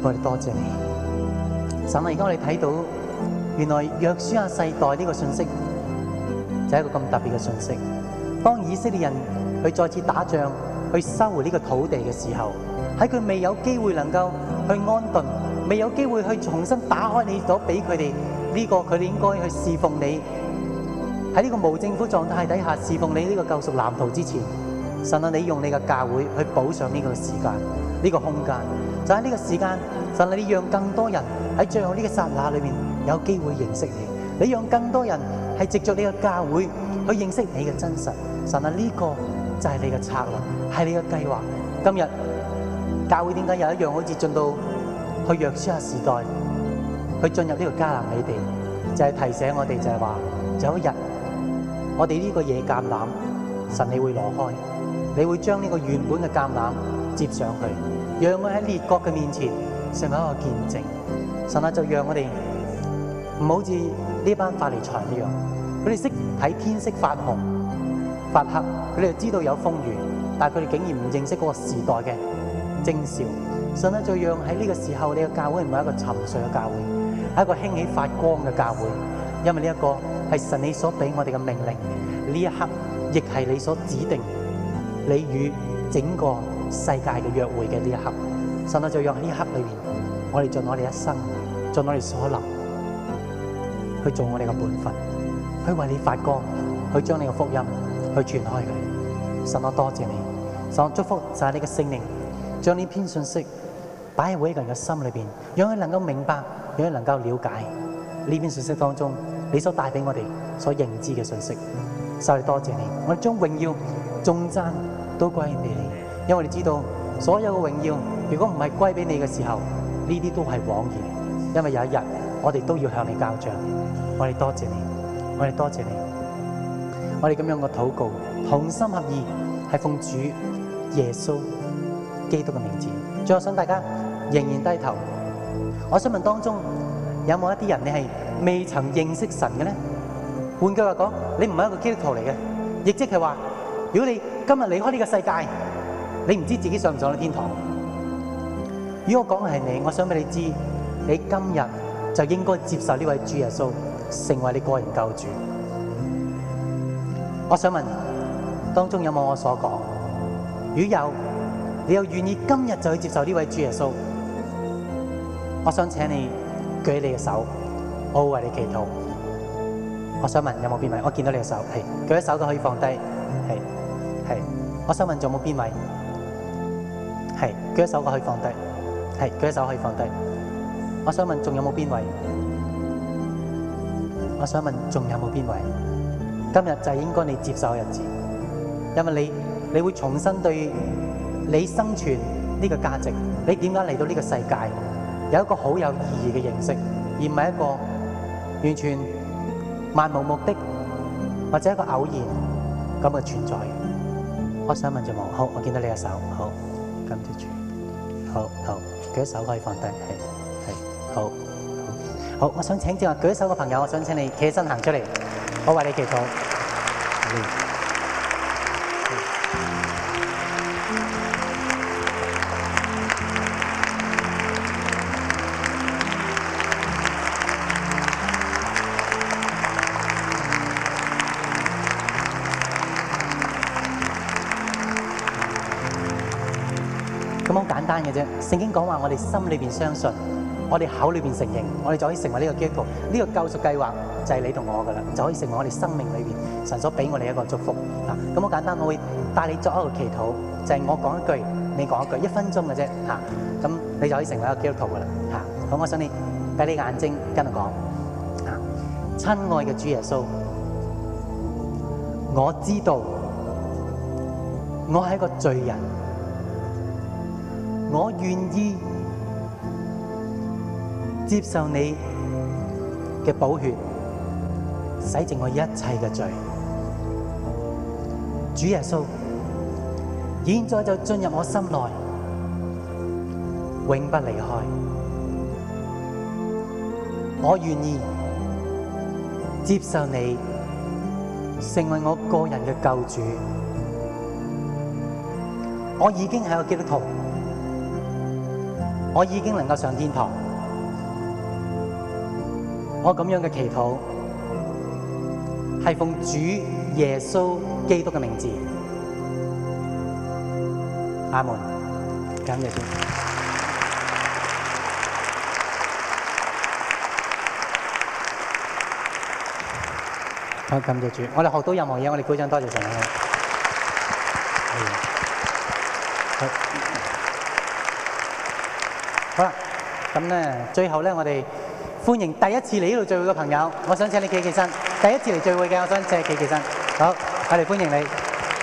我哋多謝你，神啊！而家我哋睇到，原來約書亞、啊、世代呢個信息就係一個咁特別嘅信息。當以色列人去再次打仗，去收回呢個土地嘅時候，喺佢未有機會能夠去安頓，未有機會去重新打開你所俾佢哋呢個佢哋應該去侍奉你，喺呢個無政府狀態底下侍奉你呢個救贖藍圖之前，神啊！你用你嘅教會去補上呢個時間，呢、呢個空間。就喺呢個時間，神你讓更多人喺最後呢個剎那裏面有機會認識你。你讓更多人係藉着你嘅教會去認識你嘅真實。神啊，呢個就係你嘅策略，係你嘅計劃。今日教會點解有一樣好似進到去約書亞時代，去進入呢個迦南美地，就係提醒我哋，就係話有一日我哋呢個野橄欖，神你會攞開，你會將呢個原本嘅橄欖接上去。讓我喺列國嘅面前成為一個見證，神、啊、就讓我哋唔好似呢班法利賽一樣，佢哋識睇天色發紅、發黑，佢哋知道有風雨，但係佢哋竟然唔認識嗰個時代嘅徵兆。神、啊、就讓喺呢個時候，你嘅教會唔係一個沉睡嘅教會，係一個興起發光嘅教會，因為呢一個係神你所俾我哋嘅命令，呢一刻亦係你所指定，你與整個。世界嘅約會嘅呢一刻，神，我就讓呢一刻裏邊，我哋盡我哋一生，盡我哋所能去做我哋嘅本分，去為你發光，去將你嘅福音去傳開佢。神啊，多謝你，神啊，祝福就係你嘅聖靈將呢篇信息擺喺每一個人嘅心裏邊，讓佢能夠明白，讓佢能夠了解呢篇信息當中你所帶俾我哋所認知嘅信息。所以多謝你，我哋將榮耀、頌讚都歸於你。因為你知道所有嘅榮耀，如果唔係歸俾你嘅時候，呢啲都係枉然。因為有一日，我哋都要向你交賬。我哋多謝你，我哋多謝你。我哋咁樣嘅禱告，同心合意，係奉主耶穌基督嘅名字。最後想大家仍然低頭。我想問當中有冇一啲人，你係未曾認識神嘅咧？換句話講，你唔係一個基督徒嚟嘅，亦即係話，如果你今日離開呢個世界。你唔知自己上唔上到天堂？如果我講嘅係你，我想俾你知，你今日就應該接受呢位主耶穌，成為你個人救主。我想問，當中有冇我所講？如果有，你又願意今日就去接受呢位主耶穌？我想請你舉你嘅手，我會為你祈禱。我想問，有冇邊位？我見到你嘅手，係舉起手都可以放低，係係。我想問有沒有變，仲有冇邊位？舉一手我可以放低，係舉一手可以放低。我想問仲有冇邊位？我想問仲有冇邊位？今日就係應該你接受嘅日子，因為你你會重新對你生存呢個價值，你點解嚟到呢個世界，有一個好有意義嘅認識，而唔係一個完全漫無目的或者一個偶然咁嘅存在。我想問就望好，我見到你嘅手，好，咁就。好好，舉手可以放低，係係，好好好，我想請啲話舉手嘅朋友，我想請你企起身行出嚟，我為你祈禱。聖經講話，我哋心裏邊相信，我哋口裏邊承認，我哋就可以成為呢個基督徒。呢個救贖計劃就係你同我噶啦，就可以成為我哋生命裏邊神所俾我哋一個祝福。嗱，咁好簡單，我會帶你作一個祈禱，就係我講一句，你講一句，一分鐘嘅啫嚇。咁你就可以成為一個基督徒噶啦嚇。好，我想你俾你眼睛跟住講。親愛嘅主耶穌，我知道我係一個罪人。我願意接受你嘅寶血，洗淨我一切嘅罪。主耶穌，現在就進入我心內，永不離開。我願意接受你成為我個人嘅救主。我已經係個基督徒。我已經能夠上天堂。我咁樣嘅祈禱係奉主耶穌基督嘅名字阿。阿門。感謝先。好，感謝主。我哋學到任何嘢，我哋鼓掌，多謝神。好咁咧，最後咧，我哋歡迎第一次嚟呢度聚會嘅朋友，我想請你企起身。第一次嚟聚會嘅，我想請你企起身。好，我哋歡迎你，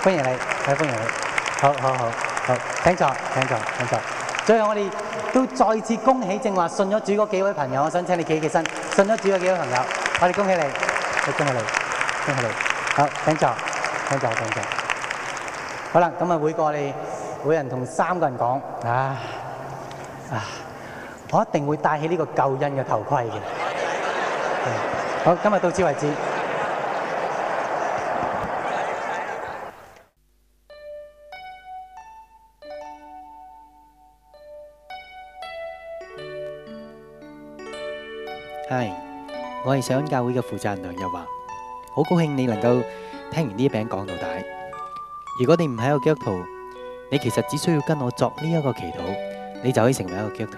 歡迎你，係歡迎你。好好好好，請坐，請坐，請坐。最後我哋都再次恭喜正話信咗主嗰幾位朋友，我想請你企起身。信咗主嗰幾位朋友，我哋恭喜你，恭喜你，恭喜你。好，請坐，請坐，請坐。好啦，咁啊，每個我哋每人同三個人講啊。我一定會戴起呢個救恩嘅頭盔嘅。好，今日到此為止。係，我係上教會嘅負責人梁日華，好高興你能夠聽完呢一餅講道帶。如果你唔係一個基督徒，你其實只需要跟我作呢一個祈禱，你就可以成為一個基督徒。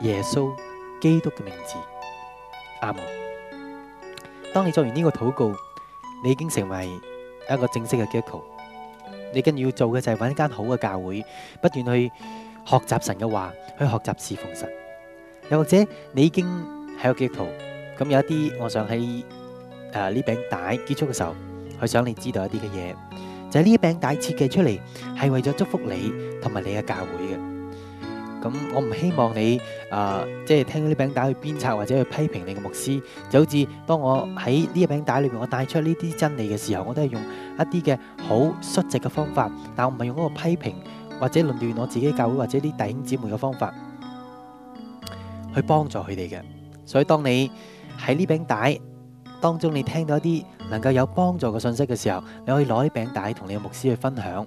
耶穌基督嘅名字，阿門。當你做完呢個禱告，你已經成為一個正式嘅基督徒。你更要做嘅就係揾一間好嘅教會，不斷去學習神嘅話，去學習侍奉神。又或者你已經係個基督徒，咁有一啲，我想喺誒呢餅帶結束嘅時候，去想你知道一啲嘅嘢，就係呢一餅帶設計出嚟係為咗祝福你同埋你嘅教會嘅。咁我唔希望你啊，呃，即係聽到呢餅帶去鞭策或者去批評你嘅牧師。就好似當我喺呢一餅帶裏邊，我帶出呢啲真理嘅時候，我都係用一啲嘅好率直嘅方法，但我唔係用嗰個批評或者論斷我自己教會或者啲弟兄姊妹嘅方法去幫助佢哋嘅。所以當你喺呢餅帶當中，你聽到一啲能夠有幫助嘅信息嘅時候，你可以攞呢餅帶同你嘅牧師去分享。